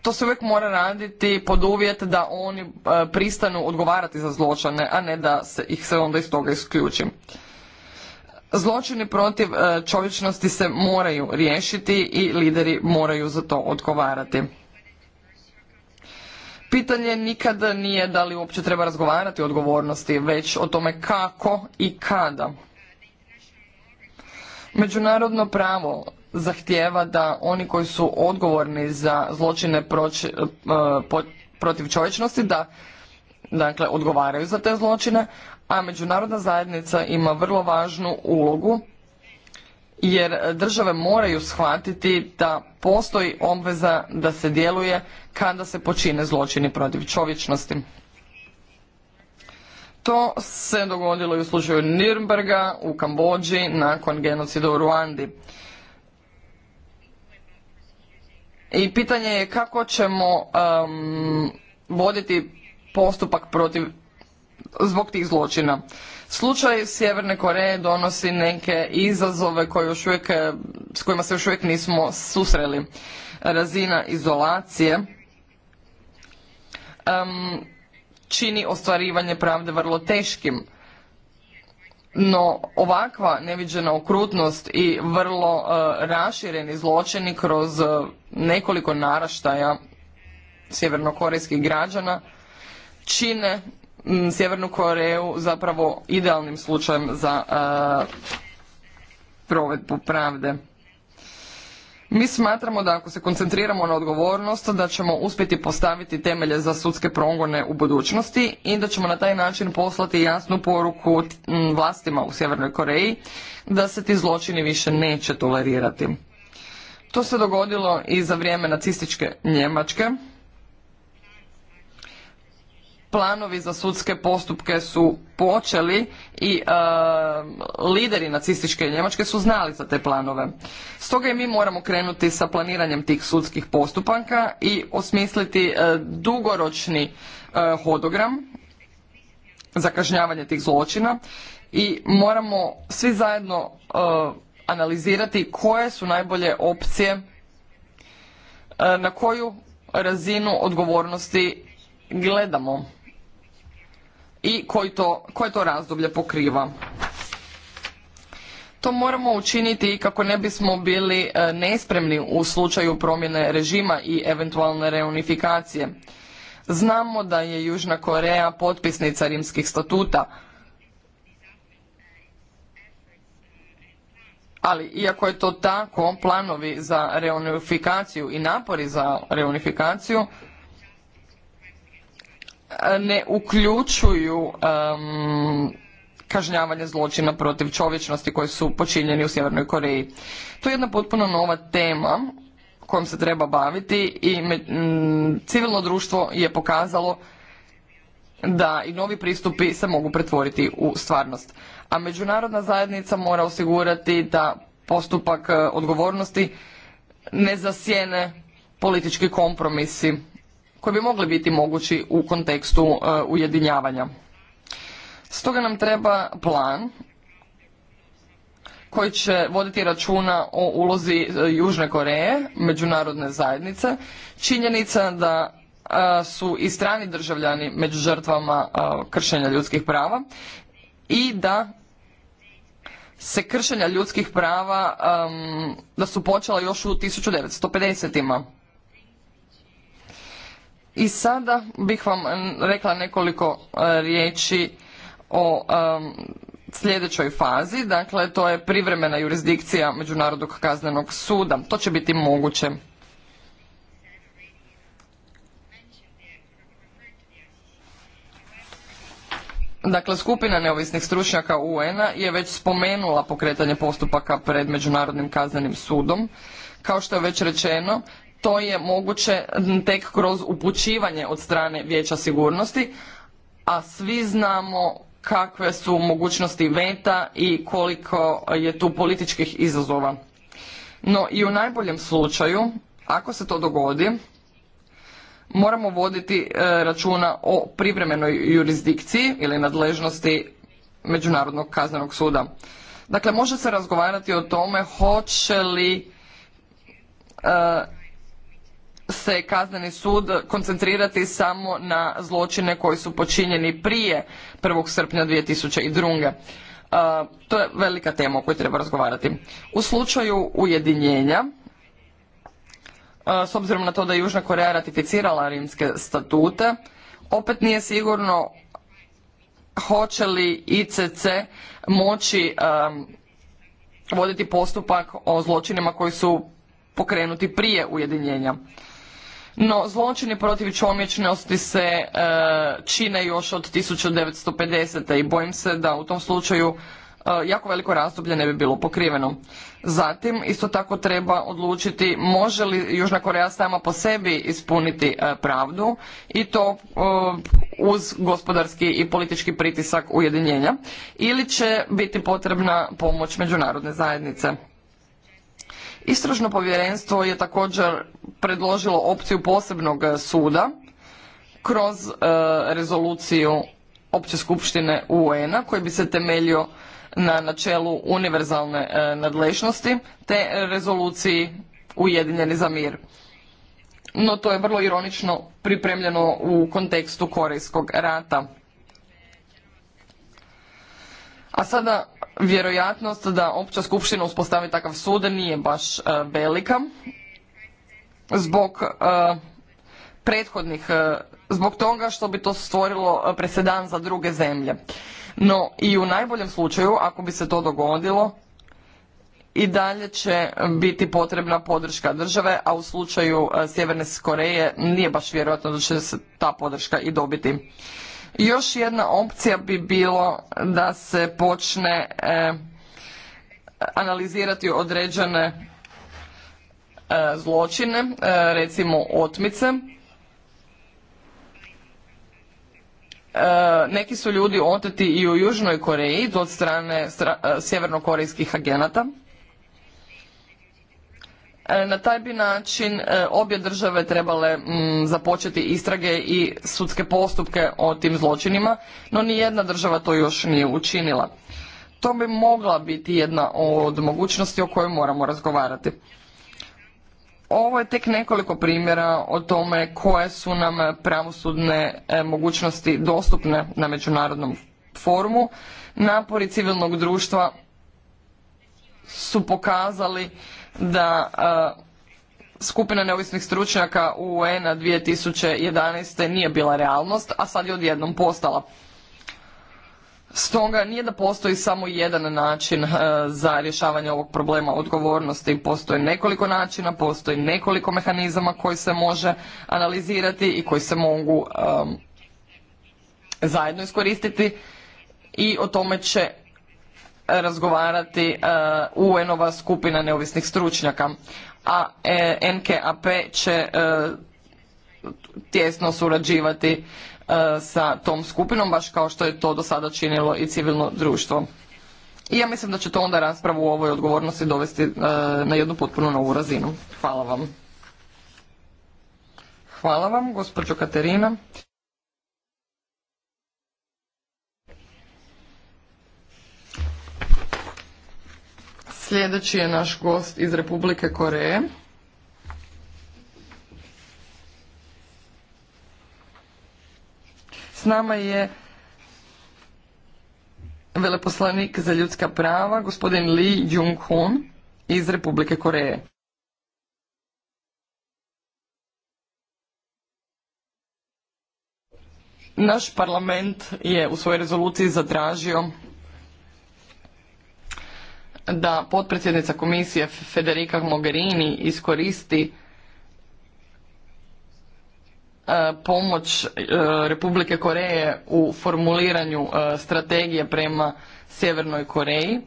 to se uvijek mora raditi pod uvjet da oni e, pristanu odgovarati za zločane, a ne da se, ih se onda iz toga isključi. Zločini protiv e, čovječnosti se moraju riješiti i lideri moraju za to odgovarati. Pitanje nikada nije da li uopće treba razgovarati o odgovornosti, već o tome kako i kada. Međunarodno pravo zahtijeva da oni koji su odgovorni za zločine e, protiv čovječnosti da dakle, odgovaraju za te zločine, a međunarodna zajednica ima vrlo važnu ulogu jer države moraju shvatiti da postoji obveza da se djeluje kada se počine zločini protiv čovječnosti. To se dogodilo i u slučaju Nirnberga u Kambođi nakon genocida u Ruandi. I pitanje je kako ćemo um, voditi postupak protiv zbog tih zločina. Slučaj Sjeverne Koreje donosi neke izazove koje još uvijek, e, s kojima se još uvijek nismo susreli. Razina izolacije um, čini ostvarivanje pravde vrlo teškim. No ovakva neviđena okrutnost i vrlo uh, rašireni zločini kroz e, nekoliko naraštaja sjevernokorejskih građana čine Mm, Sjevernu Koreju zapravo idealnim slučajem za e, provedbu pravde. Mi smatramo da ako se koncentriramo na odgovornost, da ćemo uspjeti postaviti temelje za sudske progone u budućnosti i da ćemo na taj način poslati jasnu poruku mm, vlastima u Sjevernoj Koreji da se ti zločini više neće tolerirati. To se dogodilo i za vrijeme nacističke Njemačke, planovi za sudske postupke su počeli i e, lideri nacističke Njemačke su znali za te planove. Stoga i mi moramo krenuti sa planiranjem tih sudskih postupaka i osmisliti e, dugoročni e, hodogram za kažnjavanje tih zločina i moramo svi zajedno analizirati koje su najbolje opcije na koju razinu odgovornosti gledamo i koji to, koje to razdoblje pokriva. To moramo učiniti kako ne bismo bili e, nespremni u slučaju promjene režima i eventualne reunifikacije. Znamo da je Južna Koreja potpisnica rimskih statuta, ali iako je to tako, planovi za reunifikaciju i napori za reunifikaciju ne uključuju kažnjavanje zločina protiv čovječnosti koji su počinjeni u Sjevernoj Koreji. To je jedna potpuno nova tema kojom se treba baviti i civilno društvo je pokazalo da i novi pristupi se mogu pretvoriti u stvarnost. A međunarodna zajednica mora osigurati da postupak e, odgovornosti ne zasjene politički kompromisi koji bi mogli biti mogući u kontekstu e, ujedinjavanja. Stoga nam treba plan koji će voditi računa o ulozi e, Južne Koreje, međunarodne zajednice, činjenica da e, su i strani državljani među žrtvama kršenja ljudskih prava i da se kršenja ljudskih prava da su počela još u 1950-ima. I sada bih vam rekla nekoliko e, riječi o sljedećoj fazi, dakle to je privremena jurisdikcija Međunarodnog kaznenog suda. To će biti moguće. Dakle, skupina neovisnih stručnjaka UN-a je već spomenula pokretanje postupaka pred Međunarodnim kaznenim sudom. Kao što je već rečeno, to je moguće tek kroz upućivanje od strane Vijeća sigurnosti, a svi znamo kakve su mogućnosti veta i koliko je tu političkih izazova. No i u najboljem slučaju, ako se to dogodi, moramo voditi e, računa o privremenoj jurisdikciji ili nadležnosti Međunarodnog kaznenog suda. Dakle, može se razgovarati o tome hoće li e, se kazneni sud koncentrirati samo na zločine koji su počinjeni prije 1. srpnja 2002. E, to je velika tema o kojoj treba razgovarati. U slučaju ujedinjenja, e, s obzirom na to da je Južna Koreja ratificirala rimske statute, opet nije sigurno hoće li ICC moći e, voditi postupak o zločinima koji su pokrenuti prije ujedinjenja. No, zločini protiv čomječnosti se e, čine još od 1950. i bojim se da u tom slučaju e, jako veliko razdoblje ne bi bilo pokriveno. Zatim, isto tako treba odlučiti može li Južna Koreja sama po sebi ispuniti e, pravdu i to uz gospodarski i politički pritisak ujedinjenja ili će biti potrebna pomoć međunarodne zajednice. Istražno povjerenstvo je također predložilo opciju posebnog e, suda kroz e, rezoluciju opće skupštine UN-a koji bi se temeljio na načelu univerzalne e, nadležnosti te rezoluciji Ujedinjeni za mir. No to je vrlo ironično pripremljeno u kontekstu Korejskog rata. A sada vjerojatnost da opća skupština uspostavi takav sud nije baš e, velika zbog e, prethodnih e, zbog toga što bi to stvorilo presedan za druge zemlje. No i u najboljem slučaju, ako bi se to dogodilo, i dalje će biti potrebna podrška države, a u slučaju Sjeverne Koreje nije baš vjerojatno da će se ta podrška i dobiti. Još jedna opcija bi bilo da se počne e, analizirati određene e, zločine, e, recimo otmice. Neki su ljudi oteti i u Južnoj Koreji od strane stra, sjevernokorejskih agenata. E, na taj bi način e, obje države trebale mm, započeti istrage i sudske postupke o tim zločinima, no nijedna jedna država to još nije učinila. To bi mogla biti jedna od mogućnosti o kojoj moramo razgovarati. Ovo je tek nekoliko primjera o tome koje su nam pravosudne e, mogućnosti dostupne na međunarodnom forumu. Napori civilnog društva su pokazali da skupina neovisnih stručnjaka UN-a 2011. nije bila realnost, a sad je odjednom postala. Stoga nije da postoji samo jedan način za rješavanje ovog problema odgovornosti. Postoji nekoliko načina, postoji nekoliko mehanizama koji se može analizirati i koji se mogu zajedno iskoristiti i o tome će razgovarati e, UN-ova skupina neovisnih stručnjaka, a e, NKAP će e, tjesno surađivati sa tom skupinom, baš kao što je to do sada činilo i civilno društvo. I ja mislim da će to onda raspravu u ovoj odgovornosti dovesti na jednu potpuno novu razinu. Hvala vam. Hvala vam, gospođo Katerina. Sljedeći je naš gost iz Republike Koreje. S nama je veleposlanik za ljudska prava, gospodin Lee Jung-hoon iz Republike Koreje. Naš parlament je u svojoj rezoluciji zatražio da potpredsjednica komisije Federica Mogherini iskoristi e, pomoć e, Republike Koreje u formuliranju e, strategije prema Sjevernoj Koreji.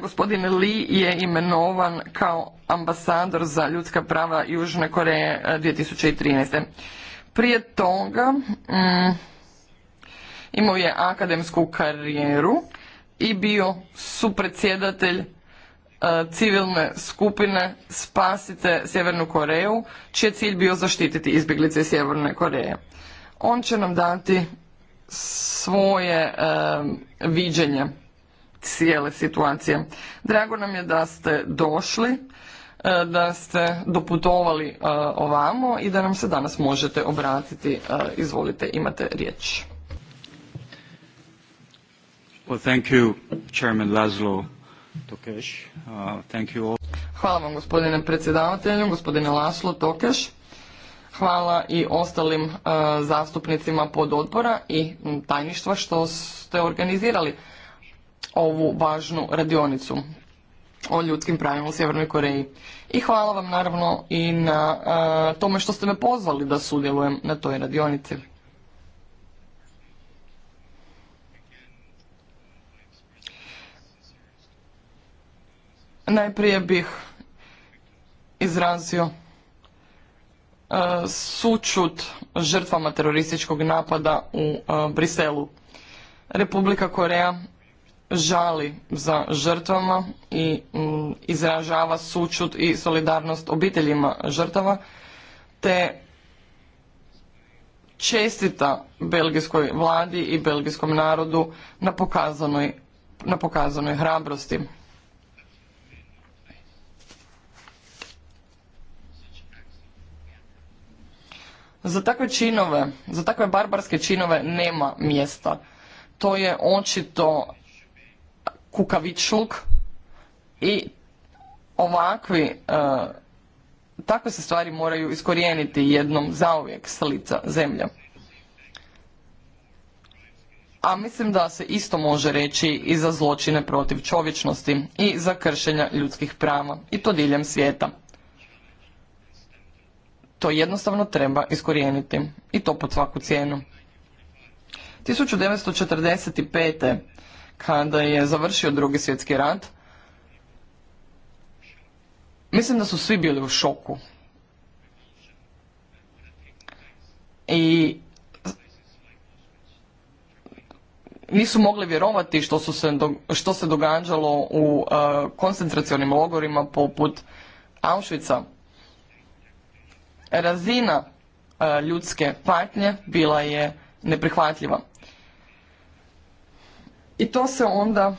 Gospodin Li je imenovan kao ambasador za ljudska prava Južne Koreje 2013. Prije toga mm, imao je akademsku karijeru i bio supredsjedatelj e, civilne skupine Spasite Sjevernu Koreju, čiji je cilj bio zaštititi izbjeglice Sjeverne Koreje. On će nam dati svoje e, viđenje cijele situacije. Drago nam je da ste došli, e, da ste doputovali ovamo i da nam se danas možete obratiti. Izvolite, imate riječ. Well, uh, Hvala vam gospodine predsjedavatelju, gospodine Laslo Tokeš. Hvala i ostalim uh, zastupnicima pod i tajništva što ste organizirali ovu važnu radionicu o ljudskim pravima u Sjevernoj Koreji. I hvala vam naravno i na uh, tome što ste me pozvali da sudjelujem na toj radionici. Najprije bih izrazio e, sučut žrtvama terorističkog napada u e, Briselu. Republika Koreja žali za žrtvama i izražava sućut i solidarnost obiteljima žrtava te čestita belgijskoj vladi i belgijskom narodu na pokazanoj, na pokazanoj hrabrosti. Za takve činove, za takve barbarske činove nema mjesta. To je očito kukavičluk i ovakvi, e, takve se stvari moraju iskorijeniti jednom zauvijek s lica zemlje. A mislim da se isto može reći i za zločine protiv čovječnosti i za kršenja ljudskih prava i to diljem svijeta. To jednostavno treba iskorijeniti i to pod svaku cijenu. 1945. kada je završio drugi svjetski rat, mislim da su svi bili u šoku. I nisu mogli vjerovati što, se, što se događalo u uh, koncentracionim logorima poput Auschwitza razina e, ljudske patnje bila je neprihvatljiva. I to se onda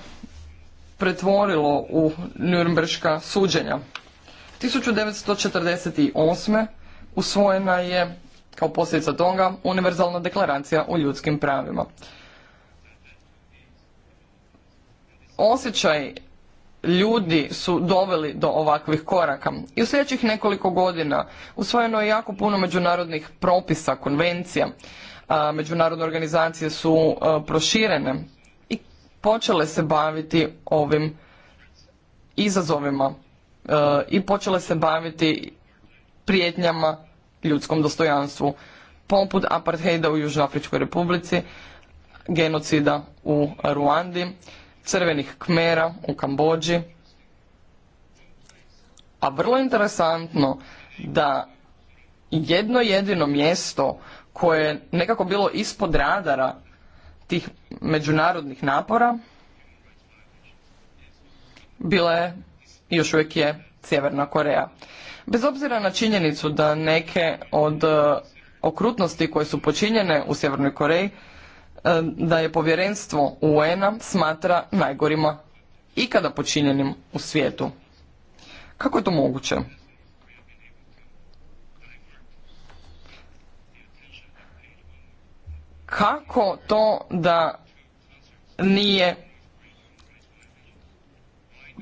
pretvorilo u Nürnberška suđenja. 1948. usvojena je, kao posljedica toga, Univerzalna deklaracija o ljudskim pravima. Osjećaj ljudi su doveli do ovakvih koraka. I u sljedećih nekoliko godina usvojeno je jako puno međunarodnih propisa, konvencija, međunarodne organizacije su e, proširene i počele se baviti ovim izazovima e, i počele se baviti prijetnjama ljudskom dostojanstvu, poput apartheida u Južnoafričkoj republici, genocida u Ruandi, crvenih kmera u Kambođi. A vrlo interesantno da jedno jedino mjesto koje je nekako bilo ispod radara tih međunarodnih napora bila je i još uvijek je Sjeverna Koreja. Bez obzira na činjenicu da neke od eh, okrutnosti koje su počinjene u Sjevernoj Koreji da je povjerenstvo UN-a smatra najgorima ikada počinjenim u svijetu. Kako je to moguće? Kako to da nije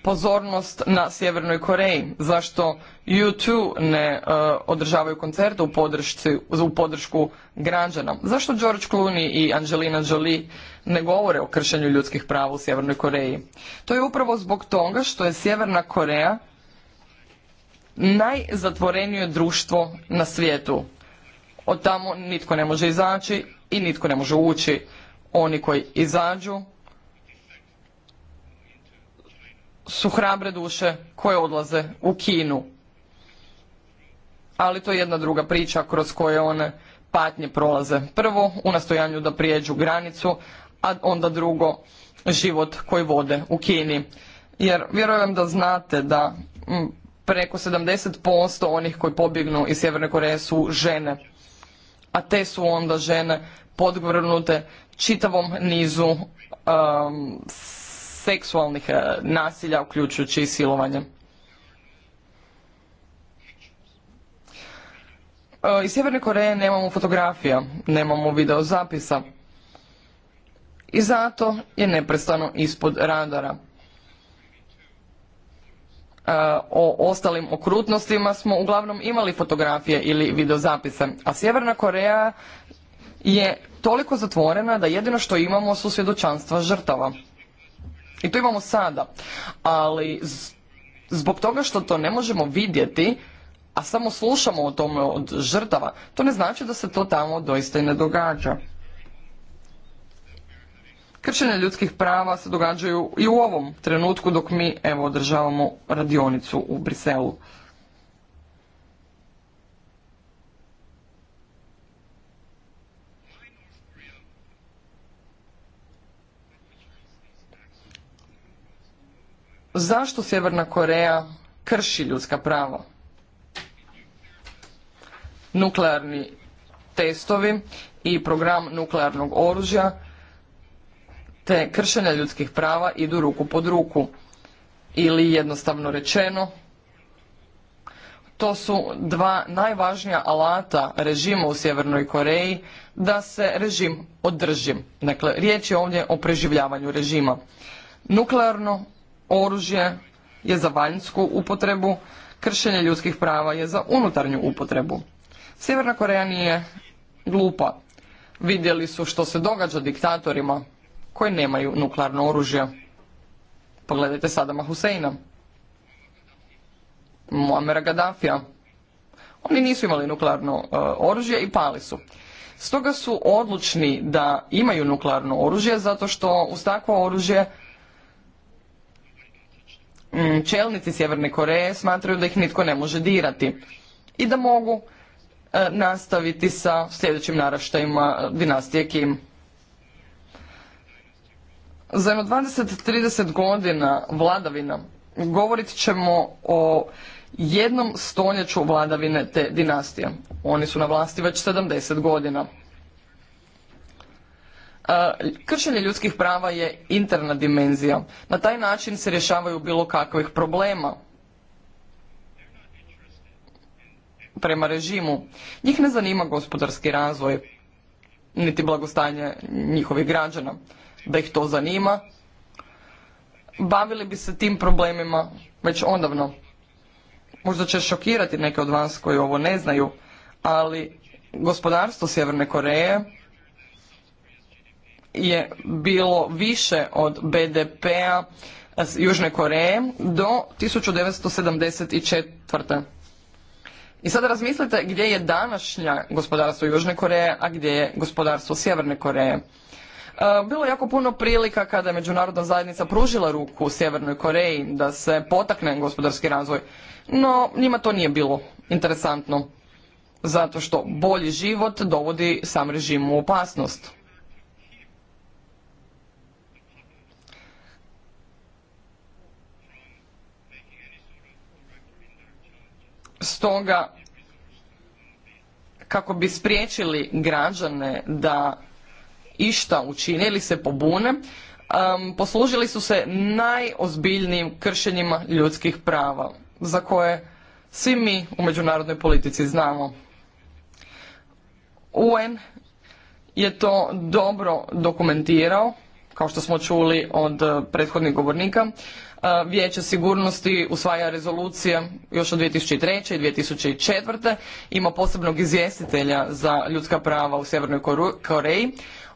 pozornost na Sjevernoj Koreji, zašto U2 ne e, održavaju koncerte u, podršci, u podršku građana, zašto George Clooney i Angelina Jolie ne govore o kršenju ljudskih prava u Sjevernoj Koreji. To je upravo zbog toga što je Sjeverna Koreja najzatvorenije društvo na svijetu. Od tamo nitko ne može izaći i nitko ne može ući. Oni koji izađu su hrabre duše koje odlaze u Kinu. Ali to je jedna druga priča kroz koje one patnje prolaze. Prvo, u nastojanju da prijeđu granicu, a onda drugo, život koji vode u Kini. Jer vjerujem da znate da preko 70% onih koji pobjegnu iz Sjeverne Koreje su žene. A te su onda žene podvrnute čitavom nizu um, seksualnih e, nasilja, uključujući i silovanje. Iz Sjeverne Koreje nemamo fotografija, nemamo videozapisa i zato je neprestano ispod radara. E, o ostalim okrutnostima smo uglavnom imali fotografije ili videozapise, a Sjeverna Koreja je toliko zatvorena da jedino što imamo su svjedočanstva žrtava. I to imamo sada. Ali zbog toga što to ne možemo vidjeti, a samo slušamo o tome od žrtava, to ne znači da se to tamo doista i ne događa. Kršenje ljudskih prava se događaju i u ovom trenutku dok mi evo održavamo radionicu u Briselu. zašto Sjeverna Koreja krši ljudska prava. Nuklearni testovi i program nuklearnog oružja te kršenja ljudskih prava idu ruku pod ruku. Ili jednostavno rečeno, to su dva najvažnija alata režima u Sjevernoj Koreji da se režim održi. Dakle, riječ je ovdje o preživljavanju režima. Nuklearno oružje je za vanjsku upotrebu, kršenje ljudskih prava je za unutarnju upotrebu. Sjeverna Koreja nije glupa. Vidjeli su što se događa diktatorima koji nemaju nuklearno oružje. Pogledajte Sadama Huseina, Muamera Gaddafija. Oni nisu imali nuklearno e, oružje i pali su. Stoga su odlučni da imaju nuklearno oružje zato što uz takvo oružje Mm, čelnici Sjeverne Koreje smatraju da ih nitko ne može dirati i da mogu e, nastaviti sa sljedećim naraštajima e, dinastije Kim. Za jedno 20-30 godina vladavina govorit ćemo o jednom stoljeću vladavine te dinastije. Oni su na vlasti već 70 godina. E, kršenje ljudskih prava je interna dimenzija. Na taj način se rješavaju bilo kakvih problema prema režimu. Njih ne zanima gospodarski razvoj, niti blagostanje njihovih građana. Da ih to zanima, bavili bi se tim problemima već ondavno. Možda će šokirati neke od vas koji ovo ne znaju, ali gospodarstvo Sjeverne Koreje je bilo više od BDP-a Južne Koreje do 1974. I sad razmislite gdje je današnja gospodarstvo Južne Koreje, a gdje je gospodarstvo Sjeverne Koreje. E, bilo je jako puno prilika kada je međunarodna zajednica pružila ruku Sjevernoj Koreji da se potakne gospodarski razvoj, no njima to nije bilo interesantno, zato što bolji život dovodi sam režim u opasnost. Stoga kako bi spriječili građane da išta učine ili se pobune, poslužili su se najozbiljnijim kršenjima ljudskih prava za koje svi mi u međunarodnoj politici znamo. UN je to dobro dokumentirao kao što smo čuli od eh, prethodnih govornika. Eh, Vijeće sigurnosti usvaja rezolucije još od 2003. i 2004. Ima posebnog izvjestitelja za ljudska prava u Sjevernoj Koreji.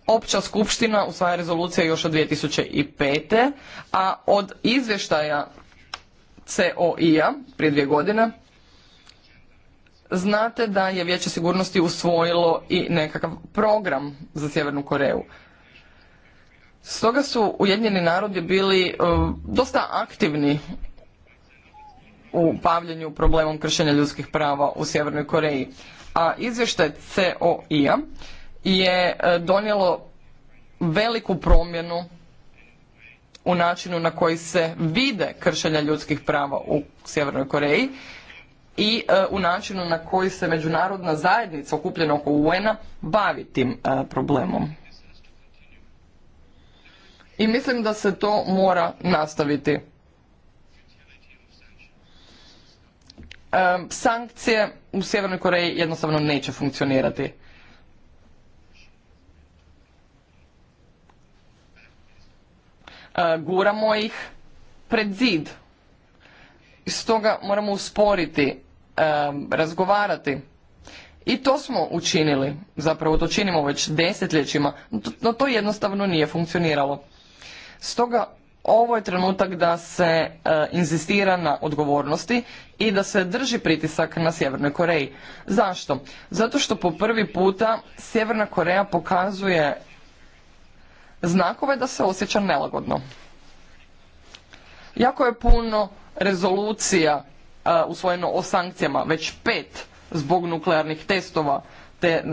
Opća skupština usvaja rezolucija još od 2005. A od izvještaja COI-a prije dvije godine znate da je Vijeće sigurnosti usvojilo i nekakav program za Sjevernu Koreju. Stoga su Ujedinjeni narodi bili e, dosta aktivni u bavljenju problemom kršenja ljudskih prava u Sjevernoj Koreji. A izvještaj COI-a je e, donijelo veliku promjenu u načinu na koji se vide kršenja ljudskih prava u Sjevernoj Koreji i e, u načinu na koji se međunarodna zajednica okupljena oko UN-a bavi tim problemom i mislim da se to mora nastaviti. Sankcije u Sjevernoj Koreji jednostavno neće funkcionirati. Guramo ih pred zid. Stoga moramo usporiti, razgovarati. I to smo učinili, zapravo to činimo već desetljećima, no to jednostavno nije funkcioniralo. Stoga ovo je trenutak da se e, inzistira na odgovornosti i da se drži pritisak na Sjevernoj Koreji. Zašto? Zato što po prvi puta Sjeverna Koreja pokazuje znakove da se osjeća nelagodno. Jako je puno rezolucija e, usvojeno o sankcijama, već pet zbog nuklearnih testova te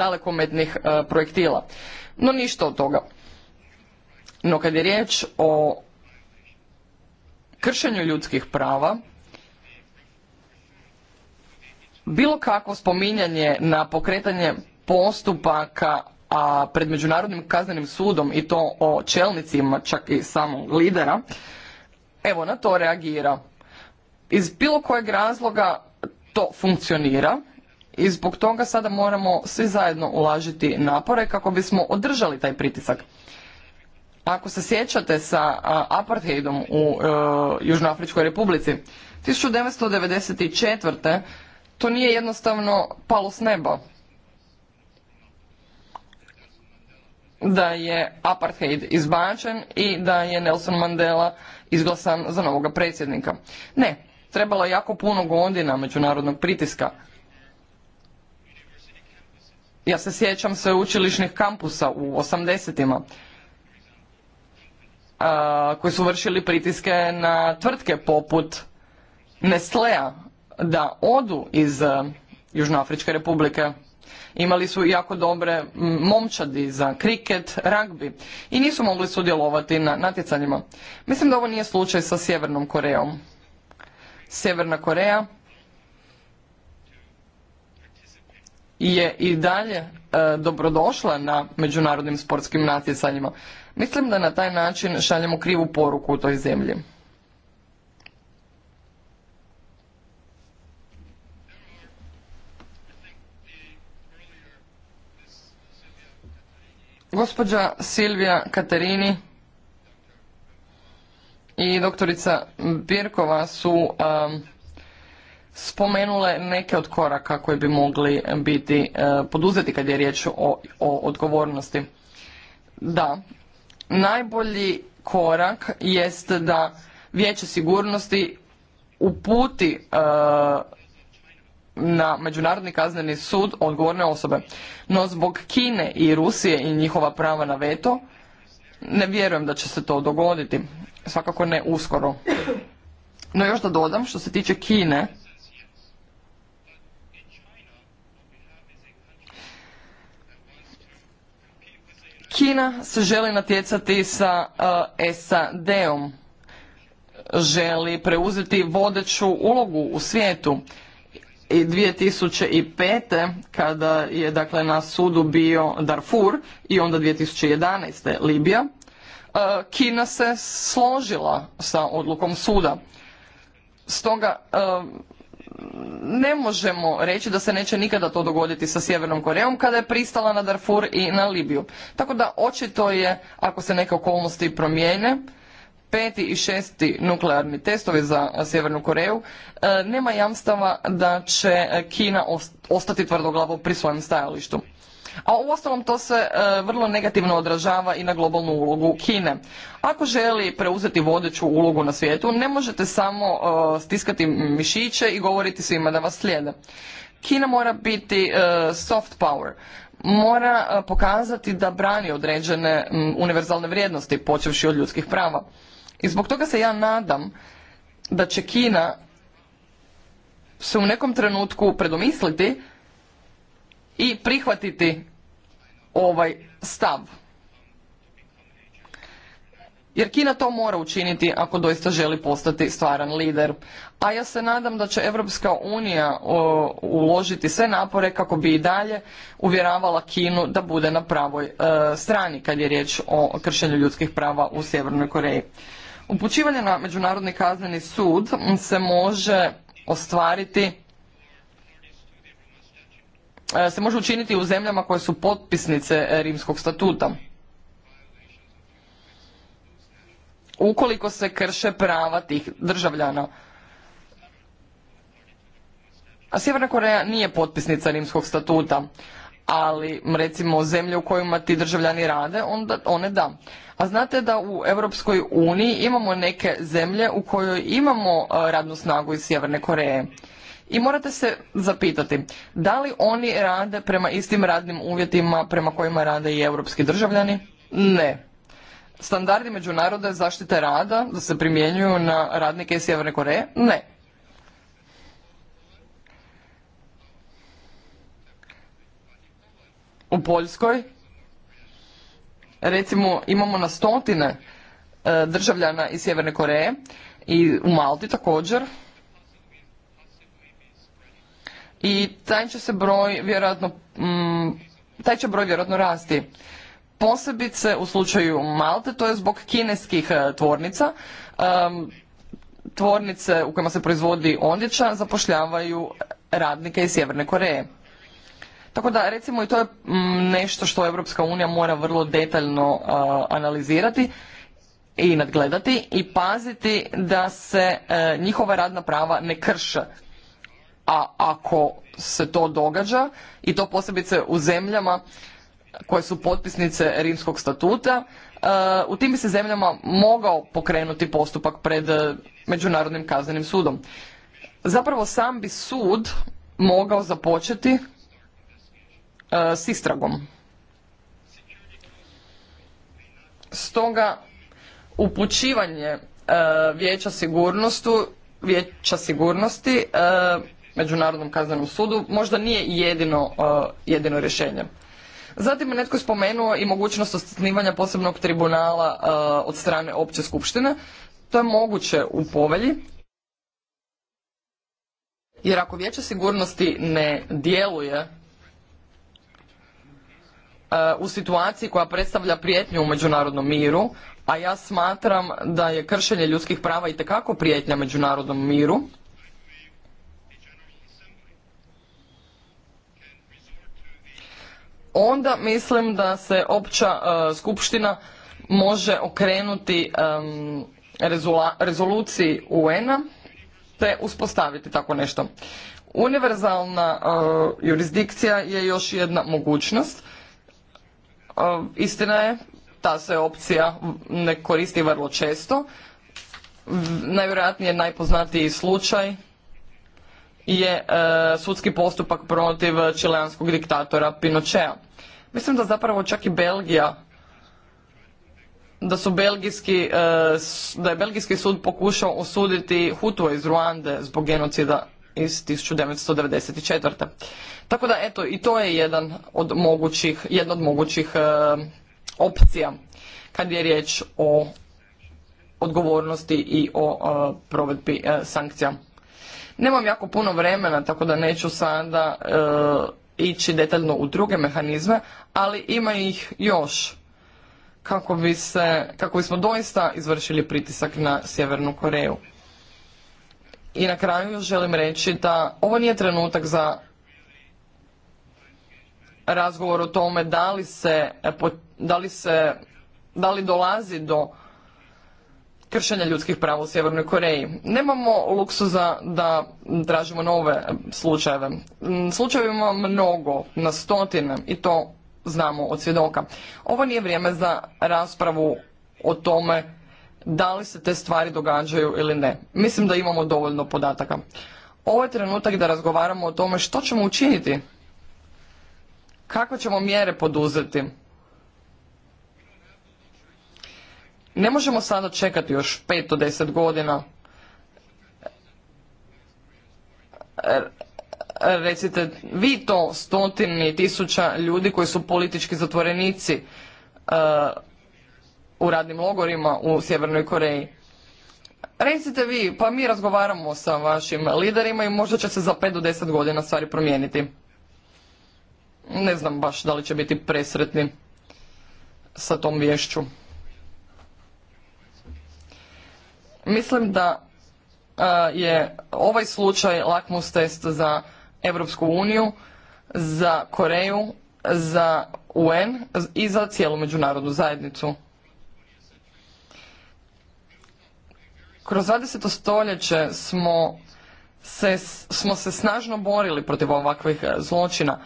dalekometnih e, projektila. No ništa od toga. No kad je riječ o kršenju ljudskih prava, bilo kakvo spominjanje na pokretanje postupaka a pred Međunarodnim kaznenim sudom i to o čelnicima, čak i samo lidera, evo na to reagira. Iz bilo kojeg razloga to funkcionira i zbog toga sada moramo svi zajedno ulažiti napore kako bismo održali taj pritisak. Ako se sjećate sa apartheidom u e, Južnoafričkoj republici, 1994. to nije jednostavno palo s neba. Da je apartheid izbačen i da je Nelson Mandela izglasan za novoga predsjednika. Ne, trebalo je jako puno godina međunarodnog pritiska ja se sjećam sveučilišnih kampusa u 80 koji su vršili pritiske na tvrtke poput Nestlea da odu iz e, Južnoafričke republike. Imali su jako dobre momčadi za kriket, ragbi i nisu mogli sudjelovati na natjecanjima. Mislim da ovo nije slučaj sa Sjevernom Korejom. Sjeverna Koreja je i dalje e, dobrodošla na međunarodnim sportskim natjecanjima. Mislim da na taj način šaljemo krivu poruku u toj zemlji. Gospođa Silvija Katerini i doktorica Birkova su e, spomenule neke od koraka koji bi mogli biti e, poduzeti kad je riječ o, odgovornosti. Da, najbolji korak jest da Vijeće sigurnosti uputi e, na Međunarodni kazneni sud odgovorne osobe. No zbog Kine i Rusije i njihova prava na veto, ne vjerujem da će se to dogoditi. Svakako ne uskoro. No još da dodam, što se tiče Kine, Kina se želi natjecati sa eh, SAD-om. Želi preuzeti vodeću ulogu u svijetu. I 2005. kada je dakle na sudu bio Darfur i onda 2011. Libija, eh, Kina se složila sa odlukom suda. Stoga eh, ne možemo reći da se neće nikada to dogoditi sa Sjevernom Korejom kada je pristala na Darfur i na Libiju. Tako da očito je, ako se neke okolnosti promijene, peti i šesti nuklearni testovi za Sjevernu Koreju, e, nema jamstava da će Kina ostati tvrdoglavo pri svojem stajalištu. A uostalom to se e, vrlo negativno odražava i na globalnu ulogu Kine. Ako želi preuzeti vodeću ulogu na svijetu, ne možete samo e, stiskati mišiće i govoriti svima da vas slijede. Kina mora biti e, soft power, mora pokazati da brani određene univerzalne vrijednosti, počevši od ljudskih prava. I zbog toga se ja nadam da će Kina se u nekom trenutku predomisliti i prihvatiti ovaj stav. Jer Kina to mora učiniti ako doista želi postati stvaran lider. A ja se nadam da će Europska unija uložiti sve napore kako bi i dalje uvjeravala Kinu da bude na pravoj e, strani kad je riječ o kršenju ljudskih prava u Sjevernoj Koreji. Upućivanje na Međunarodni kazneni sud se može ostvariti E, se može učiniti u zemljama koje su potpisnice Rimskog statuta. Ukoliko se krše prava tih državljana. A Sjeverna Koreja nije potpisnica Rimskog statuta, ali recimo zemlje u kojima ti državljani rade, onda one da. A znate da u Europskoj uniji imamo neke zemlje u kojoj imamo e, radnu snagu iz Sjeverne Koreje i morate se zapitati da li oni rade prema istim radnim uvjetima prema kojima rade i europski državljani? Ne. Standardi međunarodne zaštite rada da se primjenjuju na radnike iz Sjeverne Koreje? Ne. U Poljskoj recimo imamo na stotine e, državljana iz Sjeverne Koreje i u Malti također i taj će se broj vjerojatno, mm, taj će broj vjerojatno rasti. Posebice u slučaju Malte, to je zbog kineskih e, tvornica, tvornice u kojima se proizvodi odjeća zapošljavaju radnike iz Sjeverne Koreje. Tako da recimo i to je mm, nešto što Europska unija mora vrlo detaljno e, analizirati i nadgledati i paziti da se e, njihova radna prava ne krše a ako se to događa i to posebice u zemljama koje su potpisnice rimskog statuta e, u tim bi se zemljama mogao pokrenuti postupak pred e, međunarodnim kaznenim sudom zapravo sam bi sud mogao započeti e, s istragom stoga upućivanje vijeća sigurnosti vijeća sigurnosti Međunarodnom kaznenom sudu možda nije jedino, uh, jedino rješenje. Zatim je netko spomenuo i mogućnost osnivanja posebnog tribunala uh, od strane opće skupštine. To je moguće u povelji. Jer ako vijeće sigurnosti ne djeluje uh, u situaciji koja predstavlja prijetnju u međunarodnom miru, a ja smatram da je kršenje ljudskih prava i prijetnja međunarodnom miru, onda mislim da se opća e, skupština može okrenuti rezoluciji UN-a te uspostaviti tako nešto. Univerzalna e, jurisdikcija je još jedna mogućnost. E, istina je, ta se opcija ne koristi vrlo često. Najvjerojatnije najpoznatiji slučaj je e, sudski postupak protiv čileanskog diktatora Pinochea. Mislim da zapravo čak i Belgija da su belgijski, e, da je belgijski sud pokušao osuditi Hutua iz Ruande zbog genocida iz 1994. Tako da eto i to je jedan od mogućih, jedna od mogućih e, opcija kad je riječ o odgovornosti i o provedbi sankcija. Nemam jako puno vremena, tako da neću sada e, ići detaljno u druge mehanizme, ali ima ih još kako, bi se, kako bismo doista izvršili pritisak na Sjevernu Koreju. I na kraju želim reći da ovo nije trenutak za razgovor o tome da li se, da li, se, da li dolazi do kršenja ljudskih prava u Sjevernoj Koreji. Nemamo luksuza da tražimo nove slučajeve. Mm, Slučajeva mnogo, na stotine i to znamo od svjedoka. Ovo nije vrijeme za raspravu o tome da li se te stvari događaju ili ne. Mislim da imamo dovoljno podataka. Ovo je trenutak da razgovaramo o tome što ćemo učiniti. Kakve ćemo mjere poduzeti? Ne možemo sada čekati još pet do deset godina. Recite, vi to stotini tisuća ljudi koji su politički zatvorenici e, u radnim logorima u Sjevernoj Koreji. Recite vi, pa mi razgovaramo sa vašim liderima i možda će se za pet do deset godina stvari promijeniti. Ne znam baš da li će biti presretni sa tom vješću. Mislim da e, je ovaj slučaj lakmus test za Europsku uniju, za Koreju, za UN i za cijelu međunarodnu zajednicu. Kroz 20. stoljeće smo se, smo se snažno borili protiv ovakvih e, zločina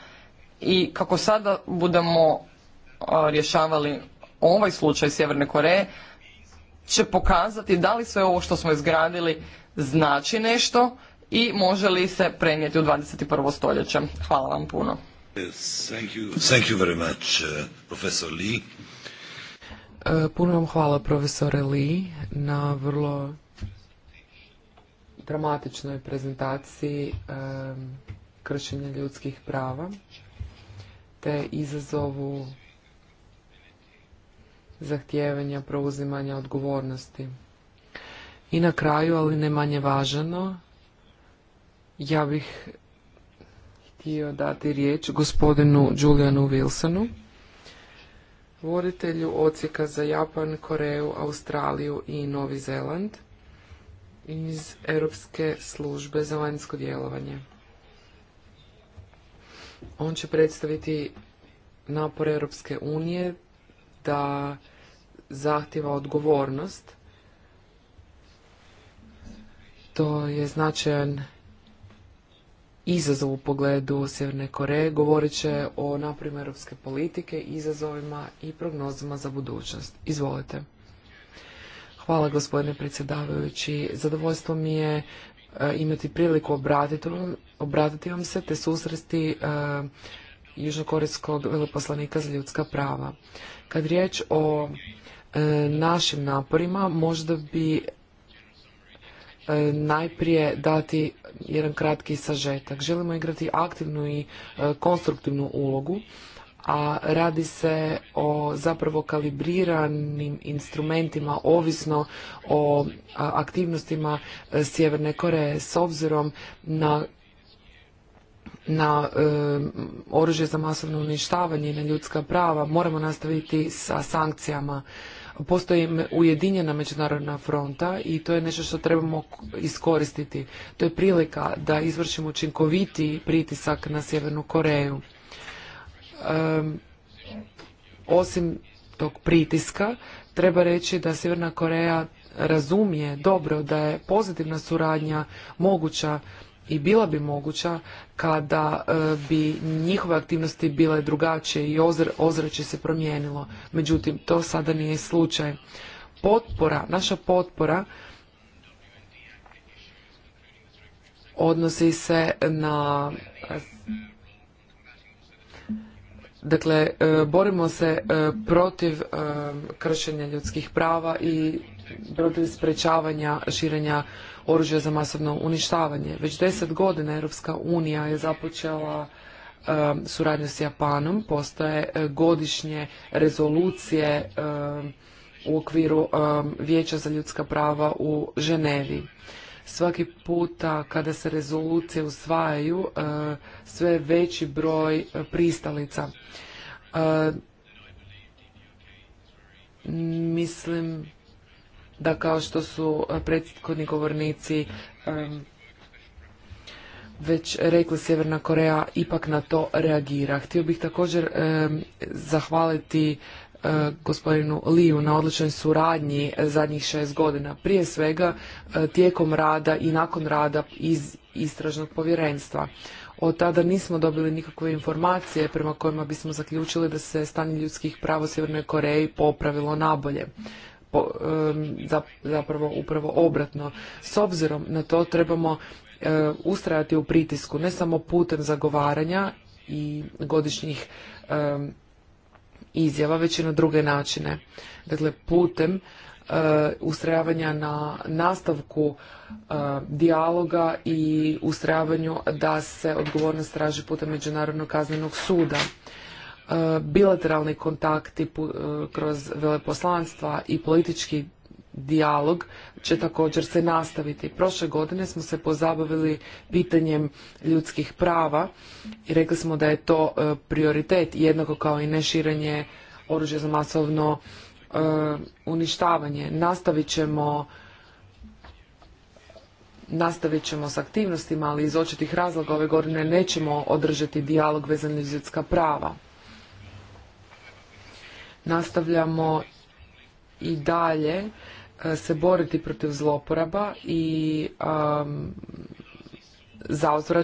i kako sada budemo e, rješavali ovaj slučaj Sjeverne Koreje, će pokazati da li sve ovo što smo izgradili znači nešto i može li se prenijeti u 21. stoljeće. Hvala vam puno. Puno vam hvala profesore Lee na vrlo dramatičnoj prezentaciji e, kršenja ljudskih prava te izazovu zahtijevanja preuzimanja odgovornosti. I na kraju, ali ne manje važano, ja bih htio dati riječ gospodinu Julianu Wilsonu, voditelju odsjeka za Japan, Koreju, Australiju i Novi Zeland iz Europske službe za vanjsko djelovanje. On će predstaviti napor Europske unije da zahtjeva odgovornost. To je značajan izazov u pogledu Sjeverne Koreje. Govorit će o naprimu europske politike, izazovima i prognozama za budućnost. Izvolite. Hvala gospodine predsjedavajući. Zadovoljstvo mi je e, imati priliku obratiti vam, se te susresti e, južnokorejskog veleposlanika za ljudska prava. Kad riječ o e, našim naporima, možda bi e, najprije dati jedan kratki sažetak. Želimo igrati aktivnu i e, konstruktivnu ulogu, a radi se o zapravo kalibriranim instrumentima ovisno o aktivnostima Sjeverne Koreje s obzirom na na oružje za masovno uništavanje i na ljudska prava, moramo nastaviti sa sankcijama. Postoji ujedinjena međunarodna fronta i to je nešto što trebamo iskoristiti. To je prilika da izvršimo učinkoviti pritisak na Sjevernu Koreju. osim tog pritiska, treba reći da Sjeverna Koreja razumije dobro da je pozitivna suradnja moguća i bila bi moguća kada e, bi njihove aktivnosti bile drugačije i ozračje se promijenilo. Međutim, to sada nije slučaj. Potpora, naša potpora odnosi se na dakle e, borimo se e, protiv kršenja ljudskih prava i protiv sprečavanja širenja oružja za masovno uništavanje. Već deset godina Europska unija je započela um, suradnju s Japanom, postoje e, godišnje rezolucije um, u okviru um, Vijeća za ljudska prava u Ženevi. Svaki puta kada se rezolucije usvajaju, e, sve veći broj e, pristalica. Mislim da kao što su eh, prethodni govornici već rekli Sjeverna Koreja ipak na to reagira. Htio bih također zahvaliti eh, gospodinu Liju na odličnoj suradnji eh, zadnjih šest godina. Prije svega tijekom rada i nakon rada iz istražnog povjerenstva. Od tada nismo dobili nikakve informacije prema kojima bismo zaključili da se stanje ljudskih prava u Sjevernoj Koreji popravilo nabolje zapravo upravo obratno. S obzirom na to trebamo eh, ustrajati u pritisku, ne samo putem zagovaranja i godišnjih izjava, već i na druge načine. Dakle, putem eh, ustrajavanja na nastavku eh, dijaloga i ustrajavanju da se odgovornost traži putem Međunarodnog kaznenog suda. E, bilateralni kontakti e, kroz veleposlanstva i politički dijalog će također se nastaviti. Prošle godine smo se pozabavili pitanjem ljudskih prava i rekli smo da je to e, prioritet jednako kao i neširanje oružja za masovno uništavanje. Nastavit ćemo nastavit ćemo s aktivnostima, ali iz očitih razloga ove godine nećemo održati dijalog vezan uz ljudska prava. Nastavljamo i dalje e, se boriti protiv zloporaba i um,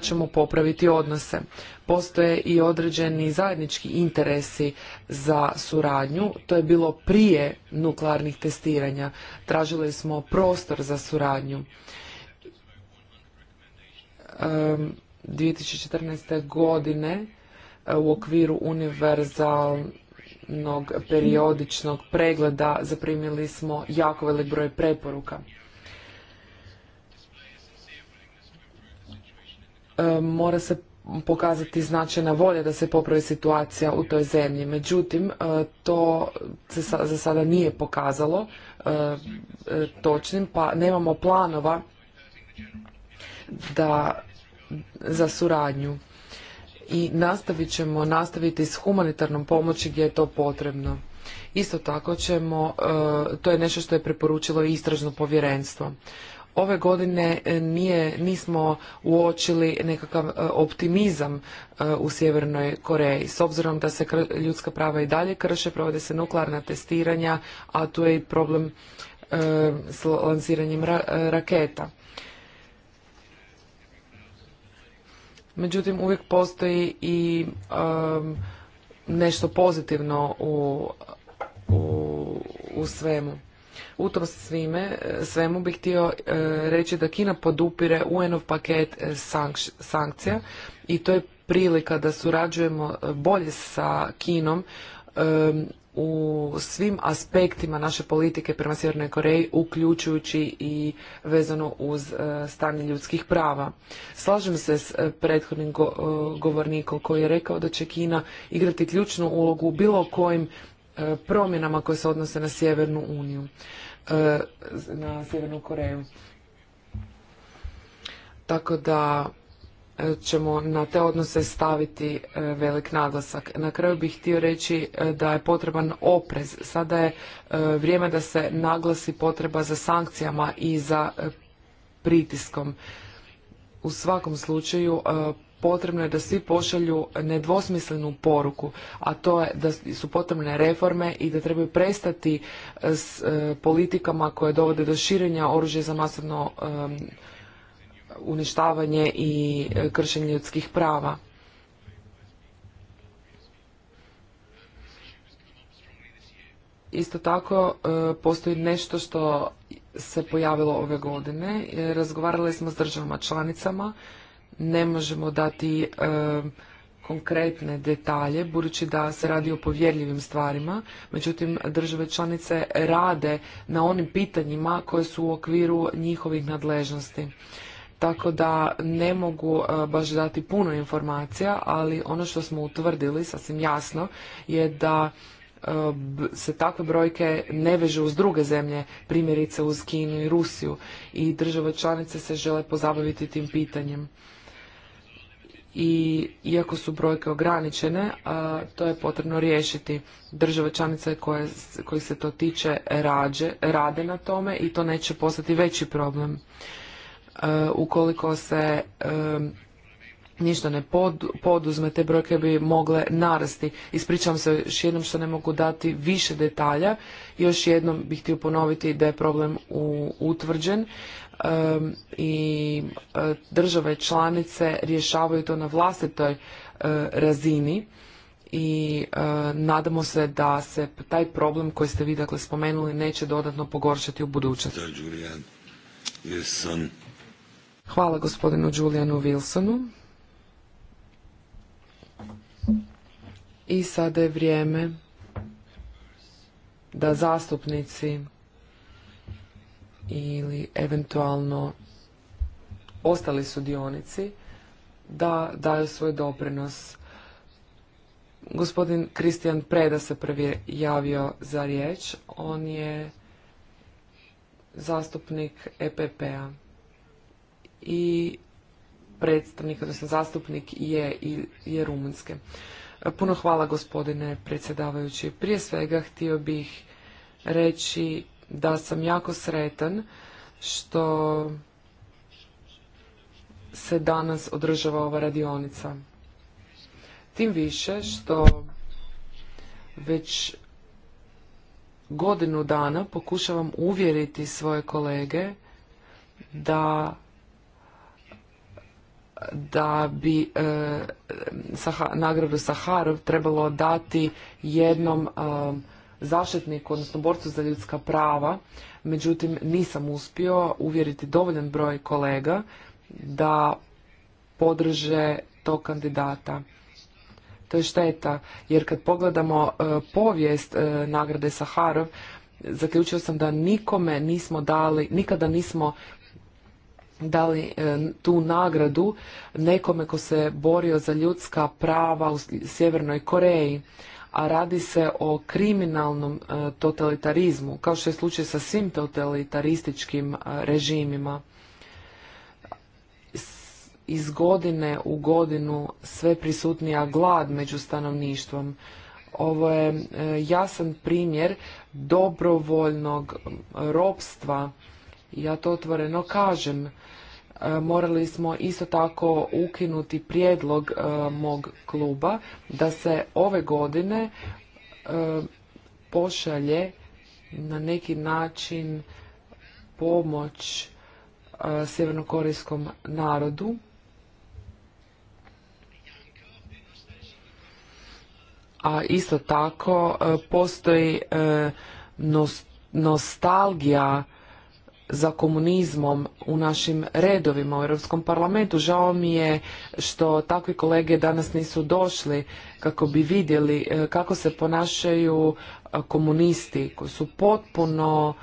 ćemo popraviti odnose. Postoje i određeni zajednički interesi za suradnju. To je bilo prije nuklearnih testiranja. Tražili smo prostor za suradnju. 2014. godine e, u okviru univerzal, periodičnog pregleda zaprimili smo jako velik broj preporuka. E, mora se pokazati značajna volja da se popravi situacija u toj zemlji. Međutim, e, to se za sada nije pokazalo e, točnim, pa nemamo planova da za suradnju i nastavit ćemo nastaviti s humanitarnom pomoći gdje je to potrebno. Isto tako ćemo, e, to je nešto što je preporučilo istražno povjerenstvo. Ove godine e, nije, nismo uočili nekakav e, optimizam u Sjevernoj Koreji. S obzirom da se ljudska prava i dalje krše, provode se nuklearna testiranja, a tu je i problem s lansiranjem raketa. međutim uvijek postoji i um, nešto pozitivno u, u, u svemu. U tom svime, svemu bih htio uh, reći da Kina podupire UN-ov paket uh, sankcija i to je prilika da surađujemo uh, bolje sa Kinom um, u svim aspektima naše politike prema Sjevernoj Koreji, uključujući i vezano uz e, stanje ljudskih prava. Slažem se s e, prethodnim e, govornikom koji je rekao da će Kina igrati ključnu ulogu u bilo kojim promjenama koje se odnose na Sjevernu uniju, na Sjevernu Koreju. Tako da ćemo na te odnose staviti e, velik naglasak. Na kraju bih htio reći e, da je potreban oprez. Sada je e, vrijeme da se naglasi potreba za sankcijama i za pritiskom. U svakom slučaju potrebno je da svi pošalju nedvosmislenu poruku, a to je da su potrebne reforme i da trebaju prestati s politikama koje dovode do širenja oružja za masovno uništavanje i e, kršenje ljudskih prava. Isto tako e, postoji nešto što se pojavilo ove godine. E, razgovarali smo s državama članicama. Ne možemo dati konkretne detalje, budući da se radi o povjerljivim stvarima. Međutim, države članice rade na onim pitanjima koje su u okviru njihovih nadležnosti tako da ne mogu e, baš dati puno informacija, ali ono što smo utvrdili sasvim jasno je da e, se takve brojke ne vežu uz druge zemlje, primjerice uz Kinu i Rusiju i države članice se žele pozabaviti tim pitanjem. I iako su brojke ograničene, e, to je potrebno riješiti. Države članice koje, koji se to tiče rađe, rade na tome i to neće postati veći problem. E, ukoliko se e, ništa ne poduzme, te brojke bi mogle narasti. Ispričavam se još jednom što ne mogu dati više detalja. Još jednom bih htio ponoviti da je problem utvrđen e, i države članice rješavaju to na vlastitoj razini i nadamo se da se taj problem koji ste vi dakle spomenuli neće dodatno pogoršati u budućnosti. Hvala gospodinu Julianu Wilsonu. I sada je vrijeme da zastupnici ili eventualno ostali sudionici da daju svoj doprinos. Gospodin Kristijan Preda se prvi javio za riječ. On je zastupnik EPP-a i predstavnik, odnosno zastupnik je, je Rumunjske. Puno hvala gospodine predsjedavajući. Prije svega htio bih reći da sam jako sretan što se danas održava ova radionica. Tim više što već godinu dana pokušavam uvjeriti svoje kolege da da bi e, nagradu Saharov trebalo dati jednom e, zaštitniku, odnosno borcu za ljudska prava. Međutim, nisam uspio uvjeriti dovoljan broj kolega da podrže tog kandidata. To je šteta, jer kad pogledamo e, povijest e, nagrade Saharov, zaključio sam da nikome nismo dali, nikada nismo dali e, tu nagradu nekome ko se borio za ljudska prava u Sjevernoj Koreji, a radi se o kriminalnom e, totalitarizmu, kao što je slučaj sa svim totalitarističkim e, režimima. Iz godine u godinu sve prisutnija glad među stanovništvom. Ovo je jasan primjer dobrovoljnog ropstva ja to otvoreno kažem E, morali smo isto tako ukinuti prijedlog e, mog kluba da se ove godine e, pošalje na neki način pomoć sjevernokorejskom narodu a isto tako postoji nostalgija za komunizmom u našim redovima u Europskom parlamentu. Žao mi je što takvi kolege danas nisu došli kako bi vidjeli e, kako se ponašaju e, komunisti koji su potpuno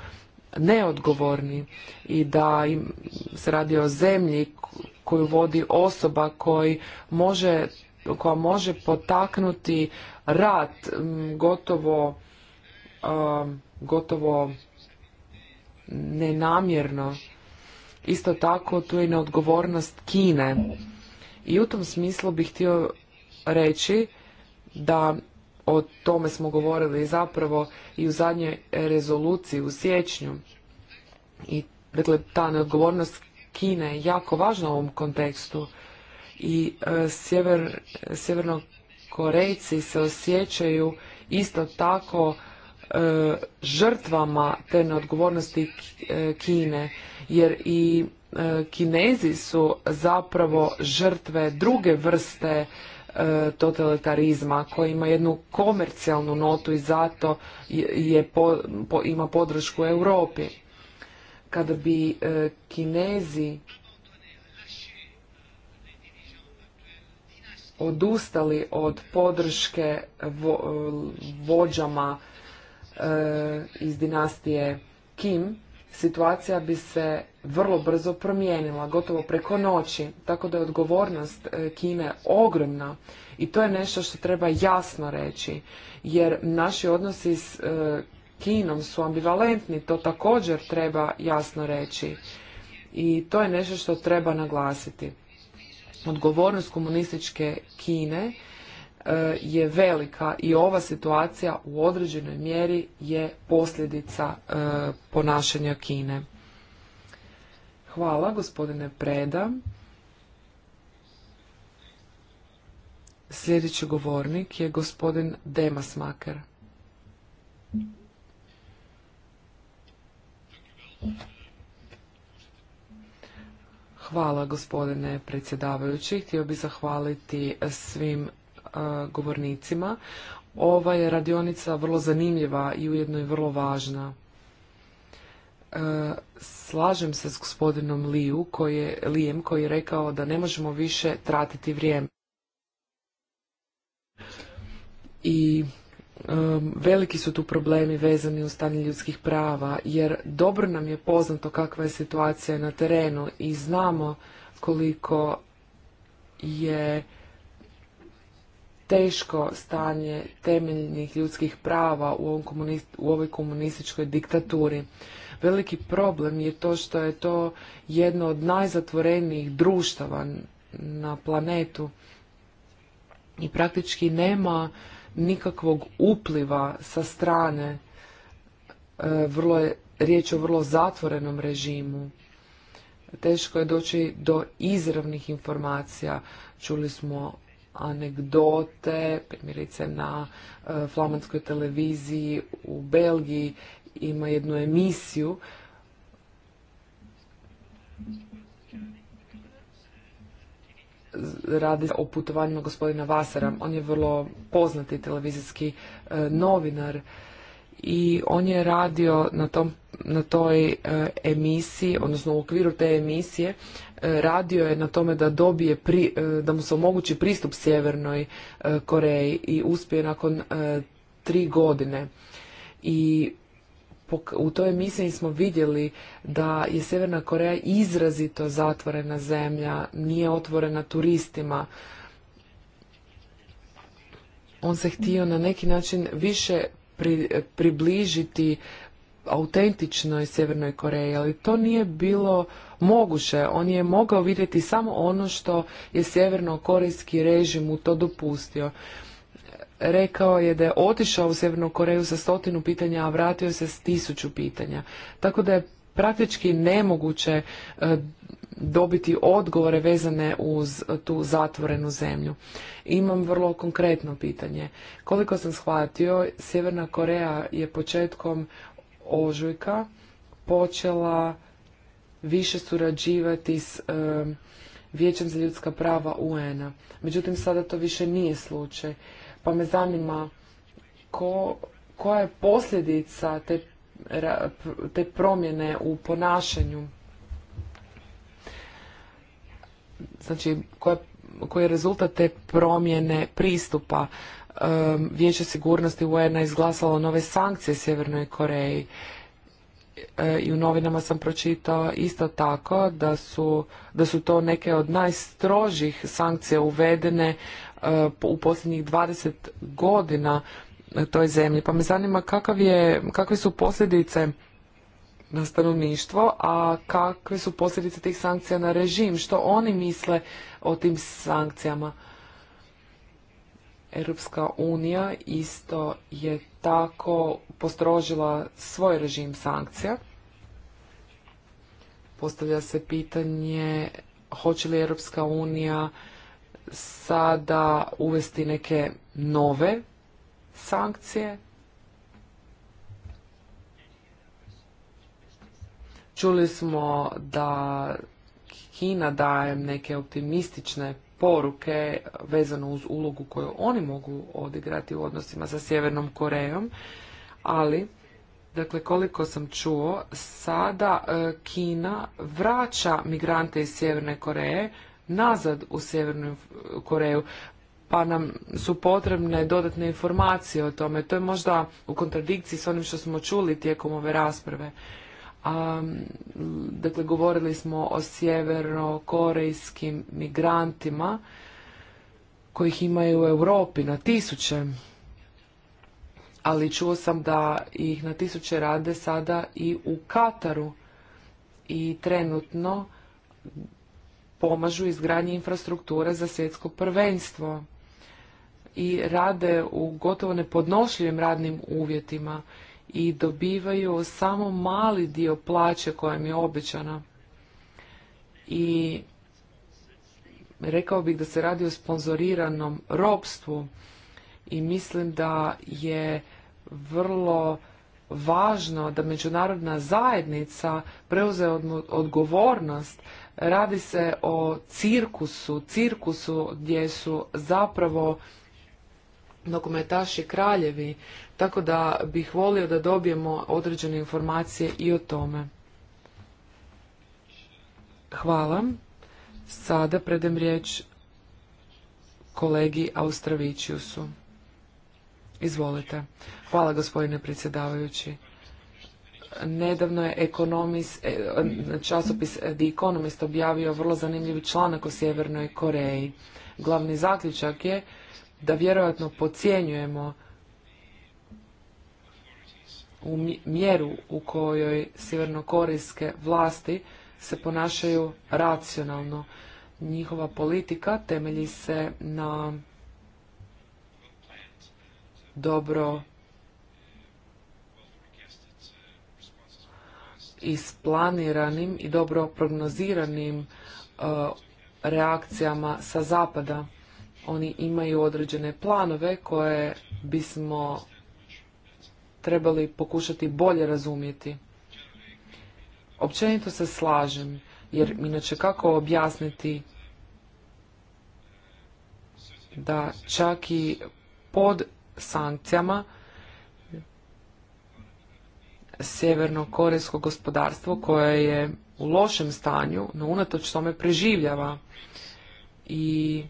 neodgovorni i da im se radi o zemlji koju vodi osoba koji može, koja može potaknuti rat gotovo e, gotovo nenamjerno. Isto tako tu je neodgovornost Kine. I u tom smislu bih htio reći da o tome smo govorili zapravo i u zadnjoj rezoluciji u siječnju. I dakle ta neodgovornost Kine je jako važna u ovom kontekstu i e, sjever, se osjećaju isto tako E, žrtvama te neodgovornosti e, Kine, jer i e, Kinezi su zapravo žrtve druge vrste totalitarizma koji ima jednu komercijalnu notu i zato je ima podršku Europi. Kada bi Kinezi odustali od podrške vođama Eh, iz dinastije Kim, situacija bi se vrlo brzo promijenila, gotovo preko noći, tako da je odgovornost eh, Kine ogromna i to je nešto što treba jasno reći, jer naši odnosi s eh, Kinom su ambivalentni, to također treba jasno reći i to je nešto što treba naglasiti. Odgovornost komunističke Kine E, je velika i ova situacija u određenoj mjeri je posljedica e, ponašanja Kine. Hvala gospodine Preda. Sljedeći govornik je gospodin Demasmaker. Hvala gospodine predsjedavajući. Htio bih zahvaliti svim E, govornicima. Ova je radionica vrlo zanimljiva i ujedno i vrlo važna. E, slažem se s gospodinom Liju, koji je, Lijem koji je rekao da ne možemo više tratiti vrijeme. I e, veliki su tu problemi vezani u stanje ljudskih prava, jer dobro nam je poznato kakva je situacija na terenu i znamo koliko je teško stanje temeljnih ljudskih prava u, komunist, u ovoj komunističkoj diktaturi. Veliki problem je to što je to jedno od najzatvorenijih društava na planetu i praktički nema nikakvog upliva sa strane. E, vrlo je riječ o vrlo zatvorenom režimu. Teško je doći do izravnih informacija. Čuli smo anegdote, primjerice na e, flamanskoj televiziji u Belgiji ima jednu emisiju radi o putovanjima gospodina Vasara. On je vrlo poznati televizijski e, novinar i on je radio na, tom, na toj e, emisiji, odnosno u okviru te emisije, e, radio je na tome da dobije, pri, e, da mu se omogući pristup Sjevernoj Koreji i uspije nakon tri godine. I u toj emisiji smo vidjeli da je Sjeverna Koreja izrazito zatvorena zemlja, nije otvorena turistima. On se htio na neki način više približiti autentičnoj Sjevernoj Koreji, ali to nije bilo moguće. On je mogao vidjeti samo ono što je sjevernokorejski režim mu to dopustio. Rekao je da je otišao u Sjevernu Koreju sa stotinu pitanja, a vratio se s tisuću pitanja. Tako da je praktički nemoguće e, dobiti odgovore vezane uz tu zatvorenu zemlju. Imam vrlo konkretno pitanje. Koliko sam shvatio, Sjeverna Koreja je početkom ožujka počela više surađivati s Vijećem za ljudska prava UN-a. Međutim, sada to više nije slučaj. Pa me zanima ko, koja je posljedica te, te promjene u ponašanju znači koja, koji je rezultat te promjene pristupa. Vijeće sigurnosti un izglasalo nove sankcije Sjevernoj Koreji e, i u novinama sam pročitao isto tako da su, da su to neke od najstrožih sankcija uvedene e, u posljednjih 20 godina toj zemlji. Pa me zanima kakav je, kakve su posljedice na stanovništvo, a kakve su posljedice tih sankcija na režim, što oni misle o tim sankcijama. Europska unija isto je tako postrožila svoj režim sankcija. Postavlja se pitanje hoće li Europska unija sada uvesti neke nove sankcije Čuli smo da Kina daje neke optimistične poruke vezano uz ulogu koju oni mogu odigrati u odnosima sa Sjevernom Korejom, ali dakle koliko sam čuo, sada e, Kina vraća migrante iz Sjeverne Koreje nazad u Sjevernu Koreju, pa nam su potrebne dodatne informacije o tome. To je možda u kontradikciji s onim što smo čuli tijekom ove rasprave dakle govorili smo o sjeverno-korejskim migrantima kojih imaju u Europi na tisuće, ali čuo sam da ih na tisuće rade sada i u Kataru i trenutno pomažu izgradnji infrastrukture za svjetsko prvenstvo i rade u gotovo nepodnošljivim radnim uvjetima i dobivaju samo mali dio plaće koja im je obećana. I rekao bih da se radi o sponzoriranom robstvu i mislim da je vrlo važno da međunarodna zajednica preuze odgovornost. Radi se o cirkusu, cirkusu gdje su zapravo nogometaši kraljevi tako da bih volio da dobijemo određene informacije i o tome. Hvala. Sada predem riječ kolegi Austravićiusu. Izvolite. Hvala gospodine predsjedavajući. Nedavno je ekonomist, e, časopis The Economist objavio vrlo zanimljiv članak o Sjevernoj Koreji. Glavni zaključak je da vjerojatno podcjenjujemo u mjeru u kojoj sjevernokorejske vlasti se ponašaju racionalno. Njihova politika temelji se na dobro isplaniranim i dobro prognoziranim e, reakcijama sa zapada. Oni imaju određene planove koje bismo trebali pokušati bolje razumjeti. Općenito se slažem, jer inače kako objasniti da čak i pod sankcijama sjeverno-korejsko gospodarstvo koje je u lošem stanju, no unatoč tome preživljava i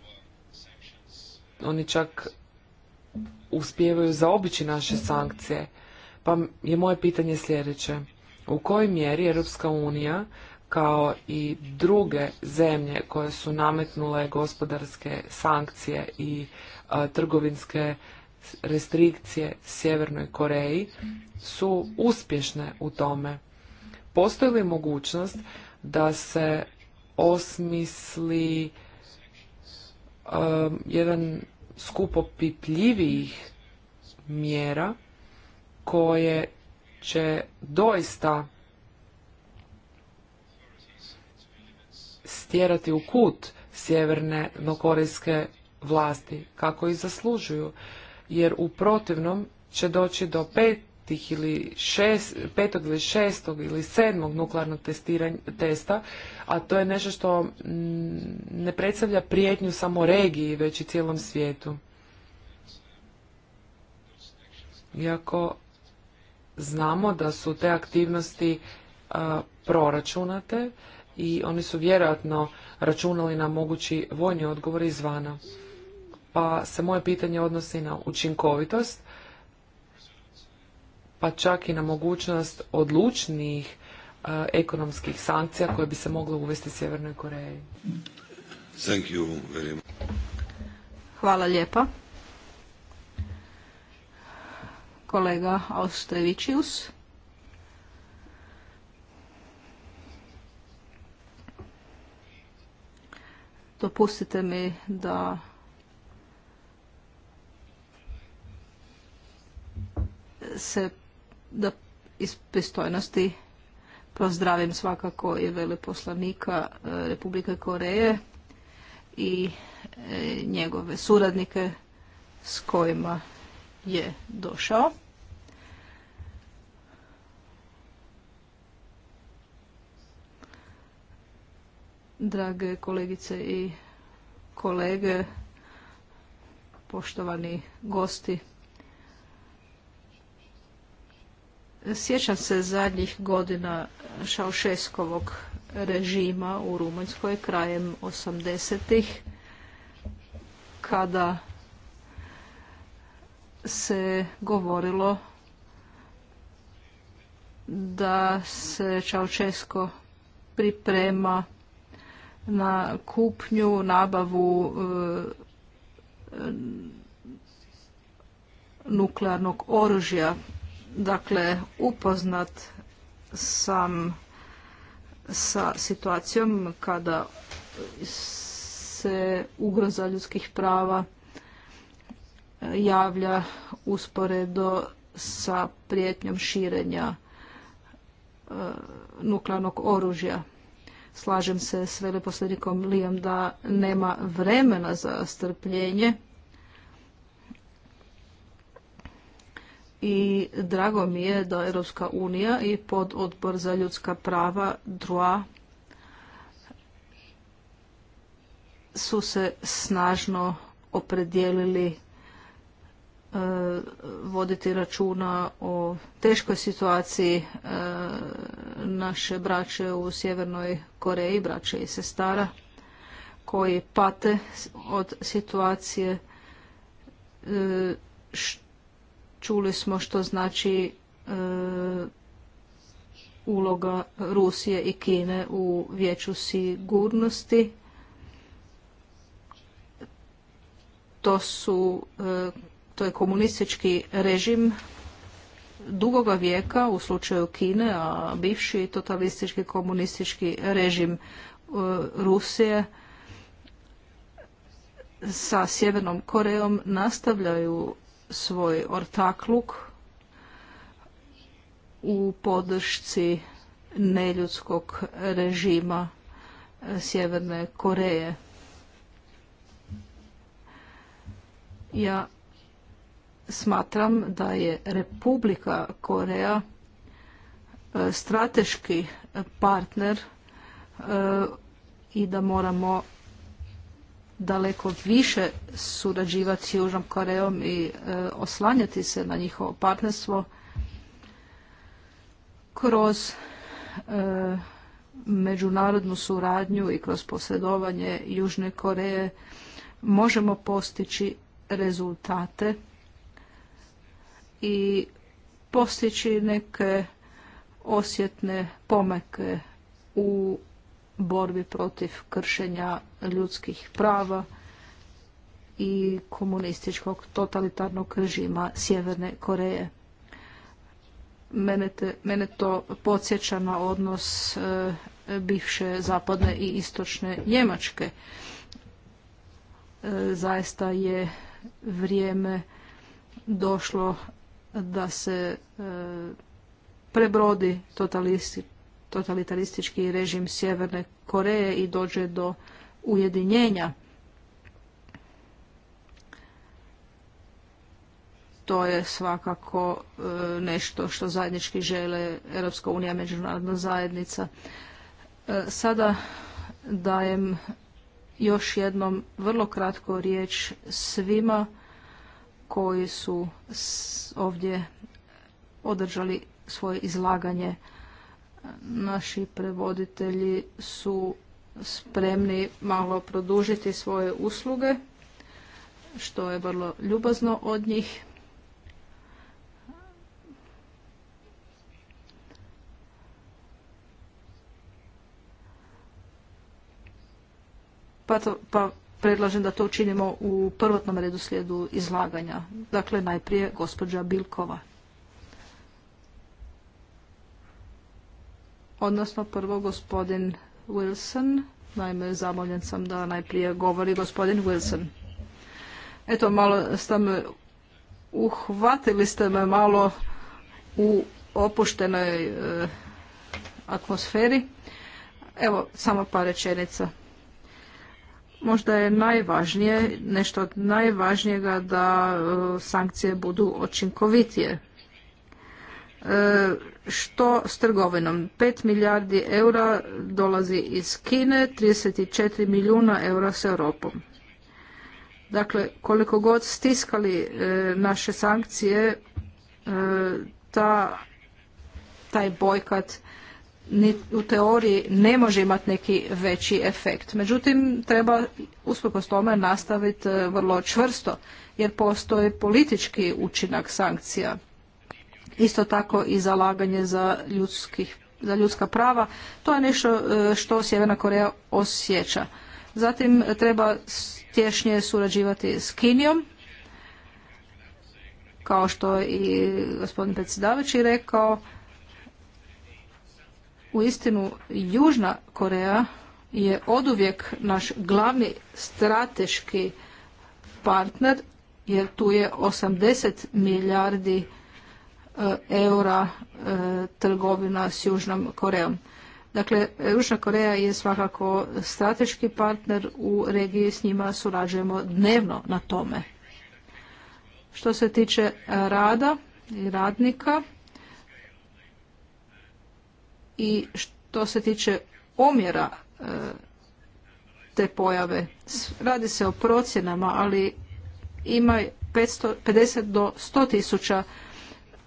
oni čak uspijevaju zaobići naše sankcije pa je moje pitanje sljedeće. U kojoj mjeri Europska unija kao i druge zemlje koje su nametnule gospodarske sankcije i e, trgovinske restrikcije Sjevernoj Koreji su uspješne u tome. Postoji li mogućnost da se osmisli e, jedan skupo pipljivijih mjera koje će doista stjerati u kut sjeverne nokorejske vlasti kako i zaslužuju jer u protivnom će doći do petih ili šest, ili šestog ili sedmog nuklearnog testa, a to je nešto što mm, ne predstavlja prijetnju samo regiji, već i cijelom svijetu. Iako znamo da su te aktivnosti e, proračunate i oni su vjerojatno računali na mogući vojni odgovor izvana. Pa se moje pitanje odnosi na učinkovitost, pa čak i na mogućnost odlučnijih e, ekonomskih sankcija koje bi se mogle uvesti Sjevernoj Koreji. Hvala lijepa kolega Austrevičius. Dopustite mi da se da iz pristojnosti pozdravim svakako i veleposlanika e, Republike Koreje i e, njegove suradnike s kojima je došao. Drage kolegice i kolege, poštovani gosti. Sjećam se zadnjih godina Šaušeskovog režima u Rumunjskoj krajem 80 kada se govorilo da se Čaučesko priprema na kupnju, nabavu e, nuklearnog oružja. Dakle, upoznat sam sa situacijom kada se ugroza ljudskih prava javlja usporedo sa prijetnjom širenja e, nuklearnog oružja. Slažem se s veleposlednikom Lijom da nema vremena za strpljenje i drago mi je da Europska unija i odbor za ljudska prava DROA su se snažno opredijelili E, voditi računa o teškoj situaciji e, naše braće u Sjevernoj Koreji, braće i sestara koji pate od situacije. E, čuli smo što znači uloga Rusije i Kine u vijeću sigurnosti. To su to je komunistički režim dugoga vijeka u slučaju Kine, a bivši totalistički komunistički režim e, Rusije sa Sjevernom Korejom nastavljaju svoj ortakluk u podršci neljudskog režima e, Sjeverne Koreje. Ja smatram da je Republika Koreja e, strateški partner e, i da moramo daleko više surađivati s Južnom Korejom i e, oslanjati se na njihovo partnerstvo kroz međunarodnu suradnju i kroz posredovanje Južne Koreje možemo postići rezultate i postići neke osjetne pomake u borbi protiv kršenja ljudskih prava i komunističkog totalitarnog režima Sjeverne Koreje. Mene, to podsjeća na odnos e, bivše zapadne i istočne Njemačke. E, zaista je vrijeme došlo da se e, prebrodi totalitaristički režim Sjeverne Koreje i dođe do ujedinjenja. To je svakako e, nešto što zajednički žele Europska unija, međunarodna zajednica. E, sada dajem još jednom vrlo kratko riječ svima koji su ovdje održali svoje izlaganje. Naši prevoditelji su spremni malo produžiti svoje usluge, što je vrlo ljubazno od njih. Pa, pa predlažem da to učinimo u prvotnom redu slijedu izlaganja. Dakle, najprije gospođa Bilkova. Odnosno, prvo gospodin Wilson. Naime, zamoljen sam da najprije govori gospodin Wilson. Eto, malo ste me uhvatili ste me malo u opuštenoj e, atmosferi. Evo, samo par rečenica možda je najvažnije, nešto od najvažnijega da e, sankcije budu očinkovitije. E, što s trgovinom? 5 milijardi eura dolazi iz Kine, 34 milijuna eura s Europom. Dakle, koliko god stiskali e, naše sankcije, taj bojkat u teoriji ne može imati neki veći efekt. Međutim, treba usprkos tome nastaviti e, vrlo čvrsto, jer postoji politički učinak sankcija. Isto tako i zalaganje za, ljudskih, za ljudska prava. To je nešto e, što Sjeverna Koreja osjeća. Zatim e, treba tješnje surađivati s Kinijom, kao što i gospodin predsjedavajući rekao, istinu, Južna Koreja je oduvijek naš glavni strateški partner jer tu je 80 milijardi e, eura e, trgovina s Južnom Korejom. Dakle, Južna Koreja je svakako strateški partner u regiji, s njima surađujemo dnevno na tome. Što se tiče e, rada i radnika, i što se tiče omjera e, te pojave. Radi se o procjenama, ali ima 50 do 100 tisuća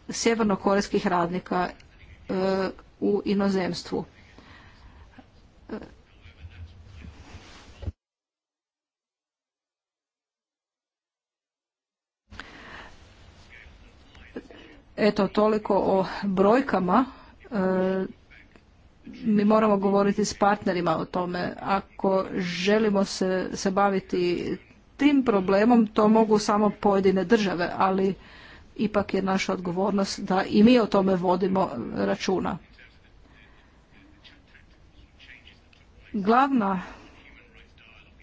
sjevernokorejskih radnika e, u inozemstvu. E, eto, toliko o brojkama mi moramo govoriti s partnerima o tome. Ako želimo se, baviti tim problemom, to mogu samo pojedine države, ali ipak je naša odgovornost da i mi o tome vodimo računa. Glavna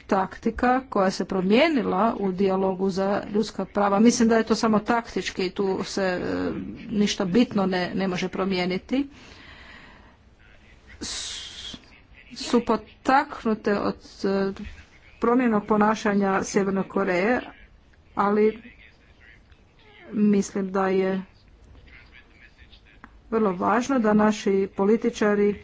taktika koja se promijenila u dijalogu za ljudska prava, mislim da je to samo taktički, tu se e, ništa bitno ne, ne može promijeniti, su potaknute od e, promjenog ponašanja Sjeverne Koreje, ali mislim da je vrlo važno da naši političari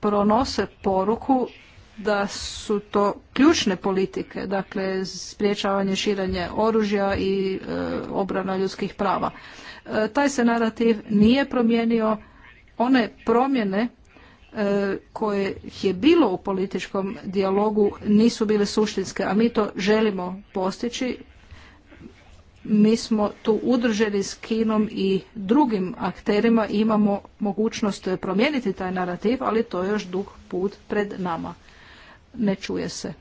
pronose poruku da su to ključne politike, dakle spriječavanje, širanje oružja i e, obrana ljudskih prava. E, taj se narativ nije promijenio. One promjene e, koje je bilo u političkom dijalogu nisu bile suštinske, a mi to želimo postići. Mi smo tu udrženi s Kinom i drugim akterima, imamo mogućnost promijeniti taj narativ, ali to je još dug put pred nama. Ne čuje se.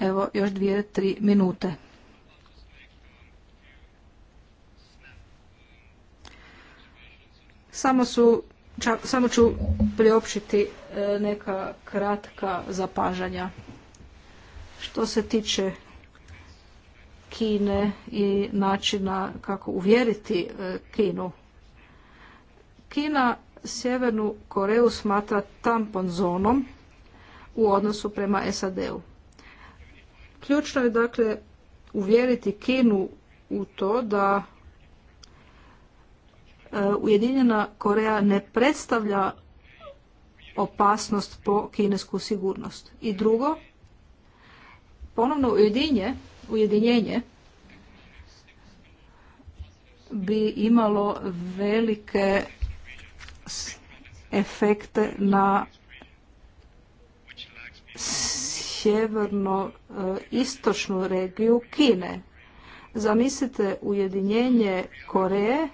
Evo još dvije, tri minute. Samo, su, samo ću priopćiti e, neka kratka zapažanja. Što se tiče Kine i načina kako uvjeriti e, Kinu. Kina Sjevernu Koreju smatra tampon zonom u odnosu prema SAD-u. Ključno je dakle uvjeriti Kinu u to da E, Ujedinjena Koreja ne predstavlja opasnost po kinesku sigurnost. I drugo, ponovno ujedinje, ujedinjenje bi imalo velike efekte na sjeverno-istočnu e, regiju Kine. Zamislite ujedinjenje Koreje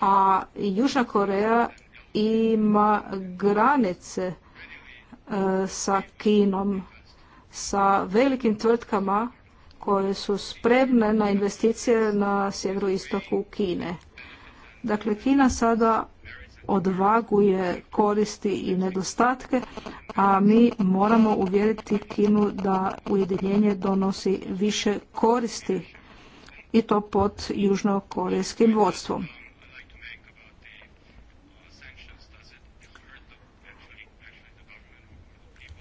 a Južna Koreja ima granice e, sa Kinom, sa velikim tvrtkama koje su spremne na investicije na sjeveroistoku Kine. Dakle, Kina sada odvaguje koristi i nedostatke, a mi moramo uvjeriti Kinu da ujedinjenje donosi više koristi i to pod južnokorejskim vodstvom.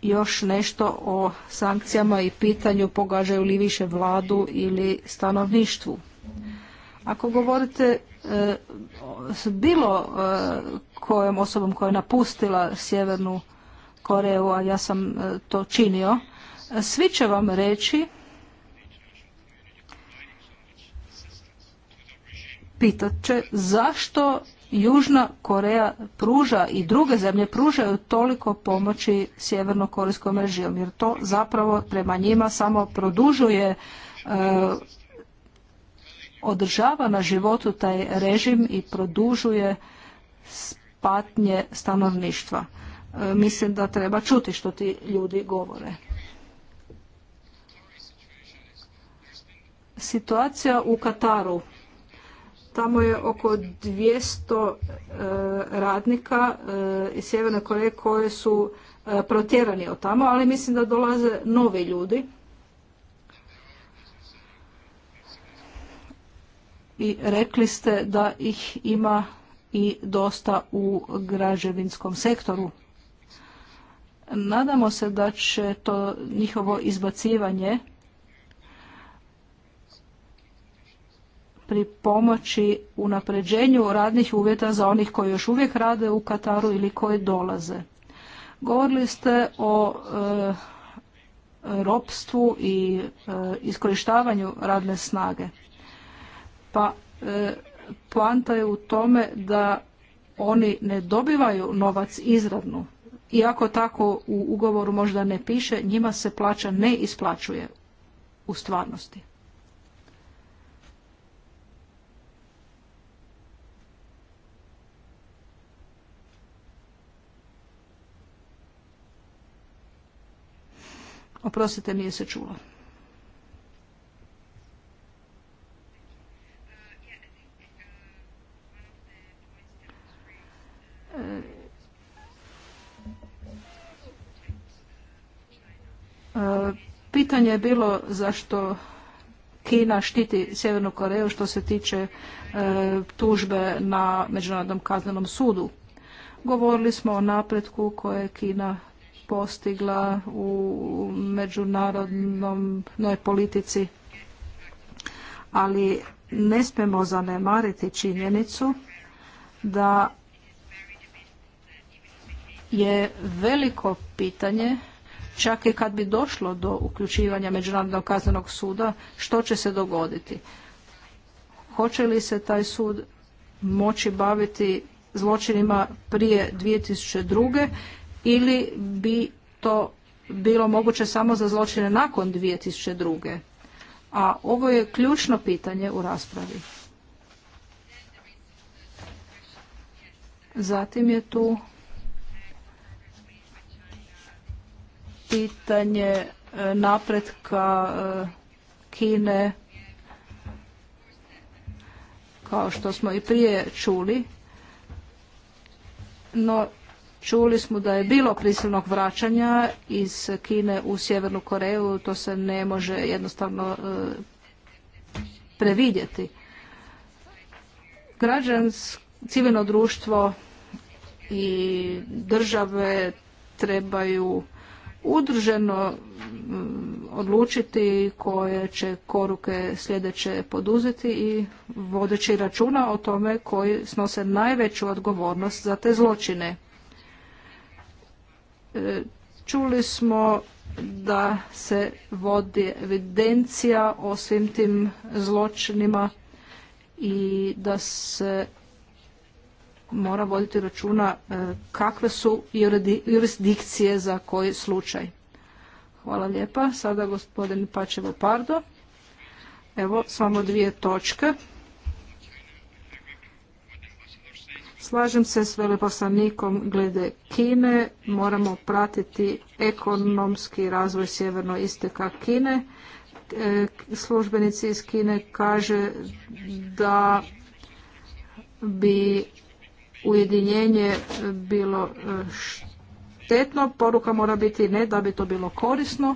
još nešto o sankcijama i pitanju pogađaju li više vladu ili stanovništvu. Ako govorite e, s bilo e, kojom osobom koja je napustila Sjevernu Koreju, a ja sam e, to činio, svi će vam reći pitat će zašto Južna Koreja pruža i druge zemlje pružaju toliko pomoći sjeverno-korejskom režimu jer to zapravo prema njima samo produžuje e, održava na životu taj režim i produžuje spatnje stanovništva. E, mislim da treba čuti što ti ljudi govore. Situacija u Kataru Tamo je oko 200 e, radnika e, iz Sjeverne Koreje koji su e, protjerani od tamo, ali mislim da dolaze novi ljudi. I rekli ste da ih ima i dosta u građevinskom sektoru. Nadamo se da će to njihovo izbacivanje pri pomoći unapređenju radnih uvjeta za onih koji još uvijek rade u Kataru ili koji dolaze. Govorili ste o e, ropstvu i e, iskorištavanju radne snage. Pa e, poanta je u tome da oni ne dobivaju novac izravno. Iako tako u ugovoru možda ne piše, njima se plaća ne isplaćuje u stvarnosti. Oprostite, nije se čulo. E, pitanje je bilo zašto Kina štiti Sjevernu Koreju što se tiče e, tužbe na Međunarodnom kaznenom sudu. Govorili smo o napretku koje Kina postigla u međunarodnoj politici. Ali ne smemo zanemariti činjenicu da je veliko pitanje čak i kad bi došlo do uključivanja Međunarodnog kaznenog suda, što će se dogoditi? Hoće li se taj sud moći baviti zločinima prije 2002 ili bi to bilo moguće samo za zločine nakon 2002. A ovo je ključno pitanje u raspravi. Zatim je tu pitanje e, napretka e, Kine, kao što smo i prije čuli, no Čuli smo da je bilo prisilnog vraćanja iz Kine u Sjevernu Koreju, to se ne može jednostavno e, previdjeti. Građansko civilno društvo i države trebaju udruženo mm, odlučiti koje će koruke sljedeće poduzeti i vodeći računa o tome koji snose najveću odgovornost za te zločine. Čuli smo da se vodi evidencija o svim tim zločinima i da se mora voditi računa e, kakve su jurisdikcije za koji slučaj. Hvala lijepa. Sada gospodin Pačevo Pardo. Evo, samo dvije točke. Slažem se s veleposlanikom glede Kine, moramo pratiti ekonomski razvoj sjeverno isteka Kine. E, službenici iz Kine kaže da bi ujedinjenje bilo e, štetno, poruka mora biti ne da bi to bilo korisno.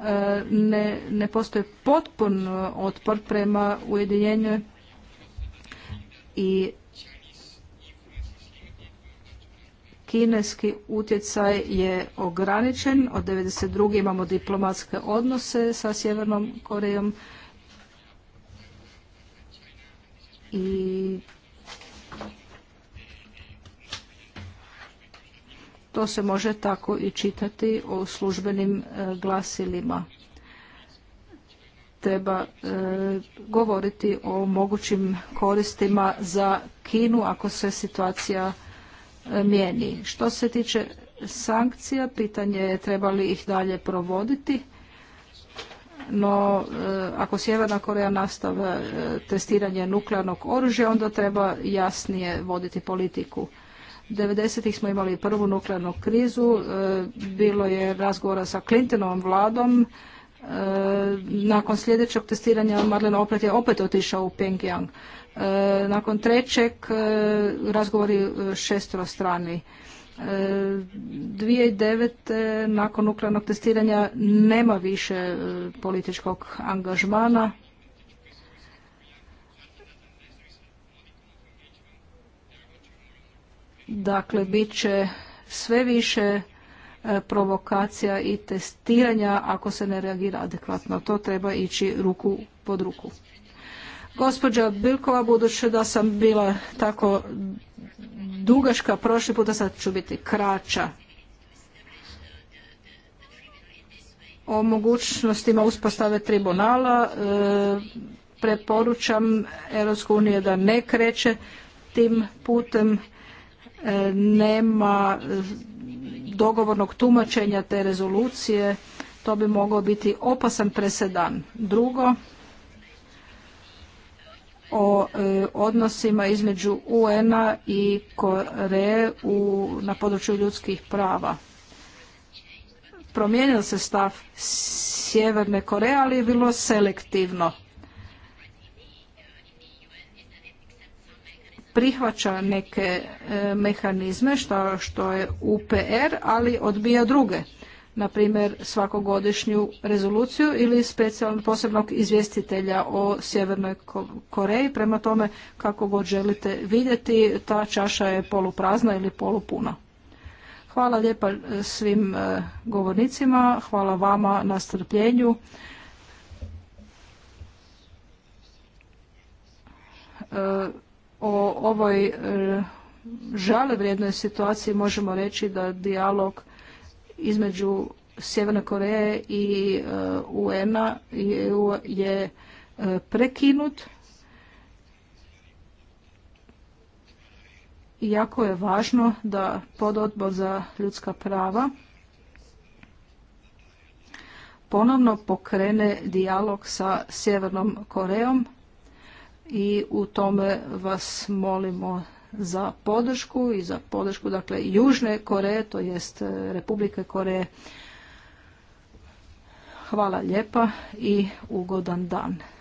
E, ne, ne postoje potpun otpor prema ujedinjenju i kineski utjecaj je ograničen. Od 1992. imamo diplomatske odnose sa Sjevernom Korejom i to se može tako i čitati o službenim e, glasilima. Treba e, govoriti o mogućim koristima za Kinu ako se situacija E, mijeni. Što se tiče sankcija, pitanje je treba li ih dalje provoditi. No, e, ako Sjeverna Koreja nastava e, testiranje nuklearnog oružja, onda treba jasnije voditi politiku. 90 smo imali prvu nuklearnu krizu, bilo je razgovora sa Clintonovom vladom, nakon sljedećeg testiranja Marlene Opet je opet otišao u Pyongyang. E, nakon trećeg e, razgovori e, tisuće devet nakon nuklearnog testiranja nema više političkog angažmana. Dakle, bit će sve više provokacija i testiranja ako se ne reagira adekvatno. To treba ići ruku pod ruku. Gospođa Bilkova, budući da sam bila tako dugaška prošli puta, sad ću biti kraća. O mogućnostima uspostave tribunala e, preporučam Europsku da ne kreće tim putem e, nema dogovornog tumačenja te rezolucije to bi mogao biti opasan presedan. Drugo, o e, odnosima između UN-a i Kore na području ljudskih prava. Promijenio se stav Sjeverne Koreje, ali je bilo selektivno. Prihvaća neke e, mehanizme što, što je UPR, ali odbija druge na primjer svakogodišnju rezoluciju ili specijalno posebnog izvjestitelja o Sjevernoj Koreji. Prema tome, kako god želite vidjeti, ta čaša je poluprazna ili polupuna. Hvala lijepa e, svim e, govornicima, hvala vama na strpljenju. E, o ovoj žalevrijednoj situaciji možemo reći da dijalog između Sjeverne Koreje i uh, UN-a je uh, prekinut. Jako je važno da pododbor za ljudska prava ponovno pokrene dijalog sa Sjevernom Korejom i u tome vas molimo za podršku i za podršku dakle Južne Koreje, to jest e, Republike Koreje. Hvala lijepa i ugodan dan.